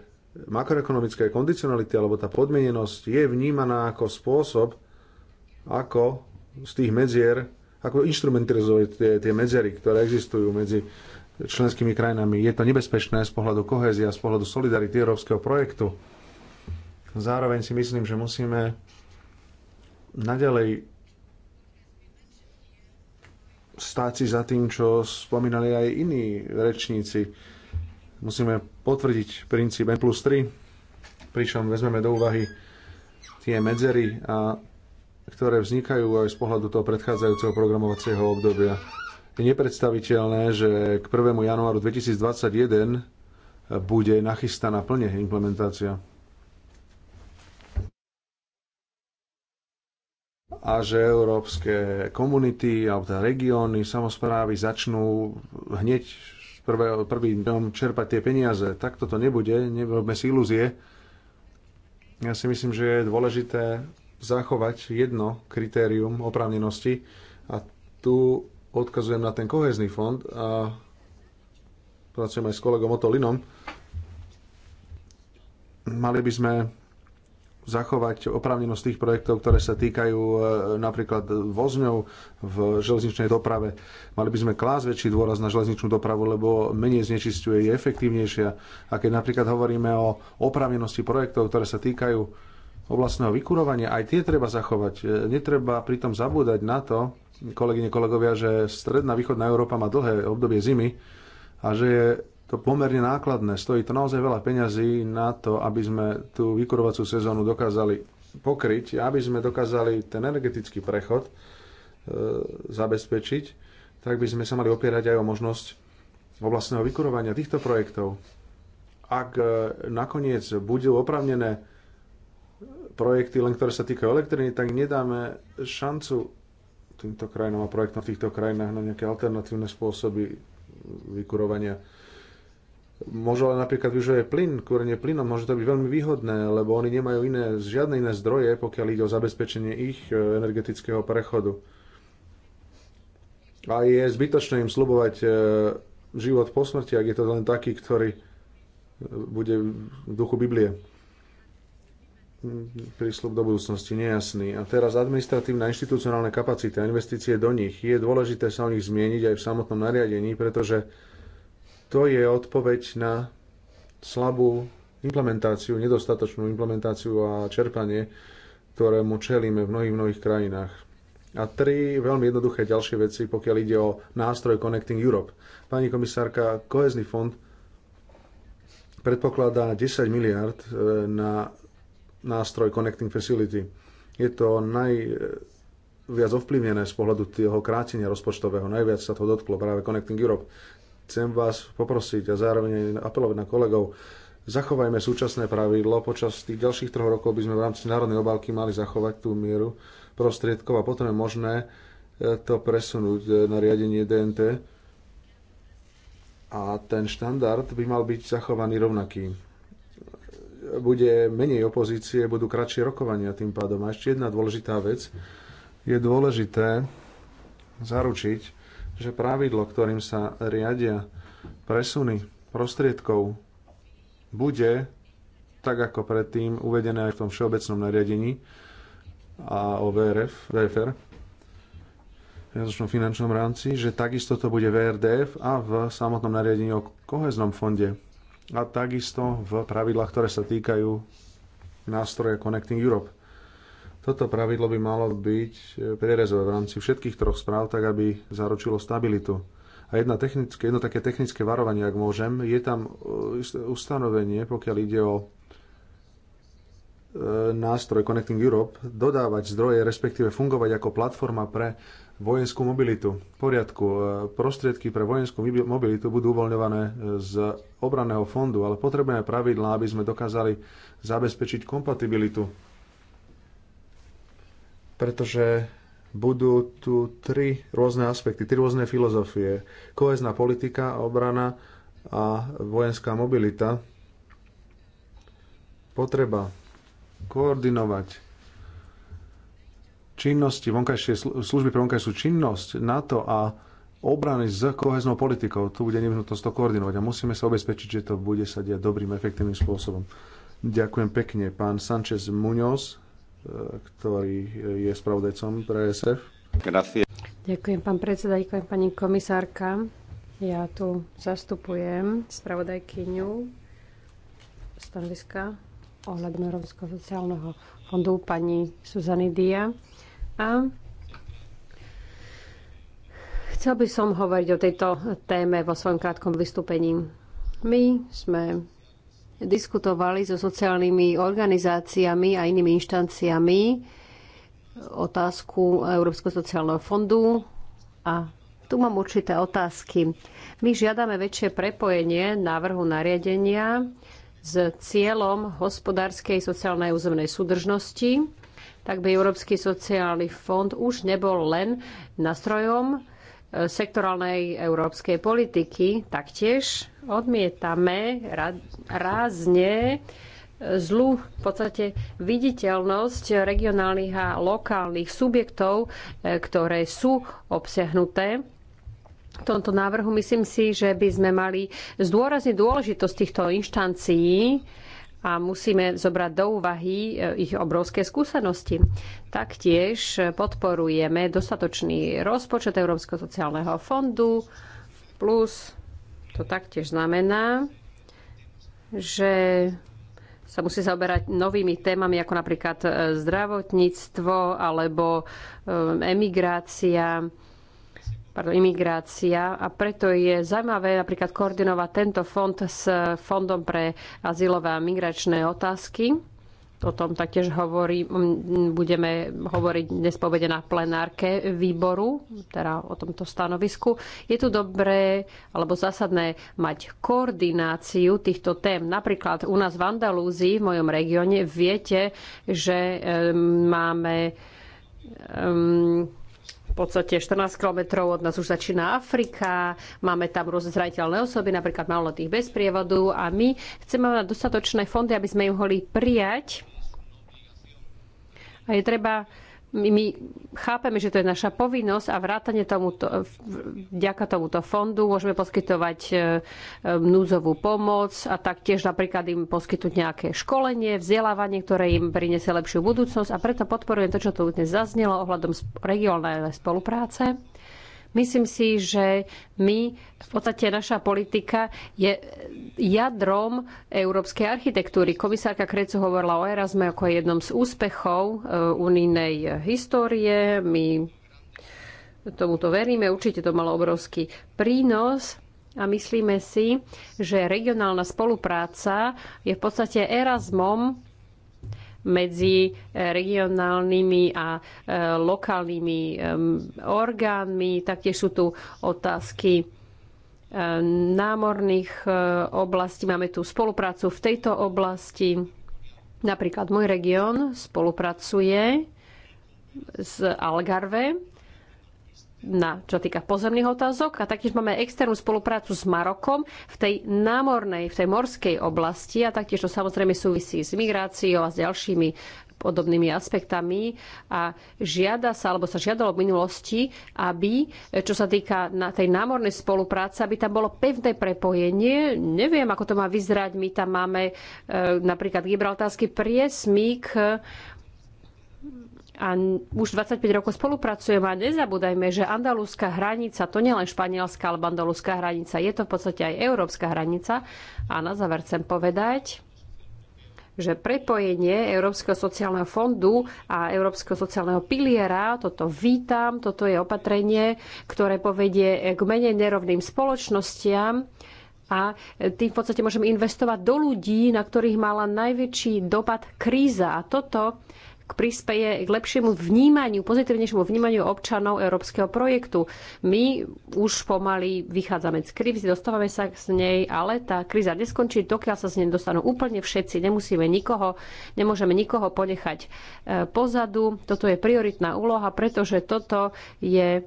S2: makroekonomické kondicionality alebo tá podmienenosť je vnímaná ako spôsob, ako z tých medzier, ako instrumentalizovať tie, tie medzery, ktoré existujú medzi členskými krajinami. Je to nebezpečné z pohľadu kohézia, z pohľadu solidarity európskeho projektu. Zároveň si myslím, že musíme naďalej stáť si za tým, čo spomínali aj iní rečníci. Musíme potvrdiť princíp N plus 3, pričom vezmeme do úvahy tie medzery, a, ktoré vznikajú aj z pohľadu toho predchádzajúceho programovacieho obdobia. Je nepredstaviteľné, že k 1. januáru 2021 bude nachystaná plne implementácia. A že európske komunity, alebo teda regióny, samozprávy začnú hneď prvé, prvým dňom čerpať tie peniaze. Takto to nebude, nerobme si ilúzie. Ja si myslím, že je dôležité zachovať jedno kritérium oprávnenosti a tu odkazujem na ten kohezný fond a pracujem aj s kolegom Otolinom. Mali by sme zachovať oprávnenosť tých projektov, ktoré sa týkajú e, napríklad vozňov v železničnej doprave. Mali by sme klásť väčší dôraz na železničnú dopravu, lebo menej znečistuje, je efektívnejšia. A keď napríklad hovoríme o oprávnenosti projektov, ktoré sa týkajú oblastného vykurovania, aj tie treba zachovať. E, netreba pritom zabúdať na to, kolegyne, kolegovia, že stredná východná Európa má dlhé obdobie zimy a že je to pomerne nákladné. Stojí to naozaj veľa peňazí na to, aby sme tú vykurovaciu sezónu dokázali pokryť, a aby sme dokázali ten energetický prechod e, zabezpečiť, tak by sme sa mali opierať aj o možnosť vlastného vykurovania týchto projektov. Ak e, nakoniec budú opravnené projekty, len ktoré sa týkajú elektriny, tak nedáme šancu týmto krajinám a projektom v týchto krajinách na nejaké alternatívne spôsoby vykurovania. Možno ale napríklad využívať plyn, kúrenie plynom, môže to byť veľmi výhodné, lebo oni nemajú iné, žiadne iné zdroje, pokiaľ ide o zabezpečenie ich e, energetického prechodu. A je zbytočné im slubovať e, život po smrti, ak je to len taký, ktorý e, bude v duchu Biblie prísľub do budúcnosti nejasný. A teraz administratívne a inštitucionálne kapacity a investície do nich. Je dôležité sa o nich zmieniť aj v samotnom nariadení, pretože to je odpoveď na slabú implementáciu, nedostatočnú implementáciu a čerpanie, ktorému čelíme v mnohých, mnohých krajinách. A tri veľmi jednoduché ďalšie veci, pokiaľ ide o nástroj Connecting Europe. Pani komisárka, kohezný fond predpokladá 10 miliard e, na nástroj Connecting Facility. Je to najviac e, ovplyvnené z pohľadu toho krátenia rozpočtového. Najviac sa to dotklo práve Connecting Europe. Chcem vás poprosiť a zároveň apelovať na kolegov, zachovajme súčasné pravidlo. Počas tých ďalších troch rokov by sme v rámci národnej obálky mali zachovať tú mieru prostriedkov a potom je možné e, to presunúť e, na riadenie DNT. A ten štandard by mal byť zachovaný rovnaký bude menej opozície, budú kratšie rokovania tým pádom. A ešte jedna dôležitá vec. Je dôležité zaručiť, že pravidlo, ktorým sa riadia presuny prostriedkov, bude tak ako predtým uvedené aj v tom všeobecnom nariadení a o VRF, VFR, viacročnom finančnom rámci, že takisto to bude VRDF a v samotnom nariadení o koheznom fonde a takisto v pravidlách, ktoré sa týkajú nástroja Connecting Europe. Toto pravidlo by malo byť e, prierezové v rámci všetkých troch správ, tak aby zaručilo stabilitu. A jedna technické, jedno také technické varovanie, ak môžem, je tam e, ustanovenie, pokiaľ ide o e, nástroj Connecting Europe, dodávať zdroje, respektíve fungovať ako platforma pre vojenskú mobilitu. V poriadku, e, prostriedky pre vojenskú mobilitu budú uvoľňované e, z obranného fondu, ale potrebujeme pravidlá, aby sme dokázali zabezpečiť kompatibilitu. Pretože budú tu tri rôzne aspekty, tri rôzne filozofie. Kohezná politika, obrana a vojenská mobilita. Potreba koordinovať činnosti, vonkajšie služby pre vonkajšiu činnosť NATO a obrany s koheznou politikou. Tu bude nevyhnutnosť to koordinovať a musíme sa obezpečiť, že to bude sa diať dobrým, efektívnym spôsobom. Ďakujem pekne. Pán Sanchez Muñoz, e, ktorý je spravodajcom pre SF. Gracias.
S3: Ďakujem, pán predseda, ďakujem pani komisárka. Ja tu zastupujem spravodajkyňu stanoviska ohľadom Európskeho sociálneho fondu pani Suzany Dia. A chcel by som hovoriť o tejto téme vo svojom krátkom vystúpení. My sme diskutovali so sociálnymi organizáciami a inými inštanciami otázku Európskeho sociálneho fondu a tu mám určité otázky. My žiadame väčšie prepojenie návrhu nariadenia s cieľom hospodárskej, sociálnej územnej súdržnosti tak by Európsky sociálny fond už nebol len nástrojom e, sektorálnej európskej politiky. Taktiež odmietame rázne zlú v podstate viditeľnosť regionálnych a lokálnych subjektov, e, ktoré sú obsiahnuté v tomto návrhu. Myslím si, že by sme mali zdôrazniť dôležitosť týchto inštancií a musíme zobrať do úvahy e, ich obrovské skúsenosti. Taktiež podporujeme dostatočný rozpočet Európskeho sociálneho fondu, plus to taktiež znamená, že sa musí zaoberať novými témami, ako napríklad e, zdravotníctvo alebo e, emigrácia pardon, imigrácia a preto je zaujímavé napríklad koordinovať tento fond s Fondom pre azylové a migračné otázky. O tom taktiež hovorí, budeme hovoriť dnes povede na plenárke výboru, teda o tomto stanovisku. Je tu dobré alebo zásadné mať koordináciu týchto tém. Napríklad u nás v Andalúzii, v mojom regióne, viete, že máme um, v podstate 14 km od nás už začína Afrika, máme tam rôzne zraniteľné osoby, napríklad maloletých bez prievodu a my chceme mať dostatočné fondy, aby sme ju mohli prijať. A je treba my, my chápeme, že to je naša povinnosť a vrátane tomuto, vďaka tomuto fondu môžeme poskytovať e, e, núzovú pomoc a taktiež napríklad im poskytnúť nejaké školenie, vzdelávanie, ktoré im priniesie lepšiu budúcnosť a preto podporujem to, čo tu dnes zaznelo ohľadom regionálnej spolupráce. Myslím si, že my, v podstate naša politika je jadrom európskej architektúry. Komisárka Krecu hovorila o Erasme ako jednom z úspechov eh, unijnej eh, histórie. My tomuto veríme, určite to malo obrovský prínos a myslíme si, že regionálna spolupráca je v podstate Erasmom medzi eh, regionálnymi a eh, lokálnymi orgánmi. Taktiež sú tu otázky eh, námorných oblastí. Máme tu spoluprácu v tejto oblasti. Napríklad môj región spolupracuje s Algarve na čo týka pozemných otázok a taktiež máme externú spoluprácu s Marokom v tej námornej, v tej morskej oblasti a taktiež to samozrejme súvisí s migráciou a s ďalšími podobnými aspektami a žiada sa, alebo sa žiadalo v minulosti, aby, čo sa týka na tej námornej spolupráce, aby tam bolo pevné prepojenie. Neviem, ako to má vyzerať. My tam máme e, napríklad Gibraltársky priesmík, e, a už 25 rokov spolupracujeme a nezabúdajme, že andalúzska hranica to nie len španielská alebo andalúzska hranica, je to v podstate aj európska hranica. A na záver chcem povedať, že prepojenie Európskeho sociálneho fondu a Európskeho sociálneho piliera, toto vítam, toto je opatrenie, ktoré povedie k menej nerovným spoločnostiam, a tým v podstate môžeme investovať do ľudí, na ktorých mala najväčší dopad kríza. A toto k prispeje k lepšiemu vnímaniu, pozitívnejšiemu vnímaniu občanov európskeho projektu. My už pomaly vychádzame z krízy, dostávame sa z nej, ale tá kríza neskončí, dokiaľ sa z nej dostanú úplne všetci. Nemusíme nikoho, nemôžeme nikoho ponechať e, pozadu. Toto je prioritná úloha, pretože toto je e,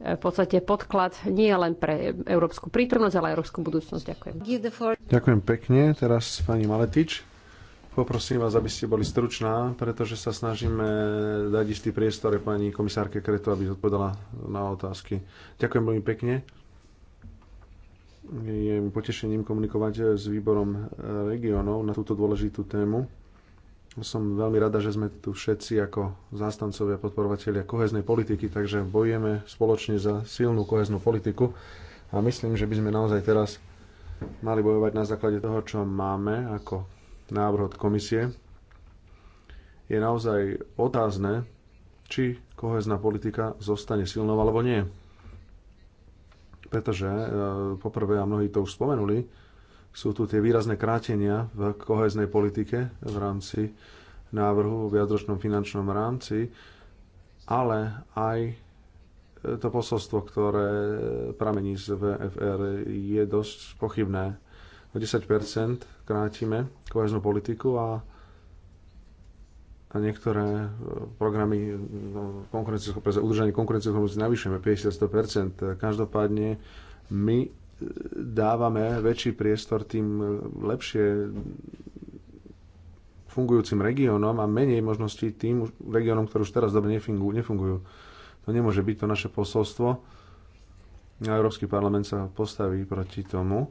S3: v podstate podklad nie len pre európsku prítomnosť, ale aj európsku budúcnosť. Ďakujem.
S2: Ďakujem pekne. Teraz pani Maletič. Poprosím vás, aby ste boli stručná, pretože sa snažíme dať istý priestor pani komisárke Kretu, aby odpovedala na otázky. Ďakujem veľmi pekne. Je mi potešením komunikovať s výborom regionov na túto dôležitú tému. Som veľmi rada, že sme tu všetci ako zástancovia, podporovateľia koheznej politiky, takže bojujeme spoločne za silnú koheznú politiku a myslím, že by sme naozaj teraz mali bojovať na základe toho, čo máme ako návrh od komisie, je naozaj otázne, či kohezná politika zostane silnou alebo nie. Pretože, e, poprvé, a mnohí to už spomenuli, sú tu tie výrazné krátenia v koheznej politike v rámci návrhu v viacročnom finančnom rámci, ale aj e, to posolstvo, ktoré e, pramení z VFR, je dosť pochybné. 10 krátime koheznú politiku a, a niektoré e, programy no, za udržanie konkurencieschopnosti navýšime 50 Každopádne my e, dávame väčší priestor tým lepšie fungujúcim regiónom a menej možností tým regiónom, ktoré už teraz dobre nefungujú, nefungujú. To nemôže byť to naše posolstvo. Európsky parlament sa postaví proti tomu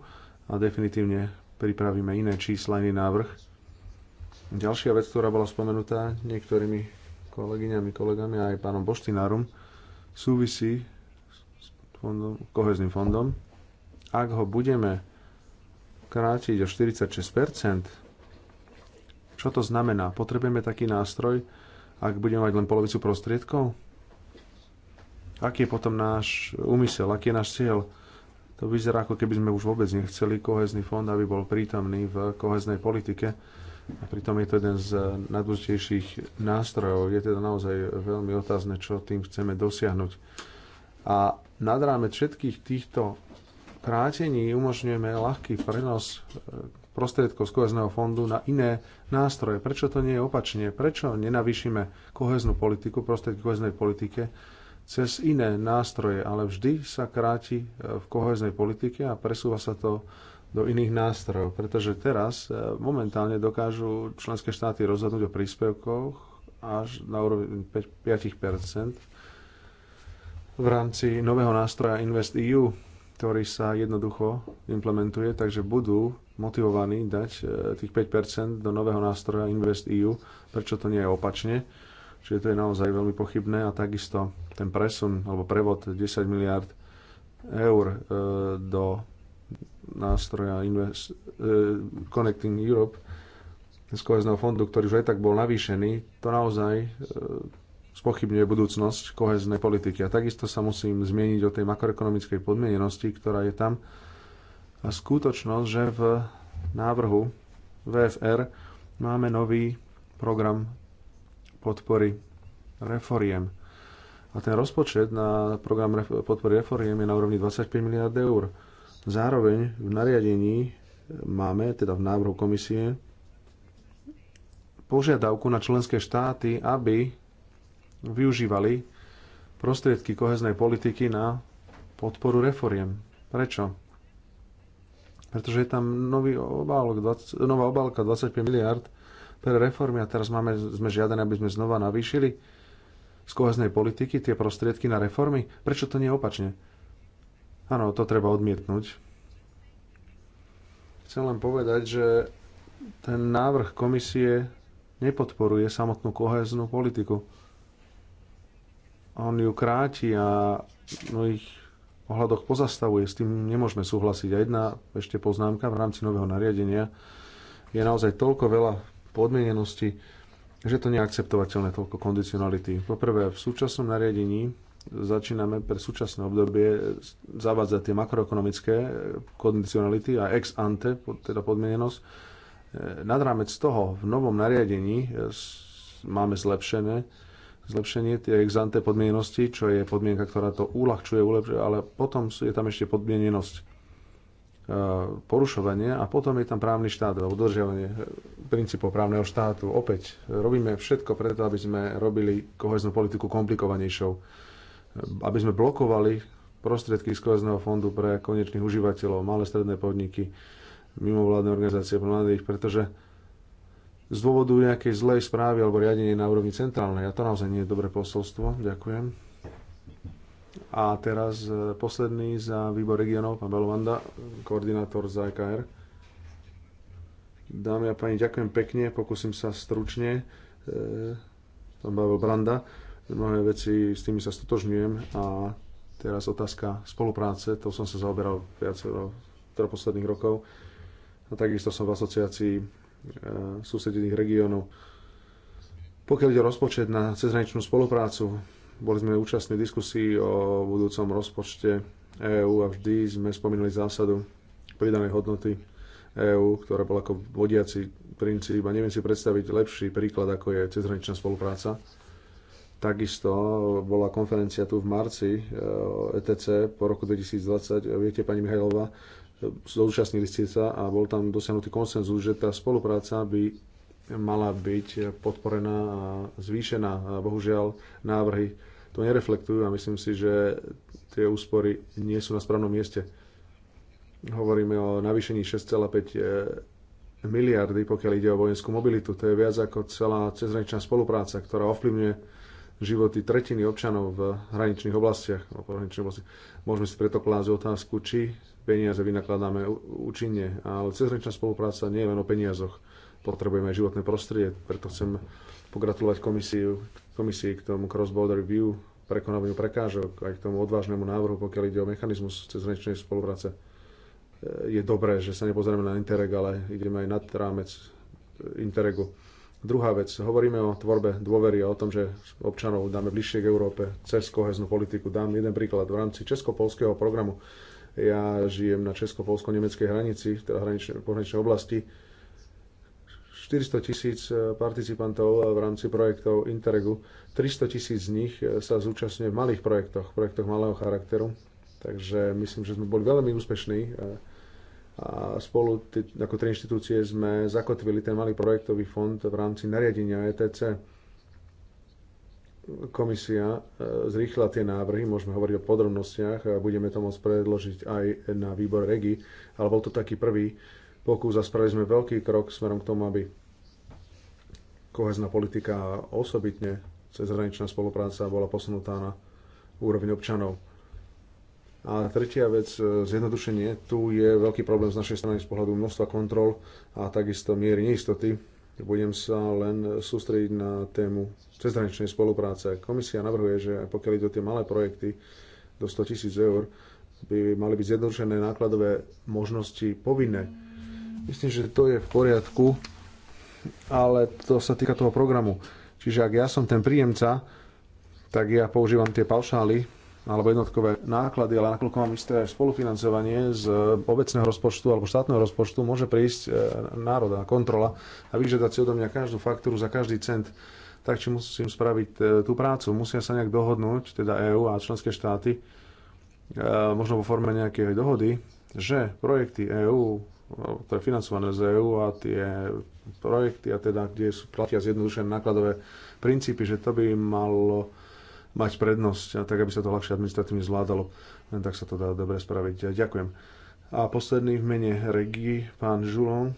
S2: a definitívne pripravíme iné čísla, iný návrh. Ďalšia vec, ktorá bola spomenutá niektorými kolegyňami, kolegami a aj pánom Boštinárom, súvisí s fondom, kohezným fondom. Ak ho budeme krátiť o 46%, čo to znamená? Potrebujeme taký nástroj, ak budeme mať len polovicu prostriedkov? Aký je potom náš úmysel, aký je náš cieľ? To vyzerá, ako keby sme už vôbec nechceli kohezný fond, aby bol prítomný v koheznej politike. A pritom je to jeden z najdôležitejších nástrojov. Je teda naozaj veľmi otázne, čo tým chceme dosiahnuť. A nad rámec všetkých týchto krátení umožňujeme ľahký prenos e, prostriedkov z kohezného fondu na iné nástroje. Prečo to nie je opačne? Prečo nenavýšime koheznú politiku, prostriedky koheznej politike cez iné nástroje, ale vždy sa kráti e, v koheznej politike a presúva sa to do iných nástrojov, pretože teraz e, momentálne dokážu členské štáty rozhodnúť o príspevkoch až na úroveň 5 v rámci nového nástroja InvestEU, ktorý sa jednoducho implementuje, takže budú motivovaní dať e, tých 5 do nového nástroja InvestEU. Prečo to nie je opačne? Čiže to je naozaj veľmi pochybné a takisto ten presun alebo prevod 10 miliard eur e, do nástroja Invest, e, Connecting Europe z kohezného fondu, ktorý už aj tak bol navýšený, to naozaj e, spochybňuje budúcnosť koheznej politiky. A takisto sa musím zmieniť o tej makroekonomickej podmienenosti, ktorá je tam. A skutočnosť, že v návrhu VFR máme nový program podpory reforiem. A ten rozpočet na program podpory reforiem je na úrovni 25 miliard eur. Zároveň v nariadení máme, teda v návrhu komisie, požiadavku na členské štáty, aby využívali prostriedky koheznej politiky na podporu reforiem. Prečo? Pretože je tam nový obálok, 20, nová obálka 25 miliard pre reformy a teraz máme, sme žiadani, aby sme znova navýšili z koheznej politiky tie prostriedky na reformy. Prečo to nie opačne? Áno, to treba odmietnúť. Chcem len povedať, že ten návrh komisie nepodporuje samotnú koheznú politiku. On ju kráti a mnohých ohľadoch pozastavuje. S tým nemôžeme súhlasiť. A jedna ešte poznámka v rámci nového nariadenia. Je naozaj toľko veľa podmienenosti, že to neakceptovateľné toľko kondicionality. Poprvé, v súčasnom nariadení začíname pre súčasné obdobie zavádzať tie makroekonomické kondicionality a ex ante, teda podmienenosť. E, nad rámec toho v novom nariadení e, máme zlepšené zlepšenie tie ex ante podmienenosti, čo je podmienka, ktorá to uľahčuje, ulepšuje, ale potom je tam ešte podmienenosť E, porušovanie a potom je tam právny štát a udržiavanie e, princípov právneho štátu. Opäť e, robíme všetko preto, aby sme robili koheznú politiku komplikovanejšou, aby sme blokovali prostriedky z kohezného fondu pre konečných užívateľov, malé stredné podniky, mimovládne organizácie pre mladých, pretože z dôvodu nejakej zlej správy alebo riadenie na úrovni centrálnej. A to naozaj nie je dobré posolstvo. Ďakujem. A teraz e, posledný za výbor regionov, pán Belovanda, koordinátor za EKR. Dámy a páni, ďakujem pekne, pokúsim sa stručne. E, pán Pavel Branda, mnohé veci s tými sa stotožňujem a teraz otázka spolupráce, to som sa zaoberal viacero teda posledných rokov a takisto som v asociácii e, susedených regiónov. Pokiaľ ide rozpočet na cezhraničnú spoluprácu, boli sme účastní diskusii o budúcom rozpočte EÚ a vždy sme spomínali zásadu pridanej hodnoty EÚ, ktorá bola ako vodiaci princíp a neviem si predstaviť lepší príklad, ako je cezhraničná spolupráca. Takisto bola konferencia tu v marci ETC e po roku 2020. Viete, pani Mihajlova, zúčastnili ste sa a bol tam dosiahnutý konsenzus, že tá spolupráca by mala byť podporená a zvýšená. Bohužiaľ, návrhy to nereflektujú a myslím si, že tie úspory nie sú na správnom mieste. Hovoríme o navýšení 6,5 e, miliardy, pokiaľ ide o vojenskú mobilitu. To je viac ako celá cezhraničná spolupráca, ktorá ovplyvňuje životy tretiny občanov v hraničných oblastiach. V Môžeme si preto klásť otázku, či peniaze vynakladáme účinne, ale cezhraničná spolupráca nie je len o peniazoch. Potrebujeme aj životné prostredie, preto chcem pogratulovať komisiu, komisii k tomu cross-border review prekonávaniu prekážok, aj k tomu odvážnemu návrhu, pokiaľ ide o mechanizmus cezhraničnej spolupráce. E, je dobré, že sa nepozrieme na Interreg, ale ideme aj nad rámec e, Interregu. Druhá vec, hovoríme o tvorbe dôvery a o tom, že občanov dáme bližšie k Európe cez koheznú politiku. Dám jeden príklad. V rámci česko-polského programu ja žijem na česko-polsko-nemeckej hranici, teda hraničnej, pohraničnej oblasti 400 tisíc e, participantov e, v rámci projektov Interregu. 300 tisíc z nich e, sa zúčastňuje v malých projektoch, projektoch malého charakteru. Takže myslím, že sme boli veľmi úspešní a spolu ako tri inštitúcie sme zakotvili ten malý projektový fond v rámci nariadenia ETC. Komisia zrýchla tie návrhy, môžeme hovoriť o podrobnostiach a budeme to môcť predložiť aj na výbor REGI, ale bol to taký prvý pokus a spravili sme veľký krok smerom k tomu, aby kohezná politika osobitne cezhraničná spolupráca bola posunutá na úroveň občanov. A tretia vec, e, zjednodušenie. Tu je veľký problém z našej strany z pohľadu množstva kontrol a takisto miery neistoty. Budem sa len sústrediť na tému cezhraničnej spolupráce. Komisia navrhuje, že pokiaľ ide o tie malé projekty do 100 tisíc eur, by mali byť zjednodušené nákladové možnosti povinné Myslím, že to je v poriadku, ale to sa týka toho programu. Čiže ak ja som ten príjemca, tak ja používam tie paušály alebo jednotkové náklady, ale nakoľko mám isté spolufinancovanie z obecného rozpočtu alebo štátneho rozpočtu, môže prísť e, národná kontrola a vyžiadať si odo mňa každú faktúru za každý cent. Tak či musím spraviť e, tú prácu. Musia sa nejak dohodnúť, teda EÚ a členské štáty, e, možno vo forme nejakej dohody, že projekty EÚ ktoré financované z EU a tie projekty, a teda, kde sú, platia zjednodušené nákladové princípy, že to by malo mať prednosť, tak aby sa to ľahšie administratívne zvládalo. Len tak sa to dá dobre spraviť. Ďakujem. A posledný v mene Regi, pán Žulon.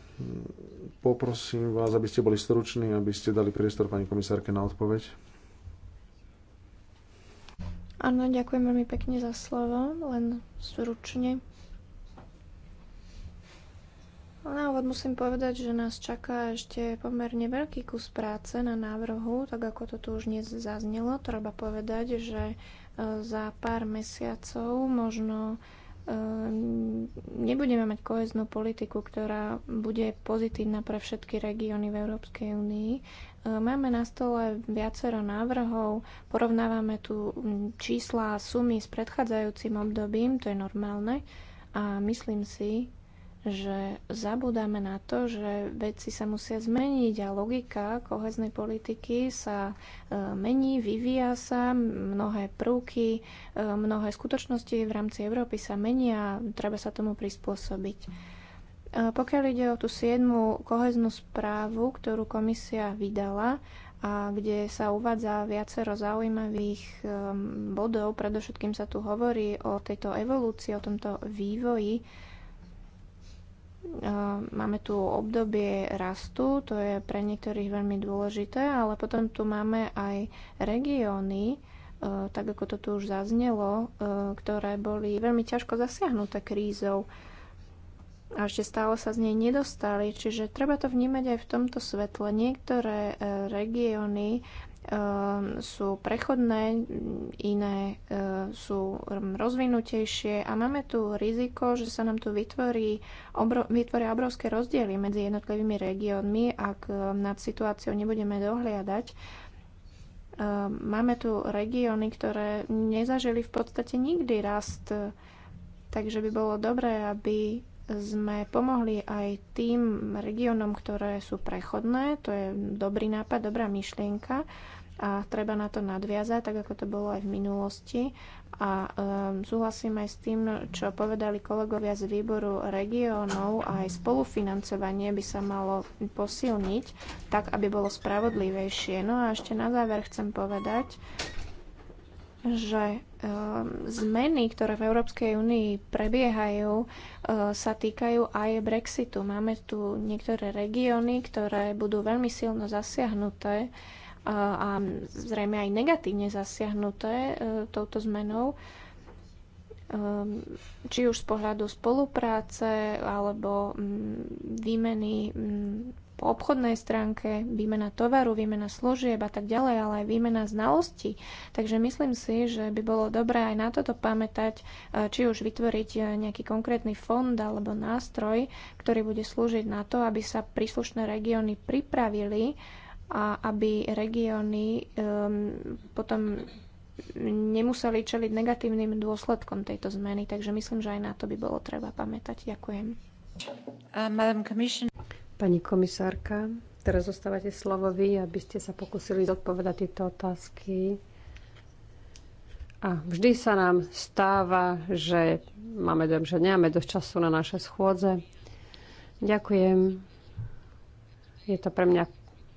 S2: Poprosím vás, aby ste boli struční, aby ste dali priestor pani komisárke na odpoveď.
S1: Áno, ďakujem veľmi pekne za slovo, len stručne. No, na úvod musím povedať, že nás čaká ešte pomerne veľký kus práce na návrhu, tak ako to tu už dnes zaznelo. Treba povedať, že e, za pár mesiacov možno e, nebudeme mať koheznú politiku, ktorá bude pozitívna pre všetky regióny v Európskej únii. E, máme na stole viacero návrhov, porovnávame tu čísla a sumy s predchádzajúcim obdobím, to je normálne. A myslím si, že zabudáme na to, že veci sa musia zmeniť a logika koheznej politiky sa e, mení, vyvíja sa, mnohé prúky, e, mnohé skutočnosti v rámci Európy sa menia, a treba sa tomu prispôsobiť. E, pokiaľ ide o tú siedmu koheznú správu, ktorú komisia vydala, a kde sa uvádza viacero zaujímavých bodov, predovšetkým sa tu hovorí o tejto evolúcii, o tomto vývoji, Máme tu obdobie rastu, to je pre niektorých veľmi dôležité, ale potom tu máme aj regióny, e, tak ako to tu už zaznelo, e, ktoré boli veľmi ťažko zasiahnuté krízou a ešte stále sa z nej nedostali, čiže treba to vnímať aj v tomto svetle. Niektoré e, regióny Ehm, sú prechodné, iné ehm, sú rozvinutejšie a máme tu riziko, že sa nám tu vytvorí, obro, vytvoria obrovské rozdiely medzi jednotlivými regiónmi, ak ehm, nad situáciou nebudeme dohliadať. Máme tu regióny, ktoré nezažili v podstate nikdy rast, takže by bolo dobré, aby sme pomohli aj tým regiónom, ktoré sú prechodné. To je dobrý nápad, dobrá myšlienka a treba na to nadviazať, tak ako to bolo aj v minulosti. A um, súhlasím aj s tým, čo povedali kolegovia z výboru regiónov, aj spolufinancovanie by sa malo posilniť, tak aby bolo spravodlivejšie. No a ešte na záver chcem povedať, že ehm, zmeny, ktoré v Európskej únii prebiehajú, e, sa týkajú aj Brexitu. Máme tu niektoré regióny, ktoré budú veľmi silno zasiahnuté e, a zrejme aj negatívne zasiahnuté e, touto zmenou, ehm, či už z pohľadu spolupráce alebo mm, výmeny mm, po obchodnej stránke, výmena tovaru, výmena služieb a tak ďalej, ale aj výmena znalostí. Takže myslím si, že by bolo dobré aj na toto pamätať, e, či už vytvoriť e, nejaký konkrétny fond alebo nástroj, ktorý bude slúžiť na to, aby sa príslušné regióny pripravili a aby regióny um, potom nemuseli čeliť negatívnym dôsledkom tejto zmeny. Takže myslím, že aj na to by bolo treba pamätať. Ďakujem. Uh,
S3: Pani komisárka, teraz zostávate slovo vy, aby ste sa pokusili zodpovedať tieto otázky. A vždy sa nám stáva, že máme dojem, že nemáme dosť času na naše schôdze. Ďakujem. Je to pre mňa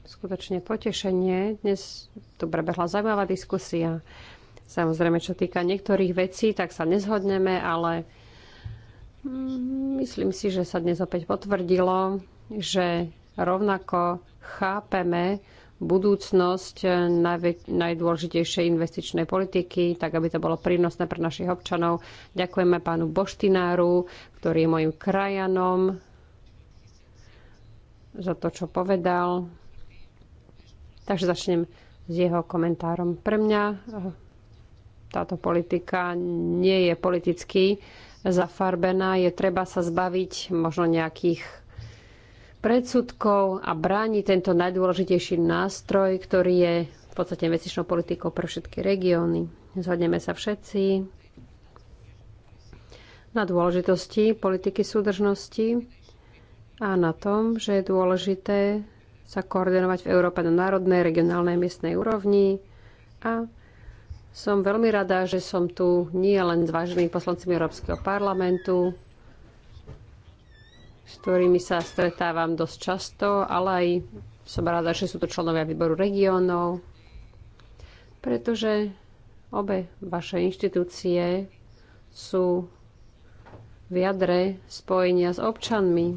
S3: skutočne potešenie. Dnes tu prebehla zaujímavá diskusia. Samozrejme, čo týka niektorých vecí, tak sa nezhodneme, ale mm, myslím si, že sa dnes opäť potvrdilo, že rovnako chápeme budúcnosť najdôležitejšej investičnej politiky, tak aby to bolo prínosné pre našich občanov. Ďakujeme pánu Boštináru, ktorý je mojim krajanom, za to, čo povedal. Takže začnem s jeho komentárom. Pre mňa eh, táto politika nie je politicky zafarbená. Je treba sa zbaviť možno nejakých predsudkov a bráni tento najdôležitejší nástroj, ktorý je v podstate investičnou politikou pre všetky regióny. Zhodneme sa všetci na dôležitosti politiky súdržnosti a na tom, že je dôležité sa koordinovať v Európe na národnej, regionálnej, miestnej úrovni. A som veľmi rada, že som tu nie len s váženými poslancami Európskeho parlamentu, s ktorými sa stretávam dosť často, ale aj som rada, že sú to členovia výboru regiónov, pretože obe vaše inštitúcie sú v jadre spojenia s občanmi,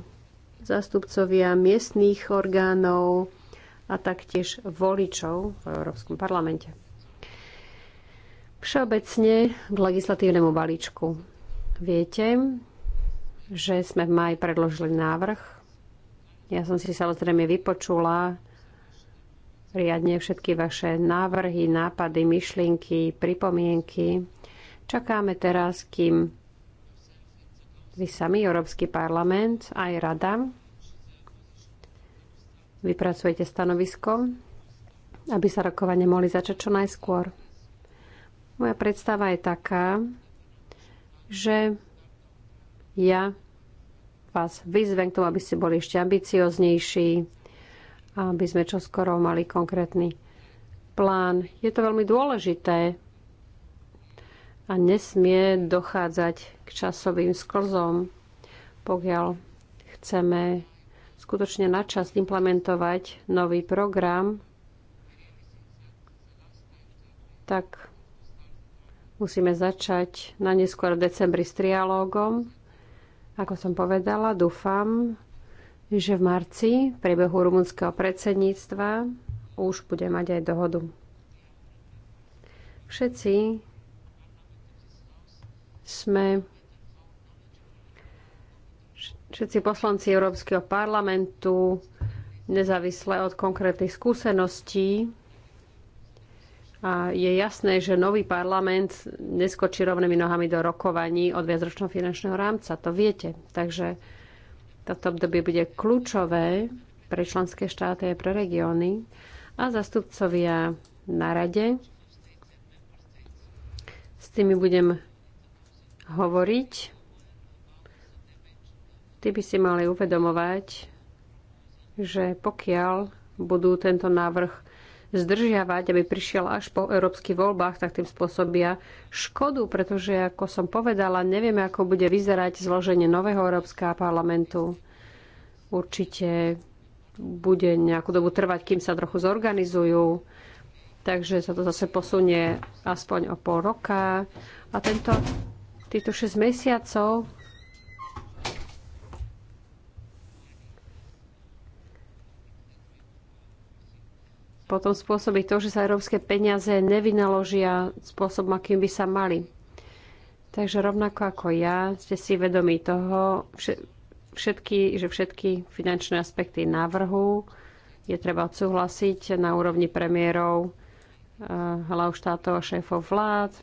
S3: zástupcovia miestných orgánov a taktiež voličov v Európskom parlamente. Všeobecne k legislatívnemu balíčku. Viete, že sme v maji predložili návrh. Ja som si samozrejme vypočula riadne všetky vaše návrhy, nápady, myšlienky, pripomienky. Čakáme teraz, kým vy sami, Európsky parlament, aj rada, vypracujete stanovisko, aby sa rokovanie mohli začať čo najskôr. Moja predstava je taká, že ja vás vyzvem k tomu, aby ste boli ešte ambicioznejší, aby sme čoskoro mali konkrétny plán. Je to veľmi dôležité a nesmie dochádzať k časovým sklzom, pokiaľ chceme skutočne načas implementovať nový program, tak musíme začať na neskôr v decembri s trialógom ako som povedala, dúfam, že v marci v priebehu rumunského predsedníctva už bude mať aj dohodu. Všetci sme všetci poslanci Európskeho parlamentu, nezávisle od konkrétnych skúseností, a je jasné, že nový parlament neskočí rovnými nohami do rokovaní od viacročného finančného rámca. To viete. Takže toto obdobie bude kľúčové pre členské štáty a pre regióny a zastupcovia na rade. S tými budem hovoriť. Ty by si mali uvedomovať, že pokiaľ budú tento návrh zdržiavať, aby prišiel až po európskych voľbách, tak tým spôsobia škodu, pretože, ako som povedala, nevieme, ako bude vyzerať zloženie nového Európskeho parlamentu. Určite bude nejakú dobu trvať, kým sa trochu zorganizujú, takže sa to zase posunie aspoň o pol roka. A tento, týchto 6 mesiacov potom spôsobí to, že sa európske peniaze nevynaložia spôsobom, akým by sa mali. Takže rovnako ako ja, ste si vedomi toho, všetky, že všetky finančné aspekty návrhu je treba odsúhlasiť na úrovni premiérov, eh, hlav štátov a šéfov vlád,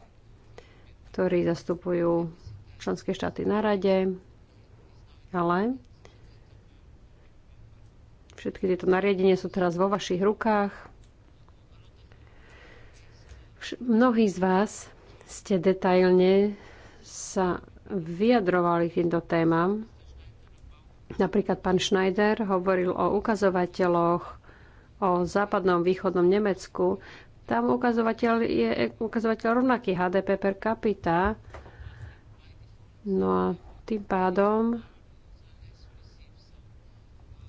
S3: ktorí zastupujú členské štáty na rade, ale všetky tieto nariadenia sú teraz vo vašich rukách. Mnohí z vás ste detailne sa vyjadrovali k týmto témam. Napríklad pán Schneider hovoril o ukazovateľoch o západnom východnom Nemecku. Tam ukazovateľ je ukazovateľ rovnaký HDP per capita. No a tým pádom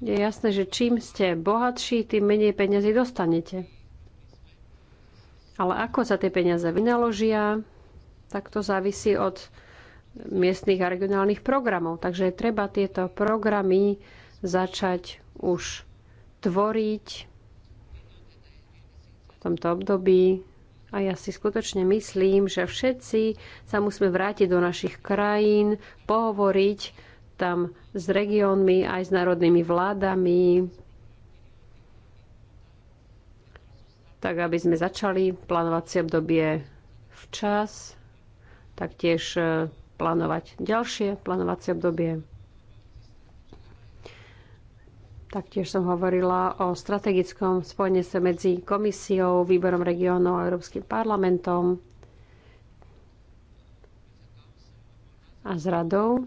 S3: je jasné, že čím ste bohatší, tým menej peniazy dostanete. Ale ako sa tie peniaze vynaložia, tak to závisí od miestnych a regionálnych programov. Takže treba tieto programy začať už tvoriť v tomto období. A ja si skutočne myslím, že všetci sa musíme vrátiť do našich krajín, pohovoriť tam s regiónmi, aj s národnými vládami, tak aby sme začali plánovacie obdobie včas, taktiež e, plánovať ďalšie plánovacie obdobie. Taktiež som hovorila o strategickom sa medzi komisiou, výborom regionov a Európskym parlamentom a s radou.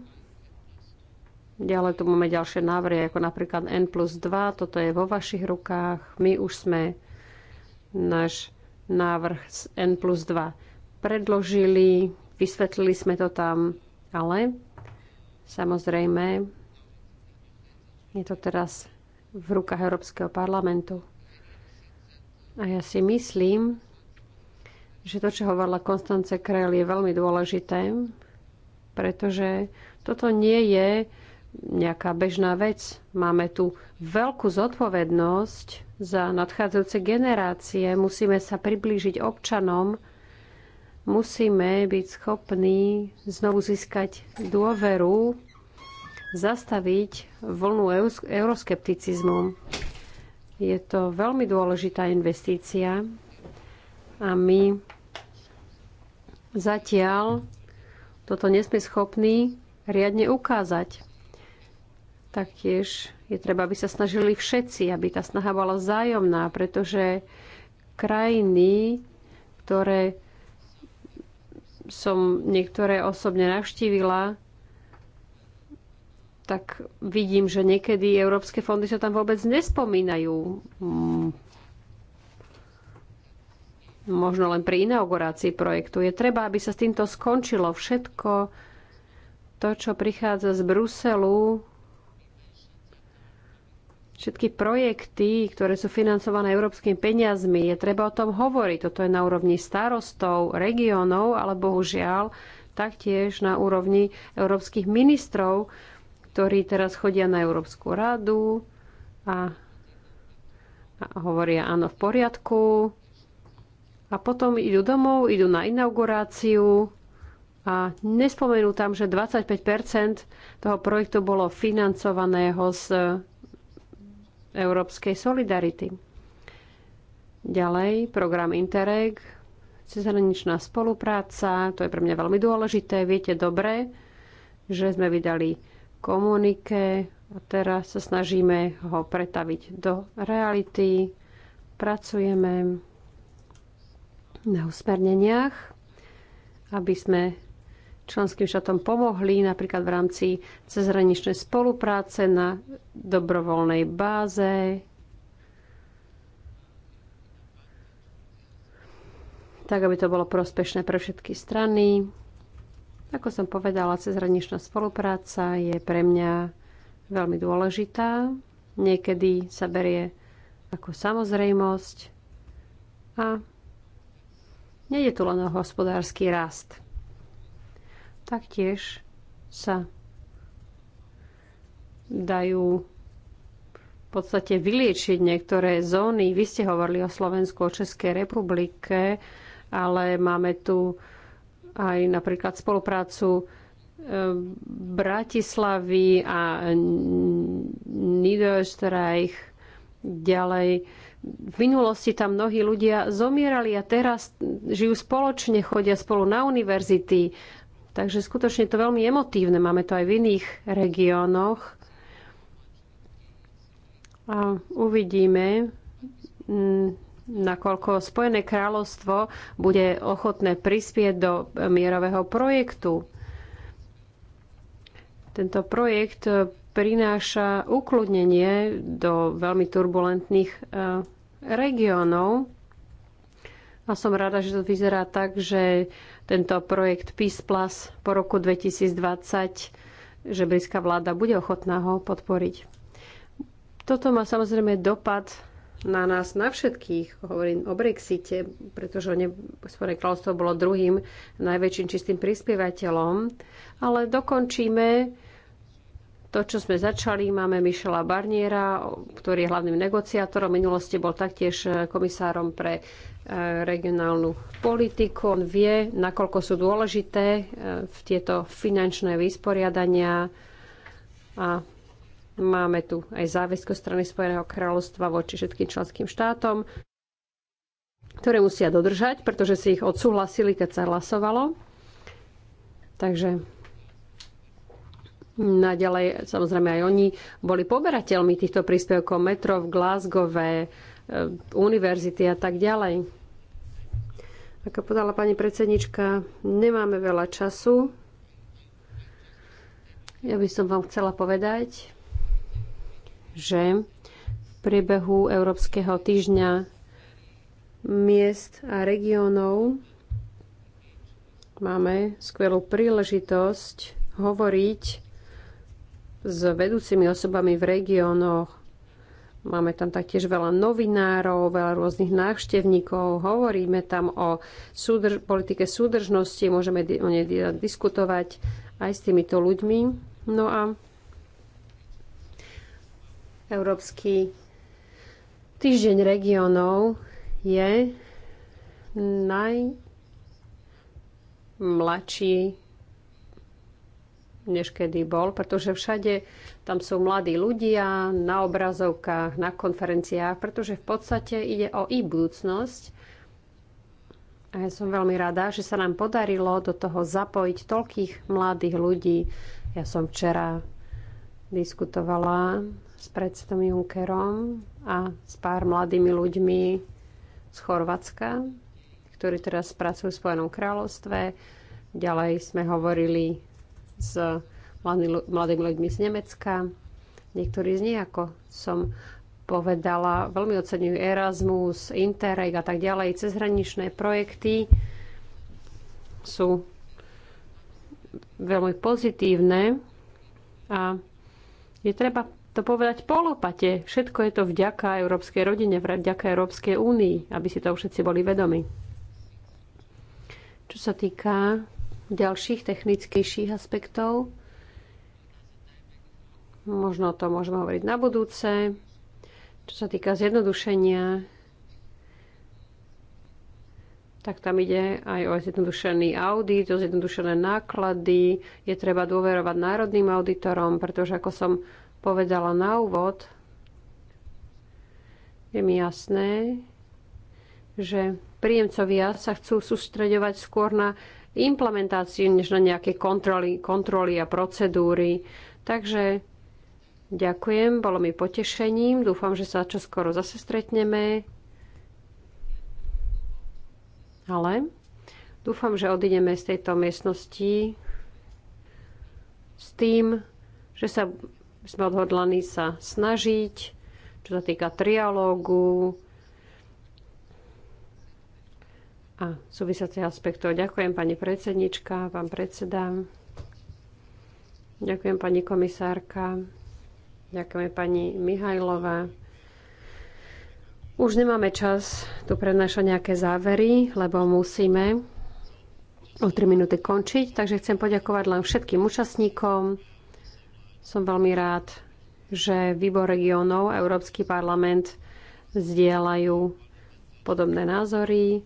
S3: Ďalej tu máme ďalšie návrhy, ako napríklad N plus 2, toto je vo vašich rukách. My už sme náš návrh z N plus 2 predložili, vysvetlili sme to tam, ale samozrejme je to teraz v rukách Európskeho parlamentu. A ja si myslím, že to, čo hovorila Konstance Krell, je veľmi dôležité, pretože toto nie je nejaká bežná vec. Máme tu veľkú zodpovednosť za nadchádzajúce generácie. Musíme sa priblížiť občanom, musíme byť schopní znovu získať dôveru, zastaviť vlnu euroskepticizmu. Je to veľmi dôležitá investícia a my zatiaľ toto nesme schopní riadne ukázať. Taktiež je treba, aby sa snažili všetci, aby tá snaha bola vzájomná, pretože krajiny, ktoré som niektoré osobne navštívila, tak vidím, že niekedy európske fondy sa tam vôbec nespomínajú. Mm. Možno len pri inaugurácii projektu. Je treba, aby sa s týmto skončilo všetko to, čo prichádza z Bruselu, všetky projekty, ktoré sú financované európskymi peniazmi, je treba o tom hovoriť. Toto je na úrovni starostov, regiónov, ale bohužiaľ taktiež na úrovni európskych ministrov, ktorí teraz chodia na Európsku radu a, a hovoria áno v poriadku. A potom idú domov, idú na inauguráciu a nespomenú tam, že 25 toho projektu bolo financovaného z európskej solidarity. Ďalej, program Interreg, cezhraničná spolupráca, to je pre mňa veľmi dôležité. Viete dobre, že sme vydali komunike a teraz sa snažíme ho pretaviť do reality. Pracujeme na usmerneniach, aby sme členským štátom pomohli napríklad v rámci cezhraničnej spolupráce na dobrovoľnej báze. tak aby to bolo prospešné pre všetky strany. Ako som povedala, cezhraničná spolupráca je pre mňa veľmi dôležitá. Niekedy sa berie ako samozrejmosť a nejde tu len o hospodársky rast. Taktiež sa dajú v podstate vyliečiť niektoré zóny. Vy ste hovorili o Slovensku, o Českej republike, ale máme tu aj napríklad spoluprácu e, Bratislavy a Niederösterreich ďalej. V minulosti tam mnohí ľudia zomierali a teraz žijú spoločne, chodia spolu na univerzity, Takže skutočne to veľmi emotívne. Máme to aj v iných regiónoch. A uvidíme, mm, nakoľko Spojené kráľovstvo bude ochotné prispieť do mierového projektu. Tento projekt prináša ukludnenie do veľmi turbulentných e, regiónov. A som rada, že to vyzerá tak, že tento projekt Peace Plus po roku 2020, že britská vláda bude ochotná ho podporiť. Toto má samozrejme dopad na nás, na všetkých. Hovorím o Brexite, pretože ne, Spojené kráľovstvo bolo druhým najväčším čistým prispievateľom. Ale dokončíme to, čo sme začali. Máme Michela Barniera, ktorý je hlavným negociátorom. V minulosti bol taktiež komisárom pre regionálnu politiku. On vie, nakoľko sú dôležité e, v tieto finančné vysporiadania a máme tu aj záväzko strany Spojeného kráľovstva voči všetkým členským štátom, ktoré musia dodržať, pretože si ich odsúhlasili, keď sa hlasovalo. Takže naďalej, samozrejme aj oni boli poberateľmi týchto príspevkov. Metro v Glasgowe, E, univerzity a tak ďalej. Ako povedala pani predsednička, nemáme veľa času. Ja by som vám chcela povedať, že v priebehu Európskeho týždňa miest a regiónov máme skvelú príležitosť hovoriť s vedúcimi osobami v regiónoch Máme tam taktiež veľa novinárov, veľa rôznych návštevníkov, hovoríme tam o súdrž- politike súdržnosti, môžeme di- o nej diskutovať aj s týmito ľuďmi. No a Európsky týždeň regionov je najmladší než kedy bol, pretože všade tam sú mladí ľudia na obrazovkách, na konferenciách, pretože v podstate ide o ich budúcnosť. A ja som veľmi rada, že sa nám podarilo do toho zapojiť toľkých mladých ľudí. Ja som včera diskutovala s predsedom Junckerom a s pár mladými ľuďmi z Chorvátska, ktorí teraz pracujú v Spojenom kráľovstve. Ďalej sme hovorili s mladými ľuďmi z Nemecka. Niektorí z nich, ako som povedala, veľmi oceňujú Erasmus, Interreg a tak ďalej. Cezhraničné projekty sú veľmi pozitívne a je treba to povedať polopate. Všetko je to vďaka Európskej rodine, vďaka Európskej únii, aby si to všetci boli vedomi. Čo sa týka ďalších technickejších aspektov. Možno to môžeme hovoriť na budúce. Čo sa týka zjednodušenia, tak tam ide aj o zjednodušený audit, o zjednodušené náklady. Je treba dôverovať národným auditorom, pretože ako som povedala na úvod, je mi jasné, že príjemcovia sa chcú sústreďovať skôr na implementáciu, než na nejaké kontroly, kontroly a procedúry. Takže ďakujem, bolo mi potešením. Dúfam, že sa čoskoro zase stretneme. Ale dúfam, že odideme z tejto miestnosti s tým, že sa, sme odhodlaní sa snažiť, čo sa týka trialógu, a súvisiacich aspektov. Ďakujem pani predsednička, pán predseda. Ďakujem pani komisárka. Ďakujem pani Mihajlova. Už nemáme čas tu prednášať nejaké závery, lebo musíme o 3 minúty končiť, takže chcem poďakovať len všetkým účastníkom. Som veľmi rád, že Výbor regionov a Európsky parlament zdieľajú podobné názory.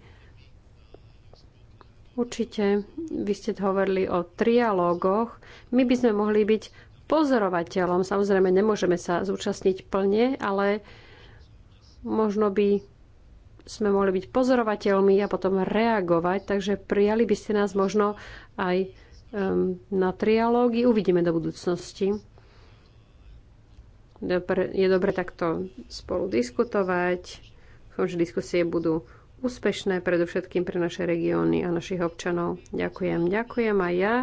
S3: Určite, vy ste hovorili o trialógoch. My by sme mohli byť pozorovateľom. Samozrejme, nemôžeme sa zúčastniť plne, ale možno by sme mohli byť pozorovateľmi a potom reagovať. Takže prijali by ste nás možno aj um, na trialógy. Uvidíme do budúcnosti. Dobre, je dobre takto spolu diskutovať. Dúfam, že diskusie budú úspešné predovšetkým pre naše regióny a našich občanov. Ďakujem. Ďakujem aj ja.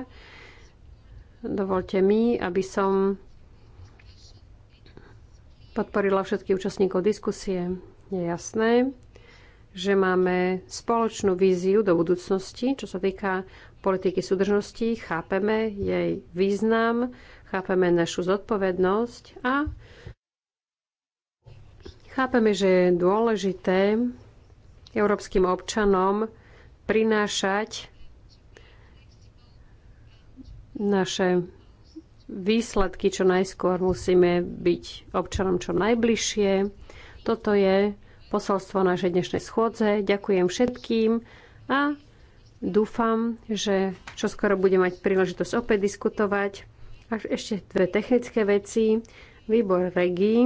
S3: Dovolte mi, aby som podporila všetkých účastníkov diskusie. Je jasné, že máme spoločnú víziu do budúcnosti, čo sa týka politiky súdržnosti, chápeme jej význam, chápeme našu zodpovednosť a chápeme, že je dôležité európskym občanom prinášať naše výsledky čo najskôr. Musíme byť občanom čo najbližšie. Toto je posolstvo našej dnešnej schôdze. Ďakujem všetkým a dúfam, že čoskoro bude mať príležitosť opäť diskutovať. A ešte dve technické veci. Výbor regí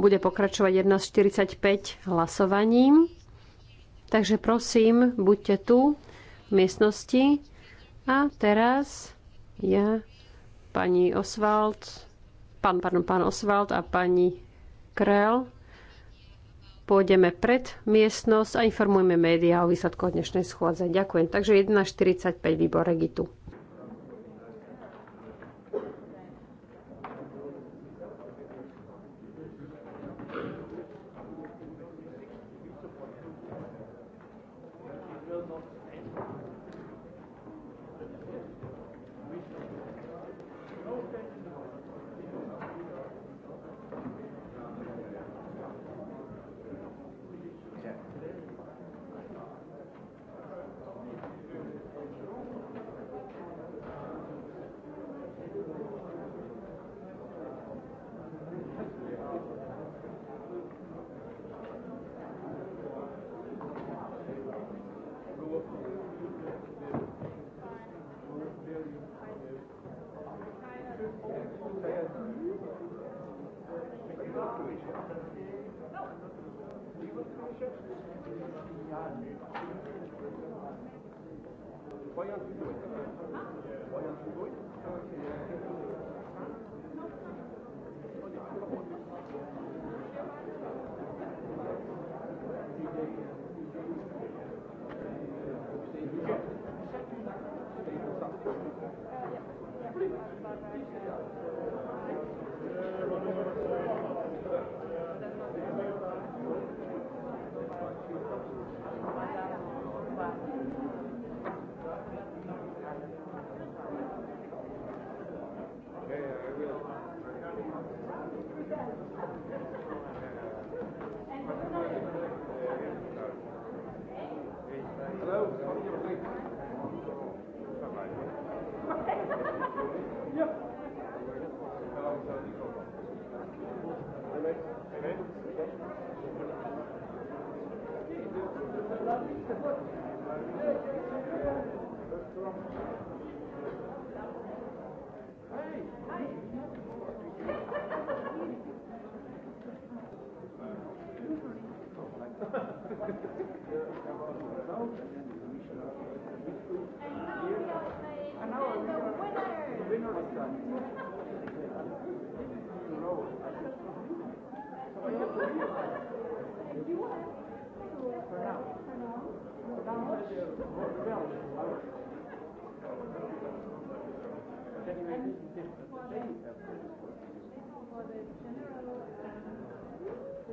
S3: bude pokračovať 1.45 hlasovaním. Takže prosím, buďte tu v miestnosti. A teraz ja, pani Oswald, pán, pardon, pán Oswald a pani Krell pôjdeme pred miestnosť a informujeme médiá o výsledku dnešnej schôdze. Ďakujem. Takže 1.45 výbor Regitu.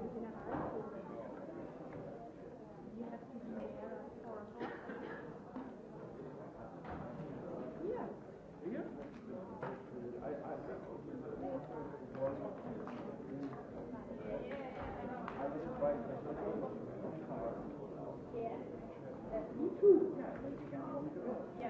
S4: Yeah. Me too. Yeah.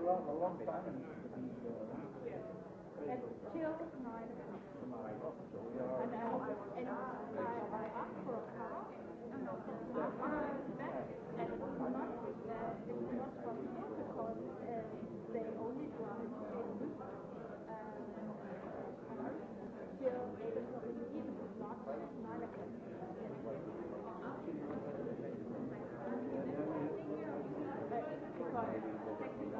S4: a long, a long time. And, and, uh, and I, and I, I asked for a car. and uh, it was not possible because uh, they only drive in Luke. Um, here, even, even not nine o'clock.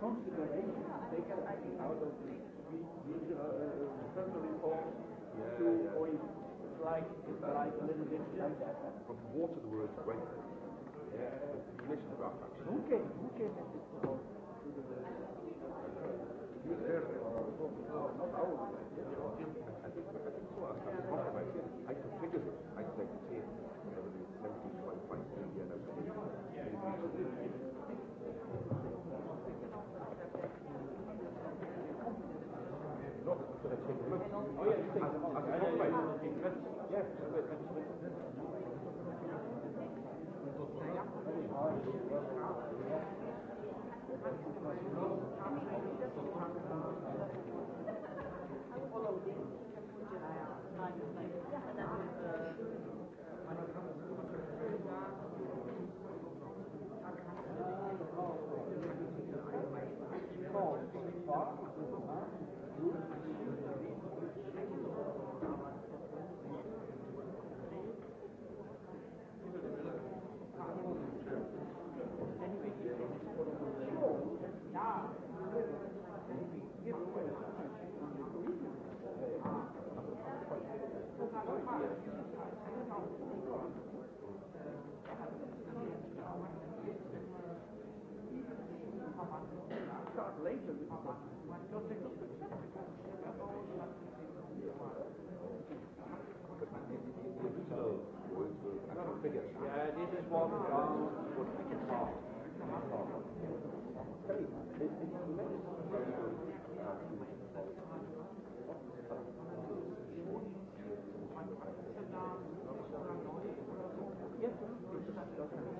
S4: considerations taken out of the regional uh, personal reform yeah, to yeah. or like like a little bit like that. Huh? From water the word great. Yeah. Commission about that. Who came who came at this to the you there not ours. I think I think so I have to compromise. I have to figure this Oh, yeah, you take them out. Yeah, yeah, yeah. Yes, good. Thank you. Yeah, this is what John would Thank you.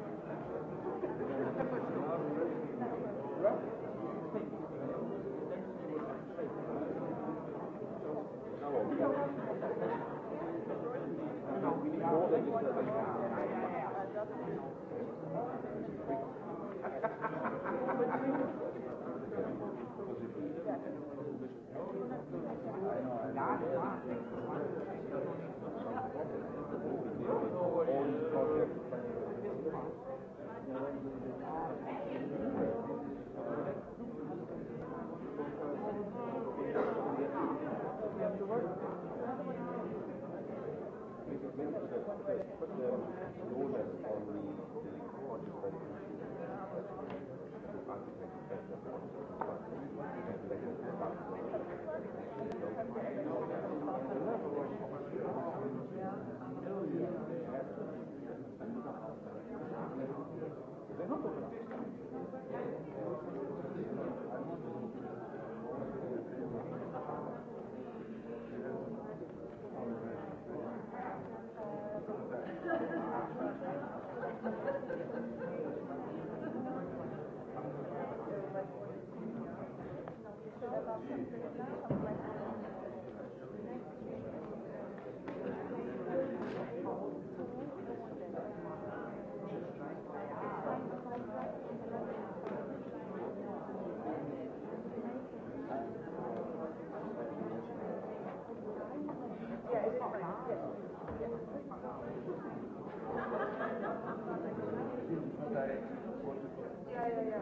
S4: that on the Thank you.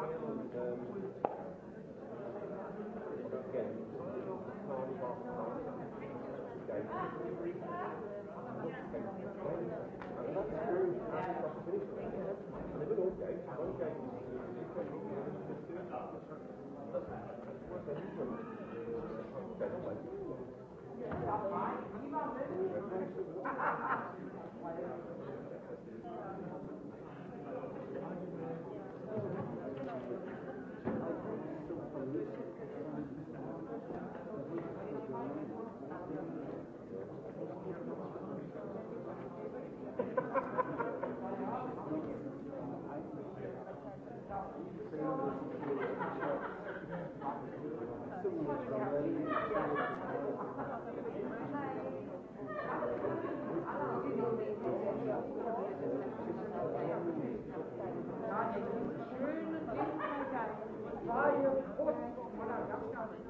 S4: And um, again, time after time, day. And that's true. Schönen Dienstag, freie Post von der Ganzkarte.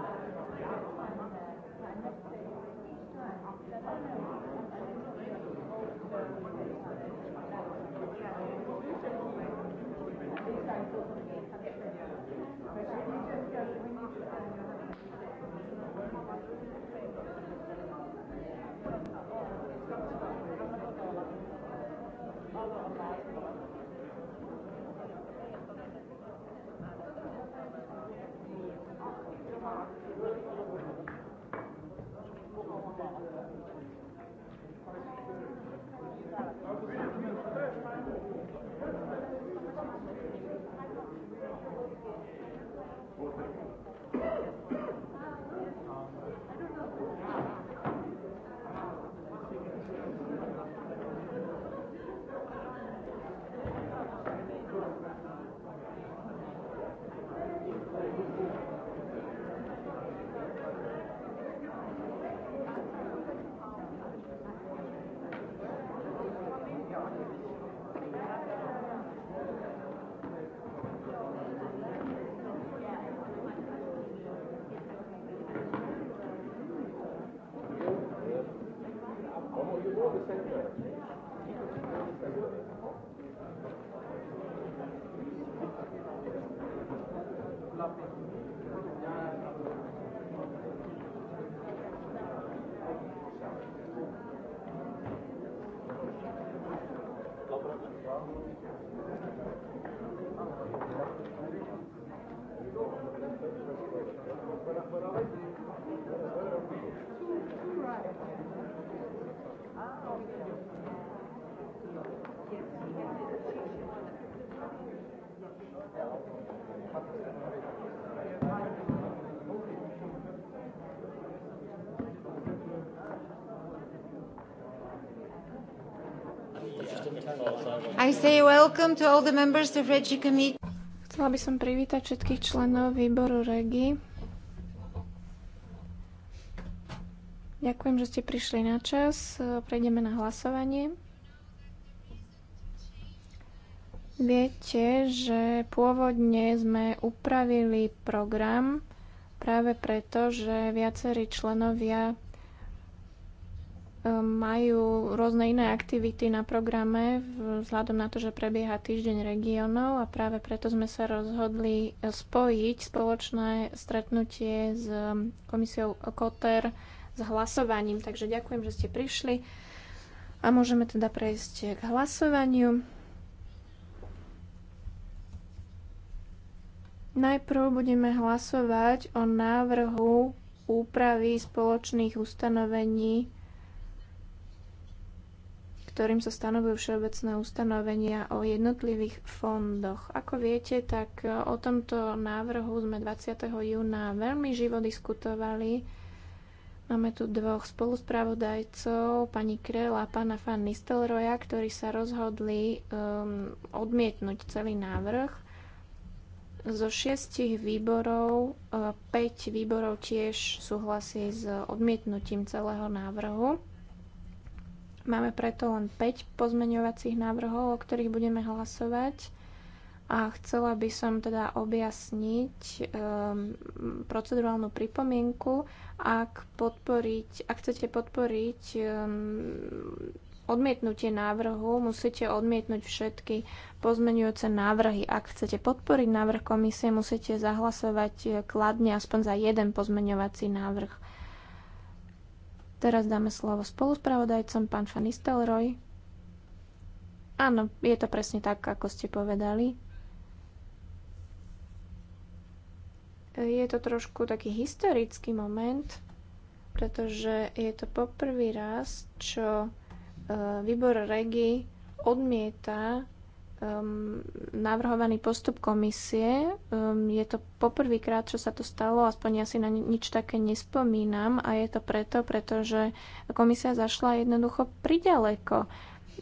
S4: I say welcome
S1: to all the members of Regi Committee. Chcela by som privítať všetkých členov výboru REGI. Ďakujem, že ste prišli na čas. Prejdeme na hlasovanie. Viete, že pôvodne sme upravili program práve preto, že viacerí členovia e, majú rôzne iné aktivity na programe vzhľadom na to, že prebieha týždeň regiónov a práve preto sme sa rozhodli spojiť spoločné stretnutie s komisiou KOTER s hlasovaním. Takže ďakujem, že ste prišli a môžeme teda prejsť k hlasovaniu. Najprv budeme hlasovať o návrhu úpravy spoločných ustanovení, ktorým sa stanovujú všeobecné ustanovenia o jednotlivých fondoch. Ako viete, tak o tomto návrhu sme 20. júna veľmi živo diskutovali Máme tu dvoch spoluspravodajcov, pani Krell a pána Fan Nistelroja, ktorí sa rozhodli um, odmietnúť celý návrh. Zo šiestich výborov, 5 uh, výborov tiež súhlasí s odmietnutím celého návrhu. Máme preto len 5 pozmeňovacích návrhov, o ktorých budeme hlasovať. A chcela by som teda objasniť um, procedurálnu pripomienku, ak, podporiť, ak chcete podporiť um, odmietnutie návrhu, musíte odmietnúť všetky pozmenujúce návrhy. Ak chcete podporiť návrh komisie, musíte zahlasovať e, kladne aspoň za jeden pozmeňovací návrh. Teraz dáme slovo spoluspravodajcom, pán Fan Áno, je to presne tak, ako ste povedali. je to trošku taký historický moment, pretože je to poprvý raz, čo e, výbor REGI odmieta um, navrhovaný postup komisie. Um, je to poprvýkrát, čo sa to stalo, aspoň ja si na nič také nespomínam a je to preto, pretože komisia zašla jednoducho priďaleko. E,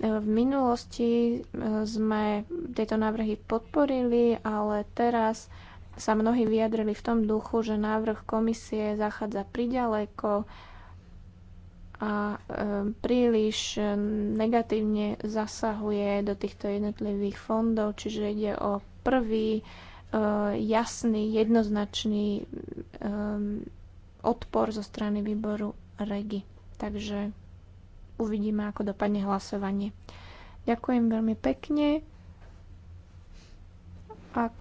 S1: v minulosti e, sme tieto návrhy podporili, ale teraz sa mnohí vyjadrili v tom duchu, že návrh komisie zachádza priďaleko a e, príliš negatívne zasahuje do týchto jednotlivých fondov, čiže ide o prvý e, jasný, jednoznačný e, odpor zo strany výboru REGI. Takže uvidíme, ako dopadne hlasovanie. Ďakujem veľmi pekne. Ak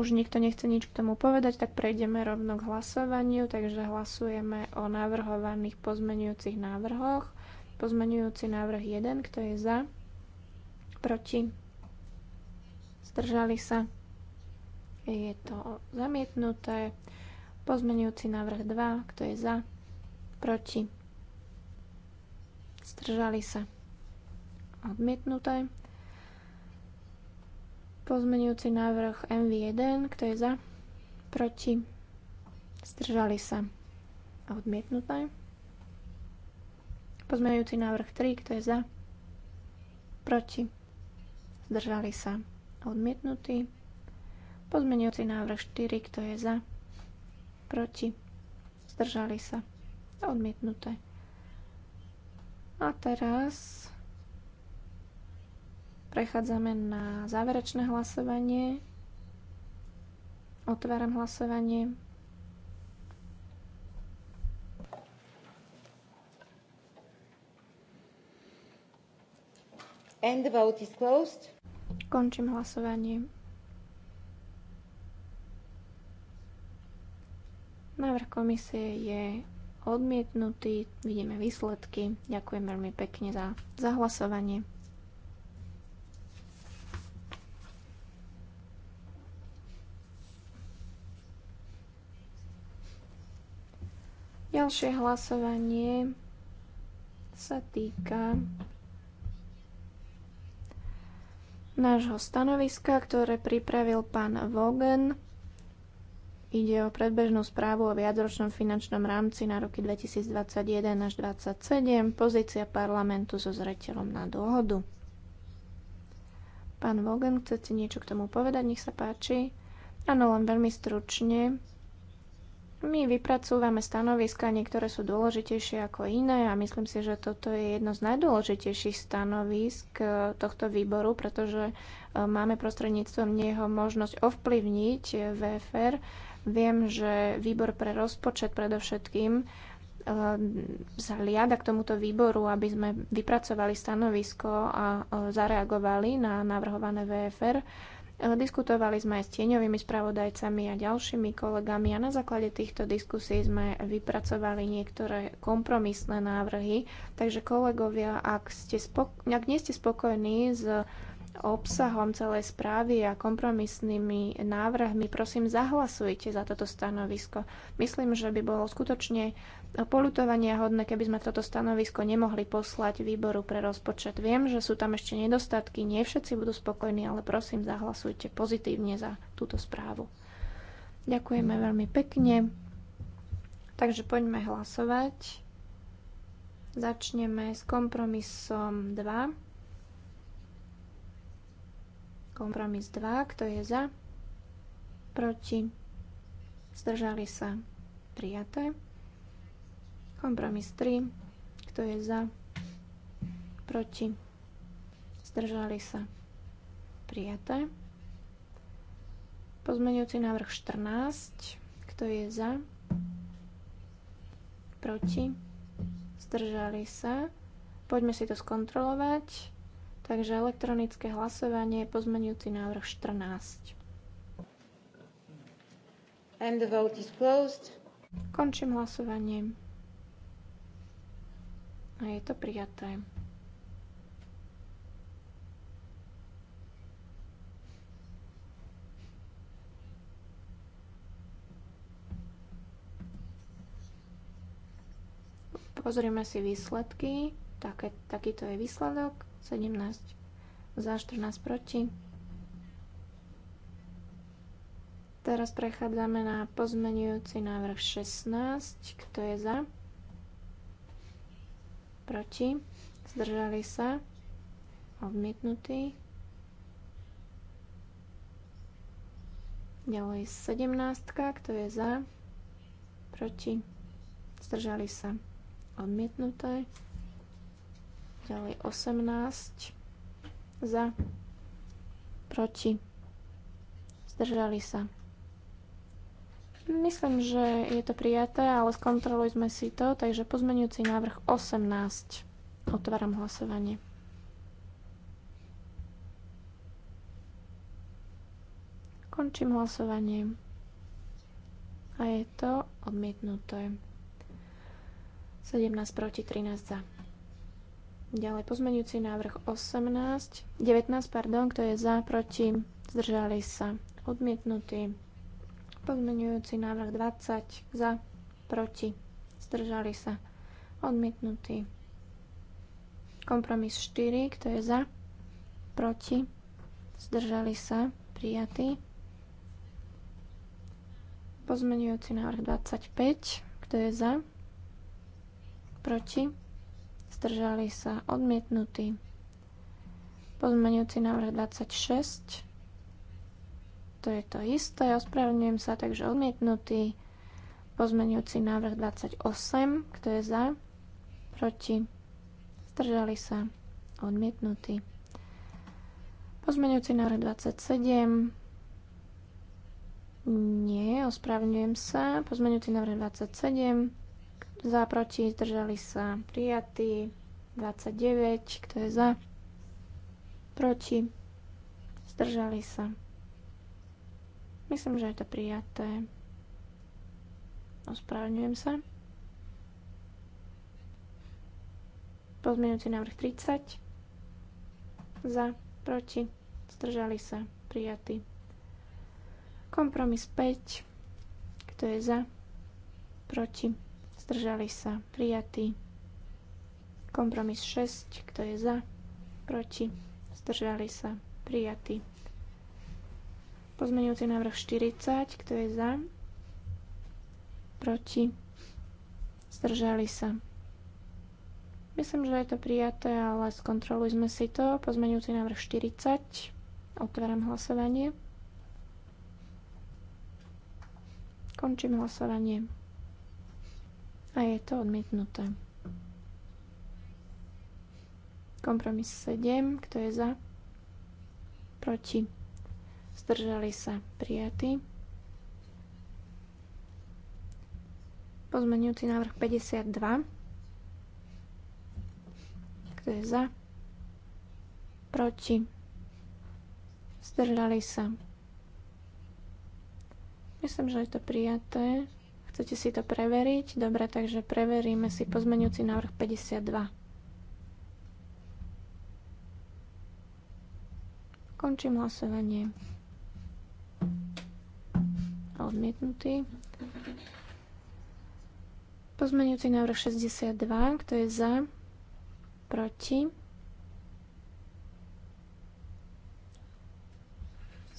S1: už nikto nechce nič k tomu povedať, tak prejdeme rovno k hlasovaniu. Takže hlasujeme o navrhovaných pozmenujúcich návrhoch. Pozmenujúci návrh 1, kto je za? Proti? Zdržali sa? Je to zamietnuté. Pozmenujúci návrh 2, kto je za? Proti? Zdržali sa? Odmietnuté. Pozmenujúci návrh MV1, kto je za? Proti? Zdržali sa? Odmietnuté. Pozmenujúci návrh 3, kto je za? Proti? Zdržali sa? Odmietnutý. Pozmenujúci návrh 4, kto je za? Proti? Zdržali sa? Odmietnuté. A teraz Prechádzame na záverečné hlasovanie. Otváram hlasovanie.
S3: And the vote is closed.
S1: Končím hlasovanie. Návrh komisie je odmietnutý. Vidíme výsledky. Ďakujem veľmi pekne za zahlasovanie. Ďalšie hlasovanie sa týka nášho stanoviska, ktoré pripravil pán Vogen. Ide o predbežnú správu o viacročnom finančnom rámci na roky 2021 až 2027, pozícia parlamentu so zreteľom na dohodu. Pán Vogen, chcete niečo k tomu povedať? Nech sa páči. Áno, len veľmi stručne. My vypracúvame stanoviska, niektoré sú dôležitejšie ako iné a myslím si, že toto je jedno z najdôležitejších stanovisk eh, tohto výboru, pretože eh, máme prostredníctvom neho možnosť ovplyvniť eh, VFR. Viem, že výbor pre rozpočet predovšetkým zhliada k tomuto výboru, aby sme vypracovali stanovisko a zareagovali na navrhované VFR. Diskutovali sme aj s tieňovými spravodajcami a ďalšími kolegami a na základe týchto diskusí sme vypracovali niektoré kompromisné návrhy. Takže kolegovia, ak, ste ak nie ste spokojní s obsahom celej správy a kompromisnými návrhmi, prosím zahlasujte za toto stanovisko. Myslím, že by bolo skutočne polutovania hodné, keby sme toto stanovisko nemohli poslať výboru pre rozpočet. Viem, že sú tam ešte nedostatky, nie všetci budú spokojní, ale prosím, zahlasujte pozitívne za túto správu. Ďakujeme mm. veľmi pekne. Takže poďme hlasovať. Začneme s kompromisom 2. Kompromis 2, kto je za? Proti? Zdržali sa? Prijaté. Kompromis 3. Kto je za? Proti? Zdržali sa? Prijaté. Pozmeňujúci návrh 14. Kto je za? Proti? Zdržali sa? Poďme si to skontrolovať. Takže elektronické hlasovanie pozmenujúci pozmeňujúci návrh 14. And the vote is closed. Končím hlasovanie. A je to prijaté. Pozrieme si výsledky. Také, takýto je výsledok. 17 za 14 proti. Teraz prechádzame na pozmenujúci návrh 16. Kto je za? proti, zdržali sa, odmietnutý. Ďalej 17, kto je za, proti, zdržali sa, odmietnuté. Ďalej 18, za, proti, zdržali sa, Myslím, že je to prijaté, ale skontrolujme si to. Takže pozmenujúci návrh 18. Otváram hlasovanie. Končím hlasovanie. A je to odmietnuté. 17 proti 13 za. Ďalej pozmenujúci návrh 18, 19, pardon, kto je za, proti, zdržali sa, odmietnutý. Pozmenujúci návrh 20 za, proti, zdržali sa, odmietnutý. Kompromis 4, kto je za, proti, zdržali sa, prijatý. Pozmenujúci návrh 25, kto je za, proti, zdržali sa, odmietnutý. Pozmenujúci návrh 26, to je to isté, ospravedlňujem sa, takže odmietnutý pozmenujúci návrh 28, kto je za, proti, zdržali sa, odmietnutý. Pozmenujúci návrh 27, nie, ospravedlňujem sa, pozmenujúci návrh 27, za, proti, zdržali sa, prijatý, 29, kto je za, proti, zdržali sa, Myslím, že je to prijaté. Ospravedlňujem sa. Pozmeňujúci návrh 30. Za, proti, zdržali sa, prijatý. Kompromis 5. Kto je za? Proti. Zdržali sa. Prijatý. Kompromis 6. Kto je za? Proti. Zdržali sa. Prijatý. Pozmeňujúci návrh 40, kto je za? Proti? Zdržali sa. Myslím, že je to prijaté, ale skontrolujme si to. Pozmeňujúci návrh 40. Otváram hlasovanie. Končím hlasovanie. A je to odmietnuté. Kompromis 7. Kto je za? Proti? zdržali sa prijatý. Pozmenujúci návrh 52. Kto je za? Proti? Zdržali sa. Myslím, že je to prijaté. Chcete si to preveriť? Dobre, takže preveríme si pozmenujúci návrh 52. Končím hlasovanie. Odmietnutý. Pozmenujúci návrh 62. Kto je za? Proti?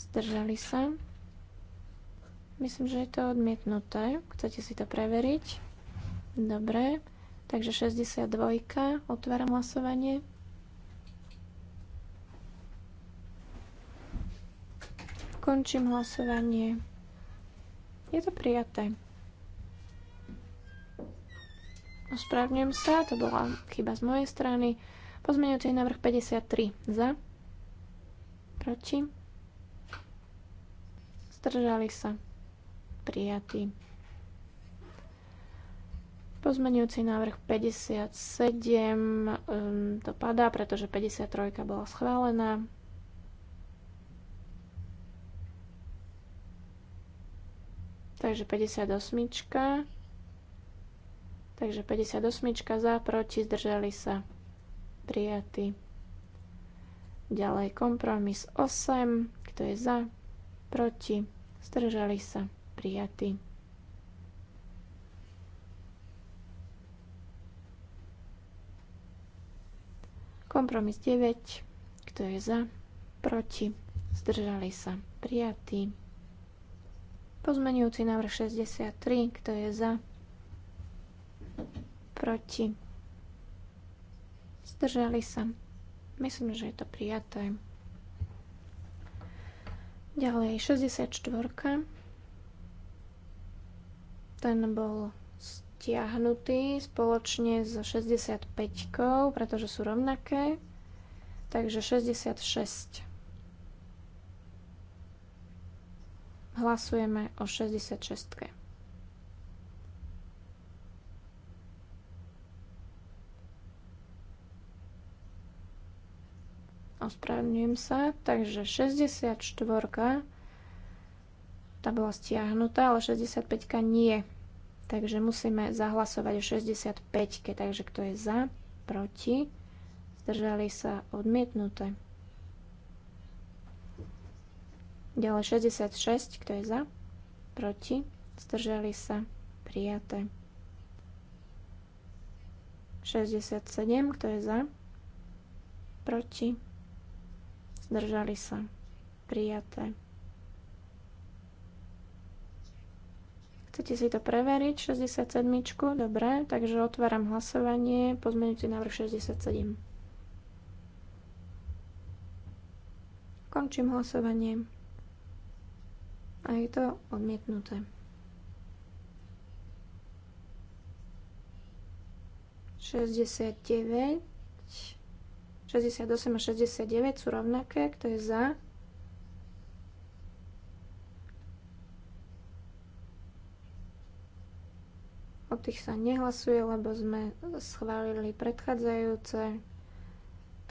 S1: Zdržali sa? Myslím, že je to odmietnuté. Chcete si to preveriť? Dobre. Takže 62. Otváram hlasovanie. Končím hlasovanie. Je to prijaté. Ospravňujem sa, to bola chyba z mojej strany. Pozmeňujúci návrh 53 za. Proti. Zdržali sa. Prijatý. Pozmeňujúci návrh 57 um, ehm, to padá, pretože 53 bola schválená. Takže 58. Takže 58 za, proti, zdržali sa. Prijatý. Ďalej kompromis 8. Kto je za? Proti. Zdržali sa. Prijatý. Kompromis 9. Kto je za? Proti. Zdržali sa. Prijatý. Pozmenujúci návrh 63, kto je za? Proti? Zdržali sa. Myslím, že je to prijaté. Ďalej 64. Ten bol stiahnutý spoločne s 65, pretože sú rovnaké. Takže 66. Hlasujeme o 66. Ospravedlňujem sa. Takže 64. Tá bola stiahnutá, ale 65 nie. Takže musíme zahlasovať o 65. Takže kto je za, proti, zdržali sa odmietnuté. Ďalej 66, kto je za? Proti? Zdržali sa? Prijaté. 67, kto je za? Proti? Zdržali sa? Prijaté. Chcete si to preveriť? 67. Dobre, takže otváram hlasovanie. Pozmenujte návrh 67. Končím hlasovanie. A je to odmietnuté. 69, 68 a 69 sú rovnaké, kto je za. O tých sa nehlasuje, lebo sme schválili predchádzajúce,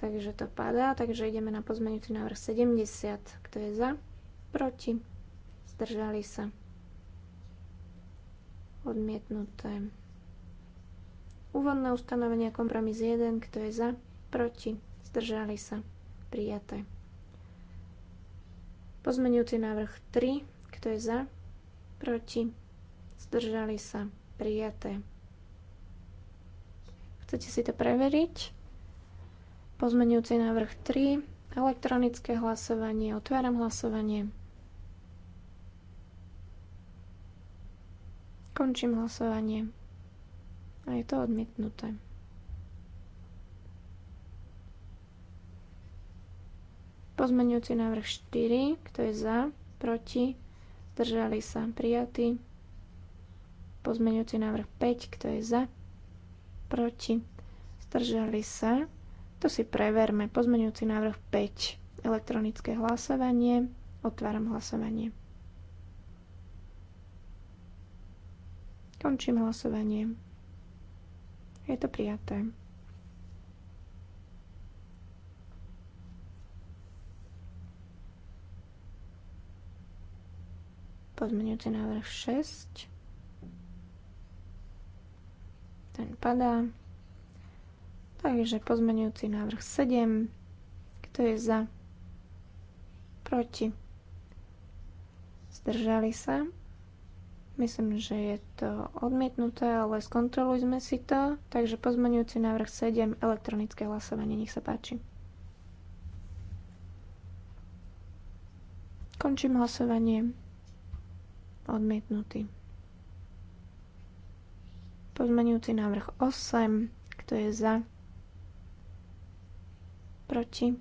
S1: takže to padá. Takže ideme na pozmeňujúci návrh 70, kto je za, proti zdržali sa, odmietnuté. Úvodné ustanovenia kompromis 1, kto je za, proti, zdržali sa, prijaté. Pozmenujúci návrh 3, kto je za, proti, zdržali sa, prijaté. Chcete si to preveriť? Pozmenujúci návrh 3, elektronické hlasovanie, otváram hlasovanie. Končím hlasovanie. A je to odmietnuté. Pozmeňujúci návrh 4, kto je za, proti, zdržali sa, prijatý. Pozmeňujúci návrh 5, kto je za, proti, zdržali sa. To si preverme. Pozmeňujúci návrh 5, elektronické hlasovanie. Otváram hlasovanie. Končím hlasovanie. Je to prijaté. Pozmeňujúci návrh 6. Ten padá. Takže pozmeňujúci návrh 7. Kto je za? Proti. Zdržali sa. Myslím, že je to odmietnuté, ale skontrolujme si to. Takže pozmenujúci návrh 7, elektronické hlasovanie, nech sa páči. Končím hlasovanie. Odmietnutý. Pozmenujúci návrh 8. Kto je za? Proti?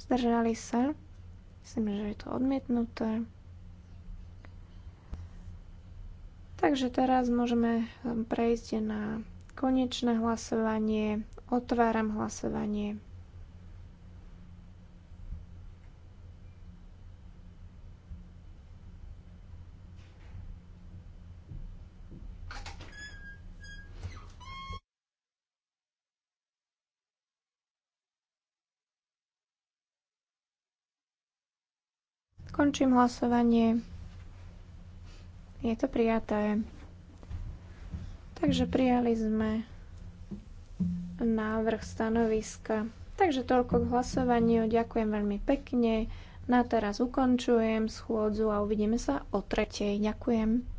S1: Zdržali sa? Myslím, že je to odmietnuté. Takže teraz môžeme um, prejsť na konečné hlasovanie. Otváram hlasovanie. Končím hlasovanie. Je to prijaté. Takže prijali sme návrh stanoviska. Takže toľko k hlasovaniu. Ďakujem veľmi pekne. Na teraz ukončujem schôdzu a uvidíme sa o tretej. Ďakujem.